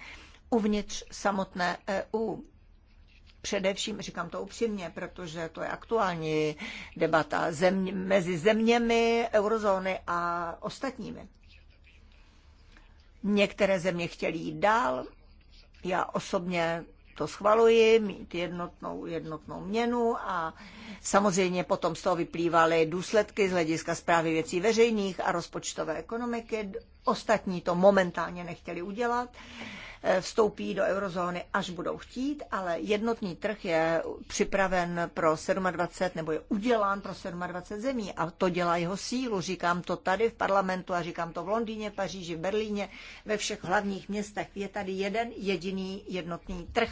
Speaker 1: uvnitř samotné EU. Především, říkám to upřímně, protože to je aktuální debata země, mezi zeměmi eurozóny a ostatními. Některé země chtěly jít dál. Já osobně to schvaluji, mít jednotnou, jednotnou měnu a samozřejmě potom z toho vyplývaly důsledky z hlediska zprávy věcí veřejných a rozpočtové ekonomiky. Ostatní to momentálně nechtěli udělat vstoupí do eurozóny, až budou chtít, ale jednotný trh je připraven pro 27 nebo je udělán pro 27 zemí a to dělá jeho sílu. Říkám to tady v parlamentu a říkám to v Londýně, Paříži, Berlíně, ve všech hlavních městech. Je tady jeden jediný jednotný trh.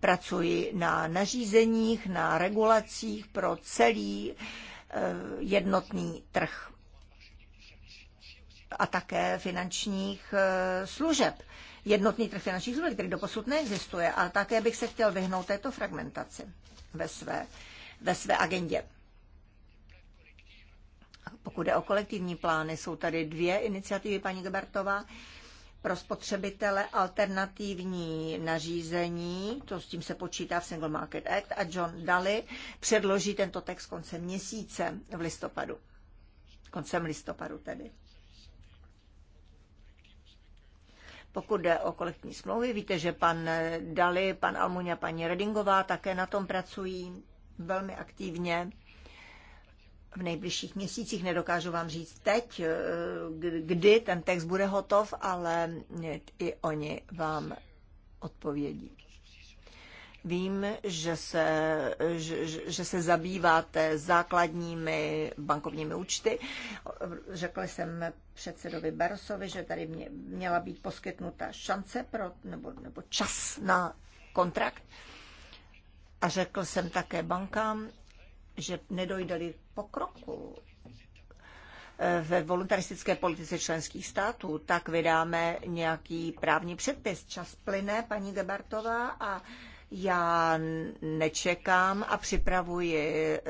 Speaker 1: Pracuji na nařízeních, na regulacích pro celý eh, jednotný trh a také finančních eh, služeb jednotný trh finančních služeb, který doposud neexistuje. ale také bych se chtěl vyhnout této fragmentaci ve své, ve své agendě. Pokud je o kolektivní plány, jsou tady dvě iniciativy paní Gebertová pro spotřebitele alternativní nařízení, to s tím se počítá v Single Market Act, a John Daly předloží tento text koncem měsíce v listopadu. Koncem listopadu tedy. Pokud jde o kolektivní smlouvy, víte, že pan Dali, pan Almunia, paní Redingová také na tom pracují velmi aktivně. V nejbližších měsících nedokážu vám říct teď, eh, kdy ten text bude hotov, ale i oni vám odpovědí. Vím, že se, že, že se zabýváte základními bankovními účty. Řekl jsem předsedovi Barosovi, že tady mě, měla být poskytnuta šance pro, nebo, nebo čas na kontrakt. A řekl jsem také bankám, že nedojde-li pokroku eh, ve voluntaristické politice členských států, tak vydáme nějaký právní předpis. Čas plyne, paní Gebartová, a já nečekám a připravuji e,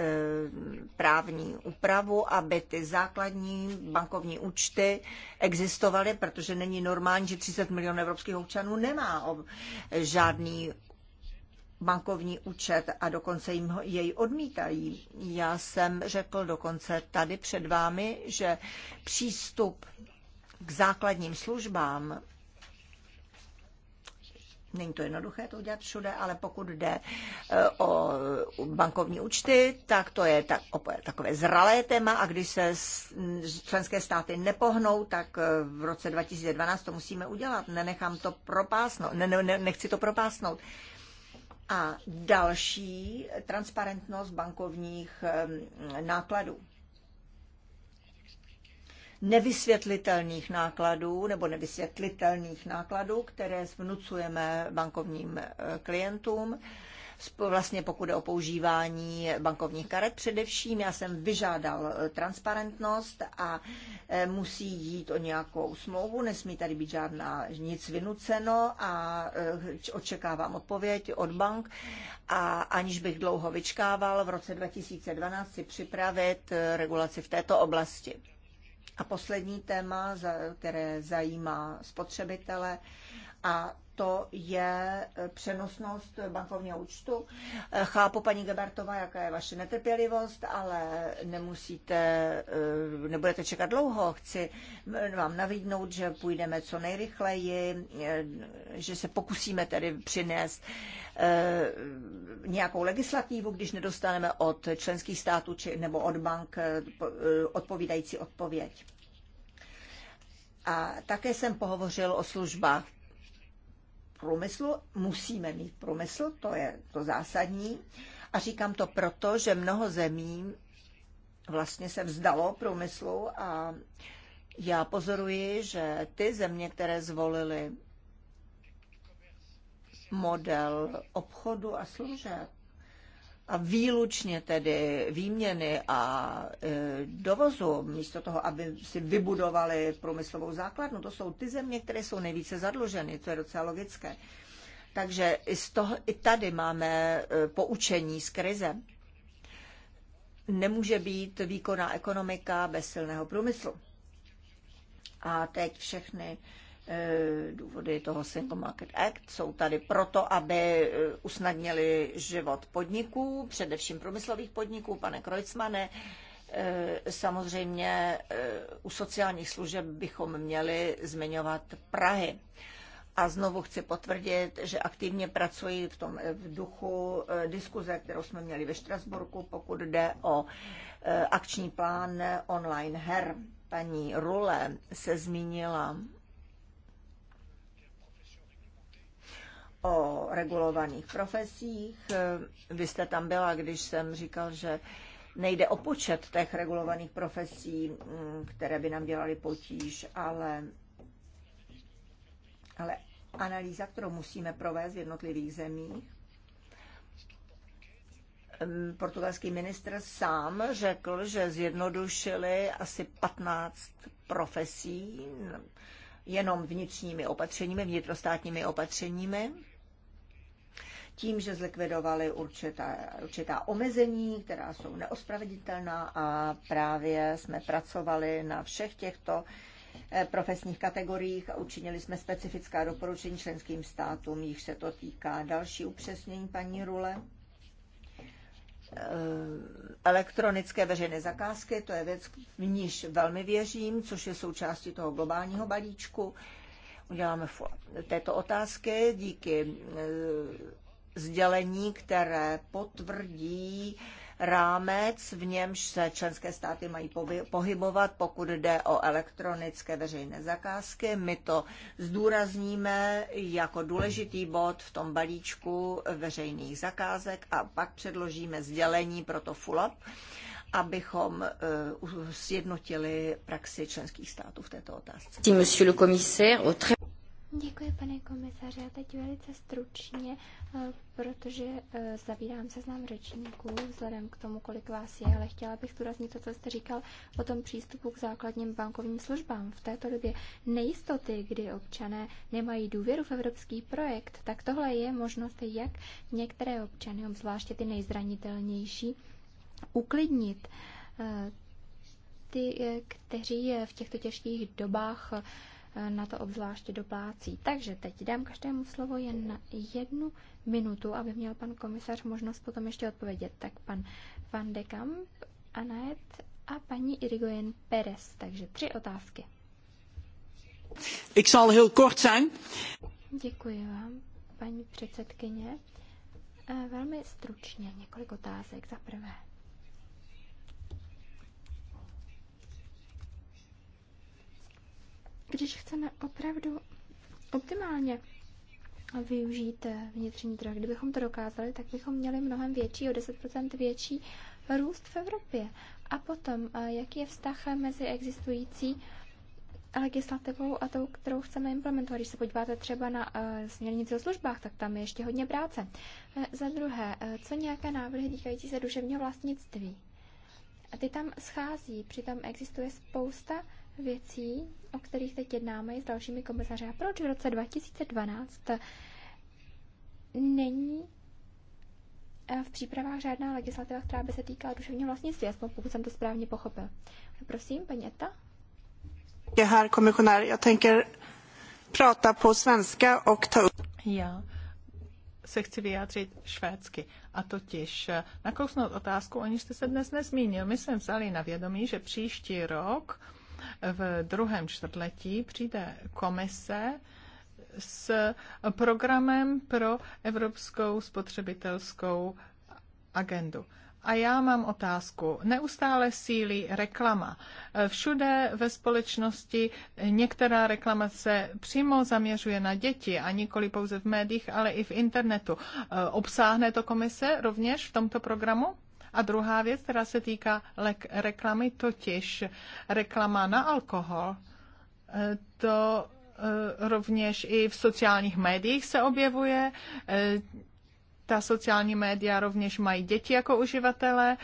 Speaker 1: právní úpravu, aby ty základní bankovní účty existovaly, protože není normální, že 30 milionů evropských občanů nemá žádný bankovní účet a dokonce jim ho, jej odmítají. Já jsem řekl dokonce tady před vámi, že přístup k základním službám Není to jednoduché to udělat všude, ale pokud jde e, o bankovní účty, tak to je tak, takové zralé téma a když se členské státy nepohnou, tak e, v roce 2012 to musíme udělat. Nenechám to propásnout, ne, ne, nechci to propásnout. A další transparentnost bankovních e, nákladů nevysvětlitelných nákladů nebo nevysvětlitelných nákladů, které vnucujeme bankovním eh, klientům. Vlastně pokud je o používání bankovních karet především, já jsem vyžádal eh, transparentnost a eh, musí jít o nějakou smlouvu, nesmí tady být žádná nic vynuceno a očekávám odpověď od bank a aniž bych dlouho vyčkával, v roce 2012 si připravit regulaci v této oblasti. A poslední téma, které zajímá spotřebitele a to je eh, přenosnost bankovního účtu. Eh, chápu, paní Gebertová, jaká je vaše netrpělivost, ale nemusíte, eh, nebudete čekat dlouho. Chci vám navídnout, že půjdeme co nejrychleji, že se pokusíme tedy přinést nějakou legislativu, když nedostaneme od členských států či, nebo od bank odpovídající odpověď. A také jsem pohovořil o službách průmyslu. Musíme mít průmysl, to je to zásadní. A říkám to proto, že mnoho zemí vlastně se vzdalo průmyslu a já pozoruji, že ty země, které zvolily model obchodu a služeb, a výlučně tedy výměny a e, dovozu, místo toho, aby si vybudovali průmyslovou základnu, to jsou ty země, které jsou nejvíce zadluženy, to je docela logické. Takže i, z toho, i tady máme e, poučení z krize. Nemůže být výkonná ekonomika bez silného průmyslu. A teď všechny Eh, důvody toho Single Market Act jsou tady proto, aby eh, usnadnili život podniků, především průmyslových podniků, pane Krojcmane. Eh, samozřejmě u sociálních služeb bychom měli zmiňovat Prahy. A znovu chci potvrdit, že aktivně pracuji v tom v duchu diskuze, kterou jsme měli ve Štrasburku, pokud jde o akční plán online her. Paní Rule se zmínila o regulovaných profesích. Vy jste tam byla, když jsem říkal, že nejde o počet těch regulovaných profesí, mm, které by nám dělaly potíž, ale, ale analýza, kterou musíme provést v jednotlivých zemích. Mm, portugalský ministr sám řekl, že zjednodušili asi 15 profesí jenom vnitřními opatřeními, vnitrostátními opatřeními tím, že zlikvidovali určitá, určitá omezení, která jsou neospraveditelná a právě jsme pracovali na všech těchto eh, profesních kategoriích a učinili jsme specifická doporučení členským státům, jich se to týká. Další upřesnění, paní Rule? Eh, elektronické veřejné zakázky, to je věc, v níž velmi věřím, což je součástí toho globálního balíčku. Uděláme této otázky díky eh, sdělení, které potvrdí rámec, v němž se členské státy mají pohybovat, pokud jde o elektronické veřejné zakázky. My to zdůrazníme jako důležitý bod v tom balíčku veřejných zakázek a pak předložíme sdělení pro to FULAP, abychom eh, sjednotili praxi členských států v této otázce.
Speaker 3: Děkuji, pane komisaře. A teď velice stručně, eh, protože se eh, seznam řečníků vzhledem k tomu, kolik vás je, ale chtěla bych zdůraznit to, co jste říkal o tom přístupu k základním bankovním službám. V této době nejistoty, kdy občané nemají důvěru v evropský projekt, tak tohle je možnost, jak některé občany, obzvláště ty nejzranitelnější, uklidnit eh, ty, kteří v těchto těžkých dobách na to obzvláště doplácí. Takže teď dám každému slovo jen na jednu minutu, aby měl pan komisař možnost potom ještě odpovědět. Tak pan Van de Kamp, Anaet a paní Irigoyen Perez. Takže tři otázky.
Speaker 2: Ik zal heel kort zijn.
Speaker 3: Děkuji vám, paní předsedkyně. Eh, velmi stručně několik otázek. Za prvé, Když chceme opravdu optimálně využít eh, vnitřní trh, kdybychom to dokázali, tak bychom měli mnohem větší, o 10% větší růst v Evropě. A potom, eh, jaký je vztah mezi existující legislativou a tou, kterou chceme implementovat. Když se podíváte třeba na uh, směrnici o službách, tak tam je ještě hodně práce. Uh, za druhé, uh, co nějaké návrhy týkající se duševního vlastnictví? A ty tam schází, přitom existuje spousta věcí, o kterých teď jednáme s dalšími komisaři. A proč v roce 2012 není eh, v přípravách žádná legislativa, která by se týkala duševního vlastnictví, aspoň pokud jsem to správně pochopil. Prosím, paní Eta.
Speaker 2: Herr kommissionär, já tänker prata po svenska och ta Já se chci vyjádřit švédsky. A totiž eh, nakousnout otázku, o níž jste se dnes nezmínil. My jsme vzali na vědomí, že příští rok uh, v druhém čtvrtletí přijde komise s programem pro evropskou spotřebitelskou agendu. A já mám otázku. Neustále sílí reklama. Všude ve společnosti některá reklama se přímo zaměřuje na děti a nikoli pouze v médiích, ale i v internetu. Obsáhne to komise rovněž v tomto programu? A druhá věc, která se týká reklamy, totiž reklama na alkohol, eh, to eh, rovněž i v sociálních médiích se objevuje. Eh, ta sociální média rovněž mají děti jako uživatele.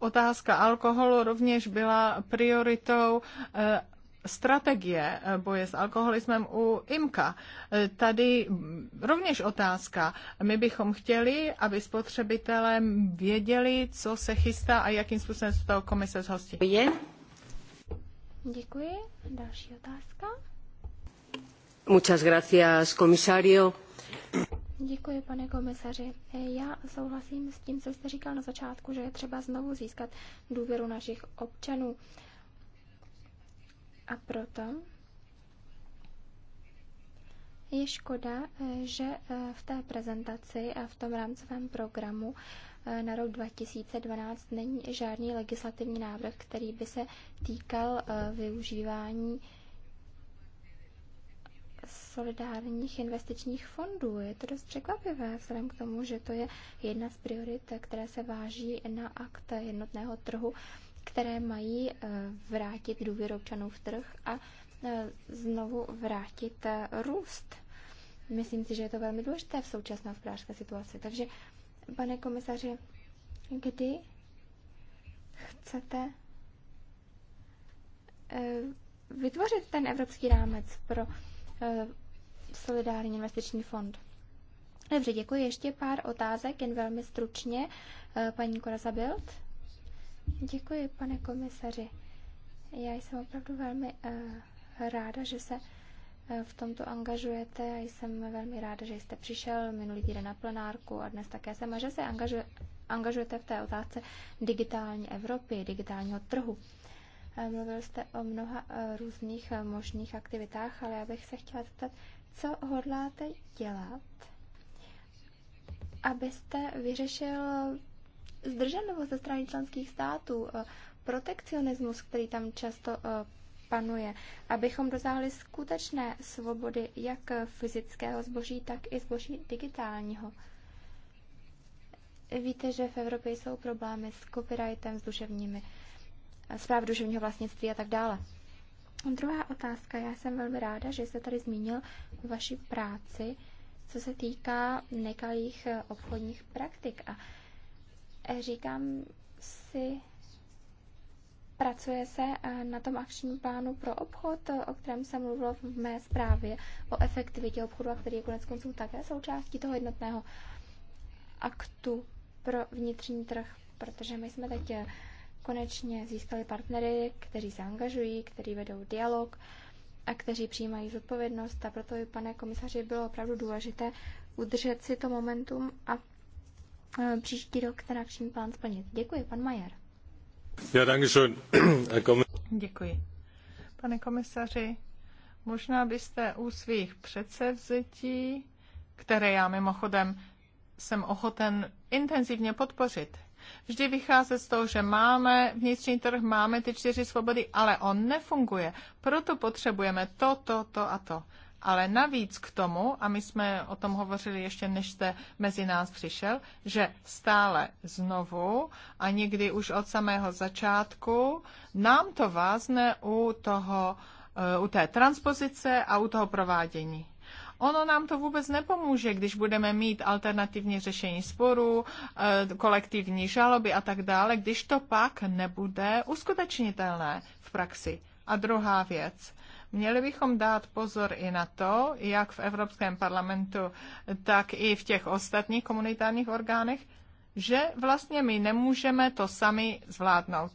Speaker 2: Otázka alkoholu rovněž byla prioritou strategie eh, boje s alkoholismem u IMKA. Eh, tady rovněž otázka. My bychom chtěli, aby spotřebitelé věděli, co se chystá a jakým způsobem se toho komise zhostí.
Speaker 3: Děkuji. Další otázka.
Speaker 2: Muchas gracias, komisario.
Speaker 3: Děkuji, pane komisaři. Eh, já souhlasím s tím, co jste říkal na začátku, že je třeba znovu získat důvěru našich občanů. A proto je škoda, eh, že eh, v té prezentaci a v tom rámcovém programu eh, na rok 2012 není žádný legislativní návrh, který by se týkal využívání solidárních investičních fondů. Je to dost překvapivé, vzhledem k tomu, že to je jedna z priorit, které se váží na akt jednotného trhu které mají eh, vrátit důvěru občanů v trh a eh, znovu vrátit eh, růst. Myslím si, že je to velmi důležité v současné hospodářské situaci. Takže, pane komisaři, kdy chcete vytvořit ten evropský rámec pro solidární investiční fond? Dobře, děkuji. Ještě pár otázek, jen velmi stručně. Paní Korazabild. Děkuji, pane komisaři. Já jsem opravdu velmi uh, ráda, že se eh, v tomto angažujete a jsem velmi ráda, že jste přišel minulý týden na plenárku a dnes také jsem a že se angažuje, angažujete v té otázce digitální Evropy, digitálního trhu. Eh, mluvil jste o mnoha různých možných aktivitách, ale já bych se chtěla zeptat, co hodláte dělat, abyste vyřešil zdrženlivost ze strany členských států, eh, protekcionismus, který tam často eh, panuje, abychom dosáhli skutečné svobody jak fyzického zboží, tak i zboží digitálního. Víte, že v Evropě jsou problémy s copyrightem, s duševními, zpráv eh, duševního vlastnictví a tak dále. Druhá otázka. Já jsem velmi ráda, že jste tady zmínil vaši práci, co se týká nekalých obchodních praktik. A Říkám si, pracuje se eh, na tom akčním plánu pro obchod, o kterém jsem mluvila v mé zprávě o efektivitě obchodu, a který je konec konců také součástí toho jednotného aktu pro vnitřní trh, protože my jsme teď eh, konečně získali partnery, kteří se angažují, kteří vedou dialog a kteří přijímají zodpovědnost. A proto pane komisaři, bylo opravdu důležité udržet si to momentum a Eh, příští rok teda vším plán splnit. Děkuji, pan Majer.
Speaker 2: Já Děkuji. Pane komisaři, možná byste u svých předsevzetí, které já mimochodem jsem ochoten intenzivně podpořit, vždy vycházet z toho, že máme vnitřní trh, máme ty čtyři svobody, ale on nefunguje. Proto potřebujeme to, to, to a to. Ale navíc k tomu, a my jsme o tom hovořili ještě než jste mezi nás přišel, že stále znovu a někdy už od samého začátku nám to vázne u, toho, eh, u té transpozice a u toho provádění. Ono nám to vůbec nepomůže, když budeme mít alternativní řešení sporů, eh, kolektivní žaloby a tak dále, když to pak nebude uskutečnitelné v praxi. A druhá věc Měli bychom dát pozor i na to, jak v Evropském parlamentu, tak i v těch ostatních komunitárních orgánech, že vlastně my nemůžeme to sami zvládnout.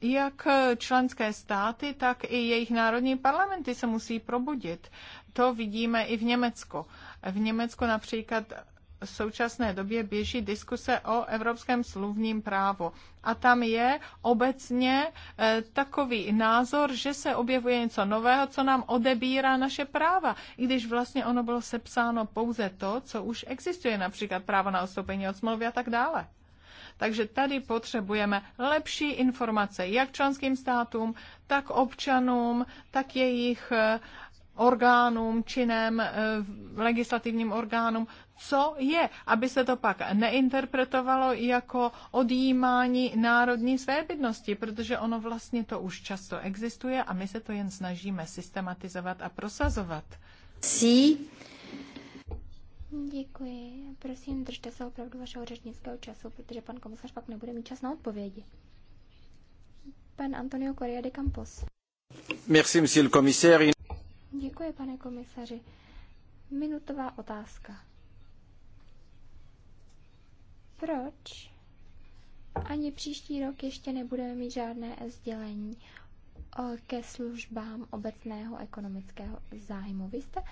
Speaker 2: Jak členské státy, tak i jejich národní parlamenty se musí probudit. To vidíme i v Německu. V Německu například v současné době běží diskuse o evropském sluvním právu. A tam je obecně e, takový názor, že se objevuje něco nového, co nám odebírá naše práva, i když vlastně ono bylo sepsáno pouze to, co už existuje, například právo na odstoupení od smlouvy a tak dále. Takže tady potřebujeme lepší informace jak členským státům, tak občanům, tak jejich e, orgánům, činem, eh, legislativním orgánům, co je, aby se to pak neinterpretovalo jako odjímání národní svébytnosti, protože ono vlastně to už často existuje a my se to jen snažíme systematizovat a prosazovat. Sí.
Speaker 3: Děkuji. Prosím, držte se opravdu vašeho řečnického času, protože pan komisař pak nebude mít čas na odpovědi. Pan Antonio Correa de Campos.
Speaker 2: Merci, monsieur le commissaire.
Speaker 3: Děkuji, pane komisaři. Minutová otázka. Proč ani příští rok ještě nebudeme mít žádné sdělení ke službám obecného ekonomického zájmu? Vy jste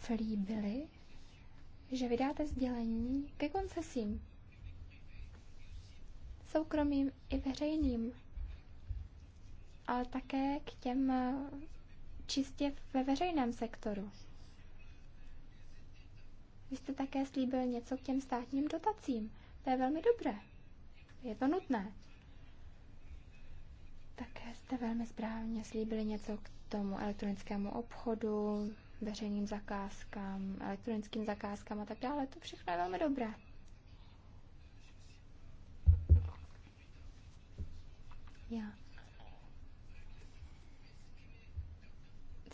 Speaker 3: slíbili, že vydáte sdělení ke koncesím, soukromým i veřejným, ale také k těm čistě ve veřejném sektoru. Vy jste také slíbil něco k těm státním dotacím. To je velmi dobré. Je to nutné. Také jste velmi správně slíbili něco k tomu elektronickému obchodu, veřejným zakázkám, elektronickým zakázkám a tak dále. To všechno je velmi dobré. Já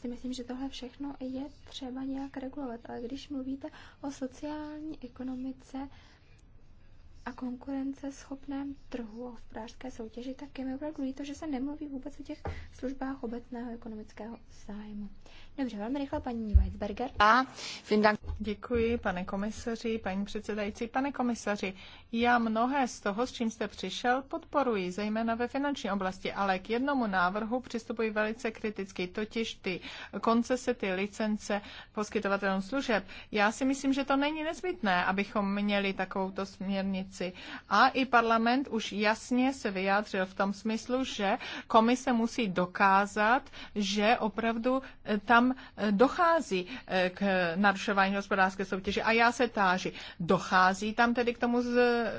Speaker 3: si myslím, že tohle všechno je třeba nějak regulovat. Ale když mluvíte o sociální ekonomice, a schopném trhu a hospodářské soutěži, tak je mi opravdu líto, že se nemluví vůbec o těch službách obecného ekonomického
Speaker 2: zájmu. Dobře, velmi rychle paní Weisberger. A, Děkuji, pane komisaři, paní předsedající. Pane komisaři, já mnohé z toho, s čím jste přišel, podporuji, zejména ve finanční oblasti, ale k jednomu návrhu přistupuji velice kriticky, totiž ty koncese, ty licence poskytovatelům služeb. Já si myslím, že to není nezbytné, abychom měli takovouto směrnici rámci. A i parlament už jasně se vyjádřil v tom smyslu, že komise musí dokázat, že opravdu eh, tam eh, dochází eh, k narušování hospodářské soutěže. A já se táži, dochází tam tedy k tomu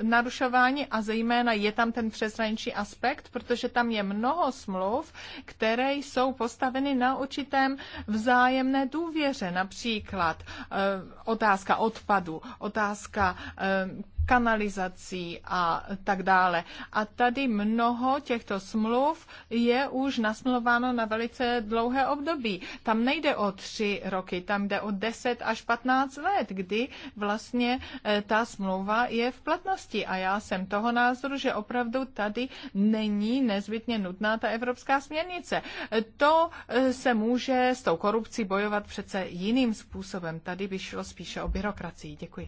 Speaker 2: narušování a zejména je tam ten přeshraniční aspekt, protože tam je mnoho smluv, které jsou postaveny na určitém vzájemné důvěře. Například otázka odpadu, otázka kanalizací a tak dále. A tady mnoho těchto smluv je už nasmluváno na velice dlouhé období. Tam nejde o tři roky, tam jde o 10 až 15 let, kdy vlastně eh, ta smlouva je v platnosti. A já jsem toho názoru, že opravdu tady není nezbytně nutná ta evropská směrnice. Eh, to eh, se může s tou korupcí bojovat přece jiným způsobem. Tady by šlo spíše o byrokracii. Děkuji.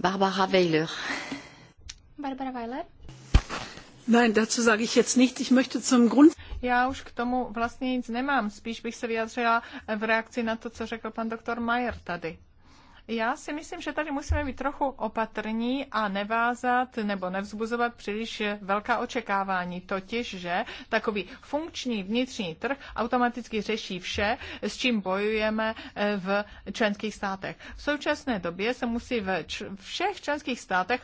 Speaker 2: Barbara Weiler. Barbara Weiler? Nein, dazu sage ich jetzt nichts. Ich möchte zum Grund... Já už k tomu vlastně nic nemám. Spíš bych se vyjádřila v reakci na to, co řekl pan doktor Mayer tady. Já si myslím, že tady musíme být trochu opatrní a nevázat nebo nevzbuzovat příliš velká očekávání, totiž, že takový funkční vnitřní trh automaticky řeší vše, s čím bojujeme eh, v členských státech. V současné době se musí ve všech členských státech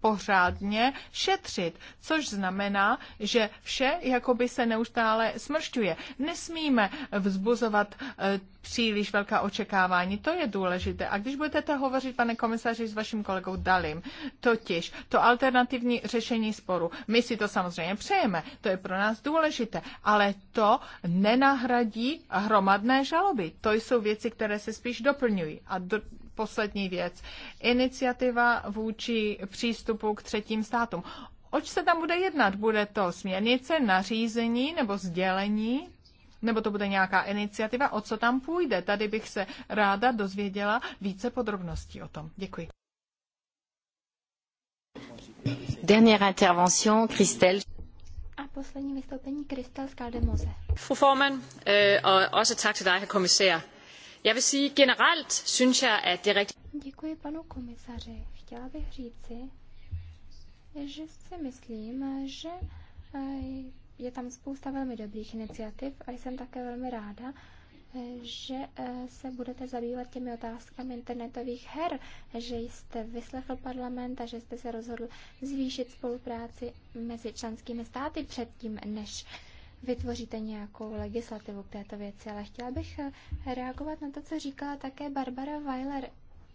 Speaker 2: pořádně šetřit, což znamená, že vše jakoby se neustále smršťuje. Nesmíme vzbuzovat e, příliš velká očekávání, to je důležité. A když budete to hovořit, pane komisaři, s vaším kolegou Dalim, totiž to alternativní řešení sporu, my si to samozřejmě přejeme, to je pro nás důležité, ale to nenahradí hromadné žaloby. To jsou věci, které se spíš doplňují. A do, poslední věc. Iniciativa vůči přístupu k třetím státům. Oč se tam bude jednat? Bude to směrnice, nařízení nebo sdělení? Nebo to bude nějaká iniciativa? O co tam půjde? Tady bych se ráda dozvěděla více podrobností o tom. Děkuji.
Speaker 3: Dernière intervention, Christelle. A
Speaker 2: poslední vystoupení Kristel Skaldemose. Fru formand, uh, og også tak til dig, herr kommissær. Já vil sige, generelt synes jeg, at det er rigtig...
Speaker 3: Děkuji panu komisaři. Chtěla bych říci, že si myslím, že eh, je tam spousta velmi dobrých iniciativ a jsem také velmi ráda, eh, že eh, se budete zabývat těmi otázkami internetových her, že jste vyslechl parlament a že jste se rozhodl zvýšit spolupráci mezi členskými státy předtím, než vytvoříte nějakou legislativu k této věci, ale chtěla bych eh, reagovat na to, co říkala také Barbara Weiler.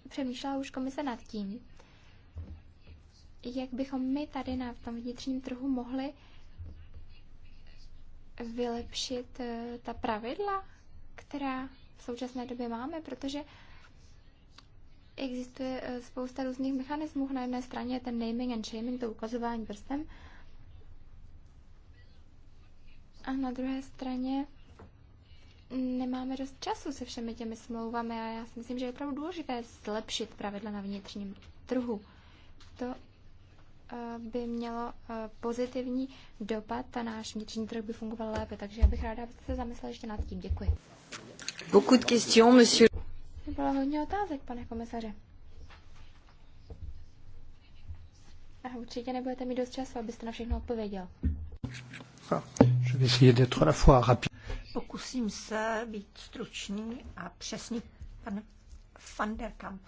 Speaker 3: Přemýšlela už komise nad tím, jak bychom my tady na tom vnitřním trhu mohli vylepšit eh, ta pravidla, která v současné době máme, protože existuje eh, spousta různých mechanismů. Na jedné straně je ten naming and shaming, to ukazování prstem, a na druhé straně nemáme dost času se všemi těmi smlouvami a já si myslím, že je opravdu důležité zlepšit pravidla na vnitřním trhu. To eh, by mělo eh, pozitivní dopad a náš vnitřní trh by fungoval lépe, takže já bych ráda, abyste se zamysleli ještě nad tím. Děkuji. Beaucoup de questions, monsieur. Bylo hodně otázek, pane komisaře. A určitě nebudete mít dost času, abyste na všechno odpověděl. Ha.
Speaker 1: Pokusím se být stručný a přesný. Pan van der Kamp.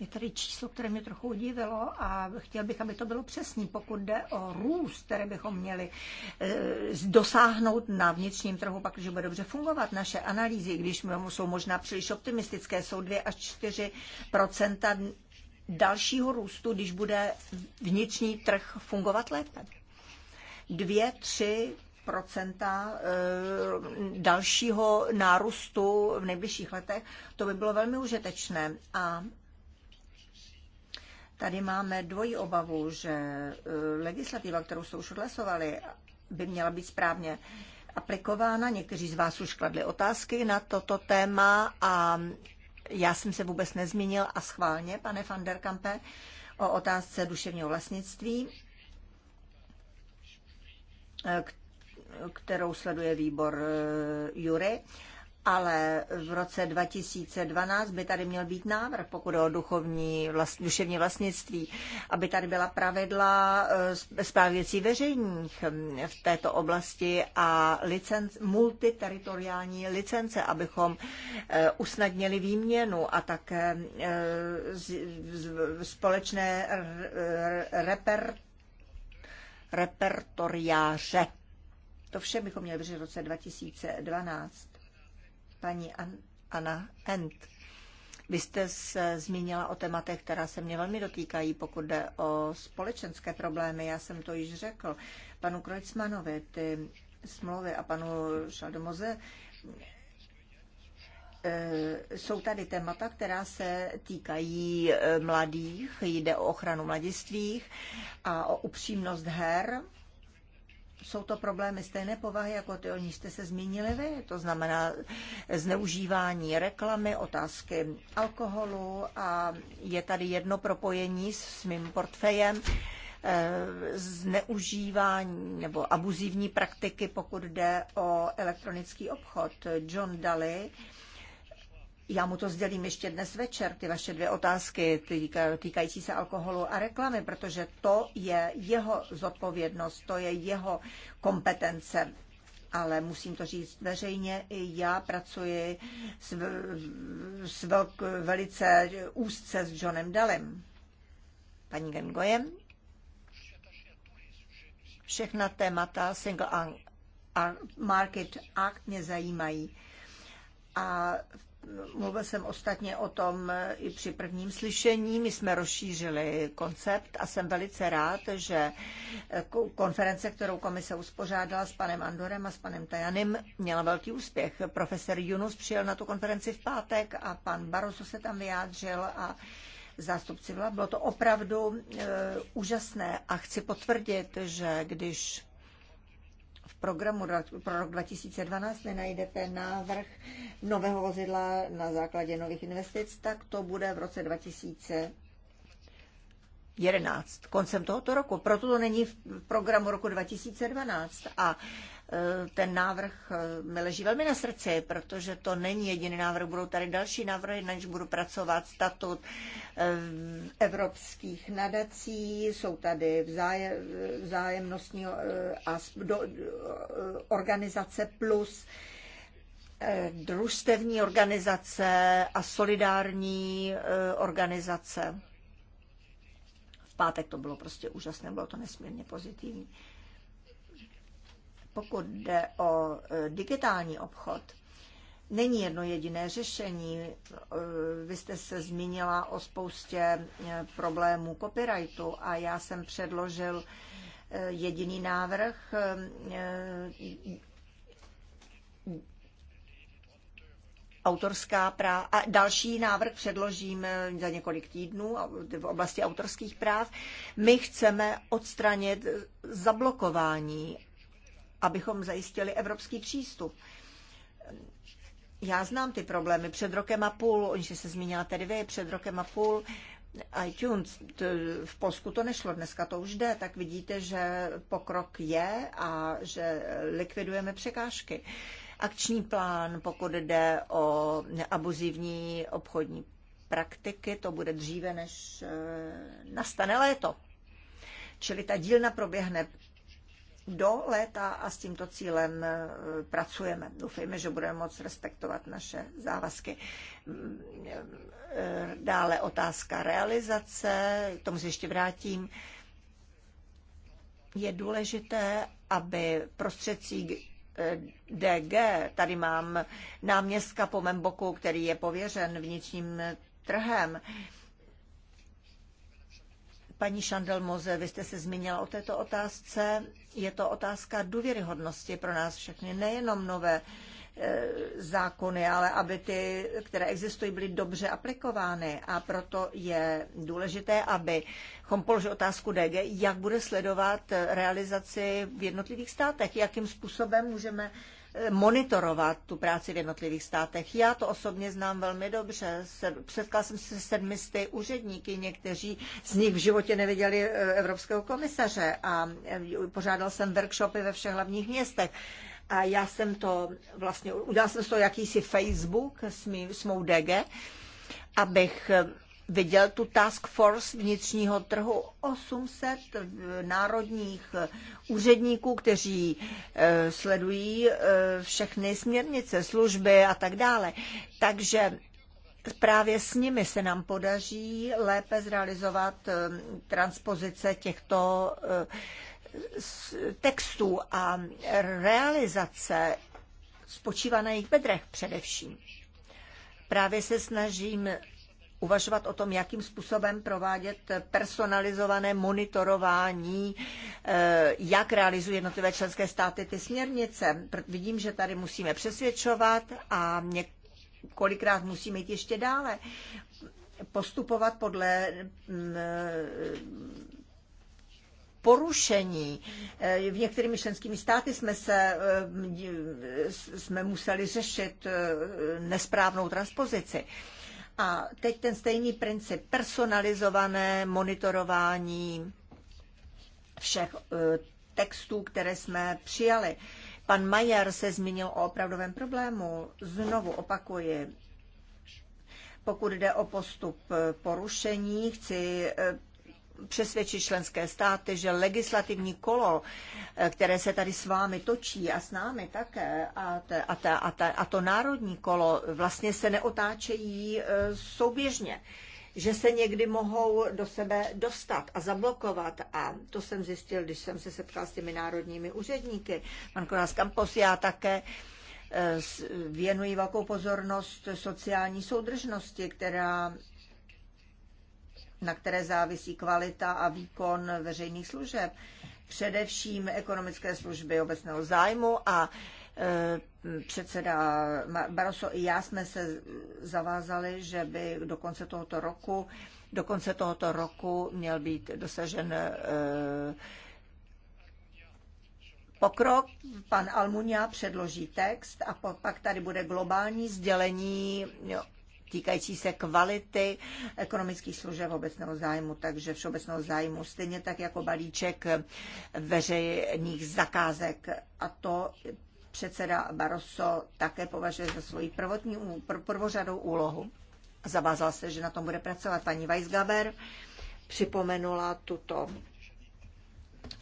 Speaker 1: Je tady číslo, které mě trochu udivilo a chtěl bych, aby to bylo přesný, pokud jde o růst, které bychom měli eh, dosáhnout na vnitřním trhu, pak, že bude dobře fungovat naše analýzy, když jsou možná příliš optimistické, jsou 2 až 4 dalšího růstu, když bude vnitřní trh fungovat lépe. Dvě tři procenta eh, dalšího nárůstu v nejbližších letech, to by bylo velmi užitečné. A tady máme dvojí obavu, že eh, legislativa, kterou jste už odhlasovali, by měla být správně aplikována. Někteří z vás už kladli otázky na toto téma a já jsem se vůbec nezmínil a schválně, pane van der Kampe, o otázce duševního vlastnictví kterou sleduje výbor eh, Jury, ale v roce 2012 by tady měl být návrh, pokud o duchovní, vlast, duševní vlastnictví, aby tady byla pravidla zpráv eh, věcí veřejných hm, v této oblasti a licenc, multiteritoriální licence, abychom eh, usnadnili výměnu a také společné reper, repertoriáře. To vše bychom měli vyřešit v roce 2012. Paní Anna End. Vy jste se zmínila o tématech, která se mě velmi dotýkají, pokud jde o společenské problémy. Já jsem to již řekl panu Krojcmanovi, ty smlouvy a panu Šaldomoze E, jsou tady témata, která se týkají e, mladých, jde o ochranu mladistvých a o upřímnost her. Jsou to problémy stejné povahy, jako ty, o níž jste se zmínili vy. To znamená zneužívání reklamy, otázky alkoholu a je tady jedno propojení s mým portfejem e, zneužívání nebo abuzivní praktiky, pokud jde o elektronický obchod. John Daly já mu to sdělím ještě dnes večer, ty vaše dvě otázky týka, týkající se alkoholu a reklamy, protože to je jeho zodpovědnost, to je jeho kompetence. Ale musím to říct veřejně, i já pracuji s, s velk, velice úzce s Johnem Dalem, paní Gengojem. Všechna témata Single Market Act mě zajímají. A v Mluvil jsem ostatně o tom e, i při prvním slyšení. My jsme rozšířili koncept a jsem velice rád, že e, konference, kterou komise uspořádala s panem Andorem a s panem Tajanem, měla velký úspěch. Profesor Yunus přijel na tu konferenci v pátek a pan Barroso se tam vyjádřil a zástupci byla, Bylo to opravdu e, úžasné a chci potvrdit, že když programu pro rok 2012 nenajdete návrh nového vozidla na základě nových investic, tak to bude v roce 2011, koncem tohoto roku. Proto to není v programu roku 2012. A Eh, ten návrh eh, mi leží velmi na srdci, protože to není jediný návrh, budou tady další návrhy, na budu pracovat statut eh, evropských nadací, jsou tady vzáje, vzájemnostní a do, organizace plus družstevní organizace a solidární organizace. V pátek to bylo prostě úžasné, bylo to nesmírně pozitivní pokud jde o e, digitální obchod, není jedno jediné řešení. E, vy jste se zmínila o spoustě e, problémů copyrightu a já jsem předložil jediný návrh autorská práv. a další návrh předložím za několik týdnů v oblasti autorských práv. My chceme odstranit zablokování abychom zajistili evropský přístup. Já znám ty problémy. Před rokem a půl, oni se zmínila tedy vy, před rokem a půl iTunes, v Polsku to nešlo, dneska to už jde, tak vidíte, že pokrok je a že likvidujeme překážky. Akční plán, pokud jde o abuzivní obchodní praktiky, to bude dříve, než eh, nastane léto. Čili ta dílna proběhne do léta a s tímto cílem e, pracujeme. Doufejme, že budeme moc respektovat naše závazky. Mm, e, e, dále otázka realizace, k tomu se ještě vrátím. Je důležité, aby prostředcí DG, tady mám náměstka po mém boku, který je pověřen vnitřním trhem, Paní Šandelmoze, vy jste se zmínila o této otázce. Je to otázka důvěryhodnosti pro nás všechny, nejenom nové e, zákony, ale aby ty, které existují, byly dobře aplikovány. A proto je důležité, abychom položili otázku DG, jak bude sledovat realizaci v jednotlivých státech, jakým způsobem můžeme monitorovat tu práci v jednotlivých státech. Já to osobně znám velmi dobře. Setkal jsem se sedmisty úředníky, někteří z nich v životě neviděli e, evropského komisaře a e, pořádal jsem workshopy ve všech hlavních městech. A já jsem to vlastně, udělal jsem to jakýsi Facebook s, mý, s mou DG, abych viděl tu task force vnitřního trhu 800 eh, národních eh, úředníků, kteří eh, sledují všechny směrnice, služby a tak dále. Takže právě s nimi se nám podaří lépe zrealizovat transpozice těchto textů a realizace spočívá na jejich bedrech především. Právě se snažím uvažovat o tom, jakým způsobem provádět personalizované monitorování, eh, jak realizují jednotlivé členské státy ty směrnice. Vidím, že tady musíme přesvědčovat a několikrát musíme jít ještě dále. Postupovat podle mm, eh, porušení. Eh, v některými členskými státy jsme, se, jsme museli řešit nesprávnou transpozici. A teď ten stejný princip personalizované monitorování všech eh, textů, které jsme přijali. Pan Majer se zmínil o opravdovém problému. Znovu opakuji, pokud jde o postup eh, porušení, chci eh, přesvědčit členské státy, že legislativní kolo, eh, které se tady s vámi točí a s námi také, a, te, a, te, a, te, a to národní kolo vlastně se neotáčejí eh, souběžně že se někdy mohou do sebe dostat a zablokovat. A to jsem zjistil, když jsem se setkal s těmi národními úředníky. Pan Konás Kampos, já také eh, věnuji velkou pozornost sociální soudržnosti, která na které závisí kvalita a výkon veřejných služeb, především ekonomické služby obecného zájmu a e, předseda Baroso i já jsme se zavázali, že by do konce tohoto roku, do konce tohoto roku měl být dosažen e, pokrok. Pan Almunia předloží text a pak tady bude globální sdělení týkající se kvality ekonomických služeb obecného zájmu, takže všeobecného zájmu, stejně tak jako balíček veřejných zakázek. A to předseda Barroso také považuje za svoji prvotní, prvořadou úlohu. Zavázal se, že na tom bude pracovat paní Weisgaber. Připomenula tuto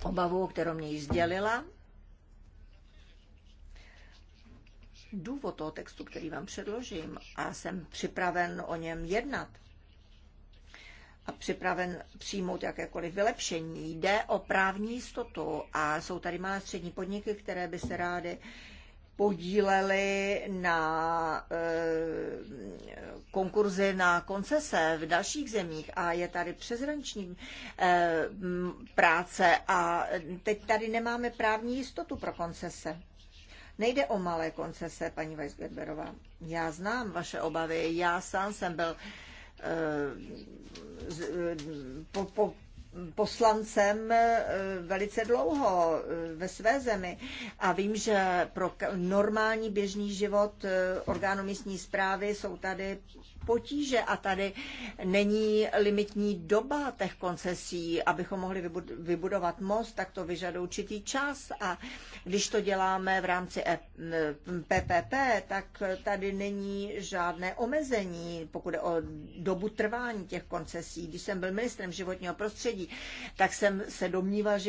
Speaker 1: obavu, kterou mě již sdělila důvod toho textu, který vám předložím a jsem připraven o něm jednat a připraven přijmout jakékoliv vylepšení. Jde o právní jistotu a jsou tady malé střední podniky, které by se rády podíleli na e, konkurzy na koncese v dalších zemích a je tady přezranční e, práce a teď tady nemáme právní jistotu pro koncese. Nejde o malé koncese, paní Weisgerberová. Já znám vaše obavy. Já sám jsem byl uh, po, po, poslancem eh, velice dlouho ve své zemi a vím, že pro normální běžný život orgánů místní zprávy jsou tady potíže a tady není limitní doba těch koncesí, abychom mohli vybudovat most, tak to vyžaduje určitý čas a když to děláme v rámci PPP, e- tak tady není žádné omezení, pokud je o dobu trvání těch koncesí. Když jsem byl ministrem životního prostředí, tak jsem se domníval, že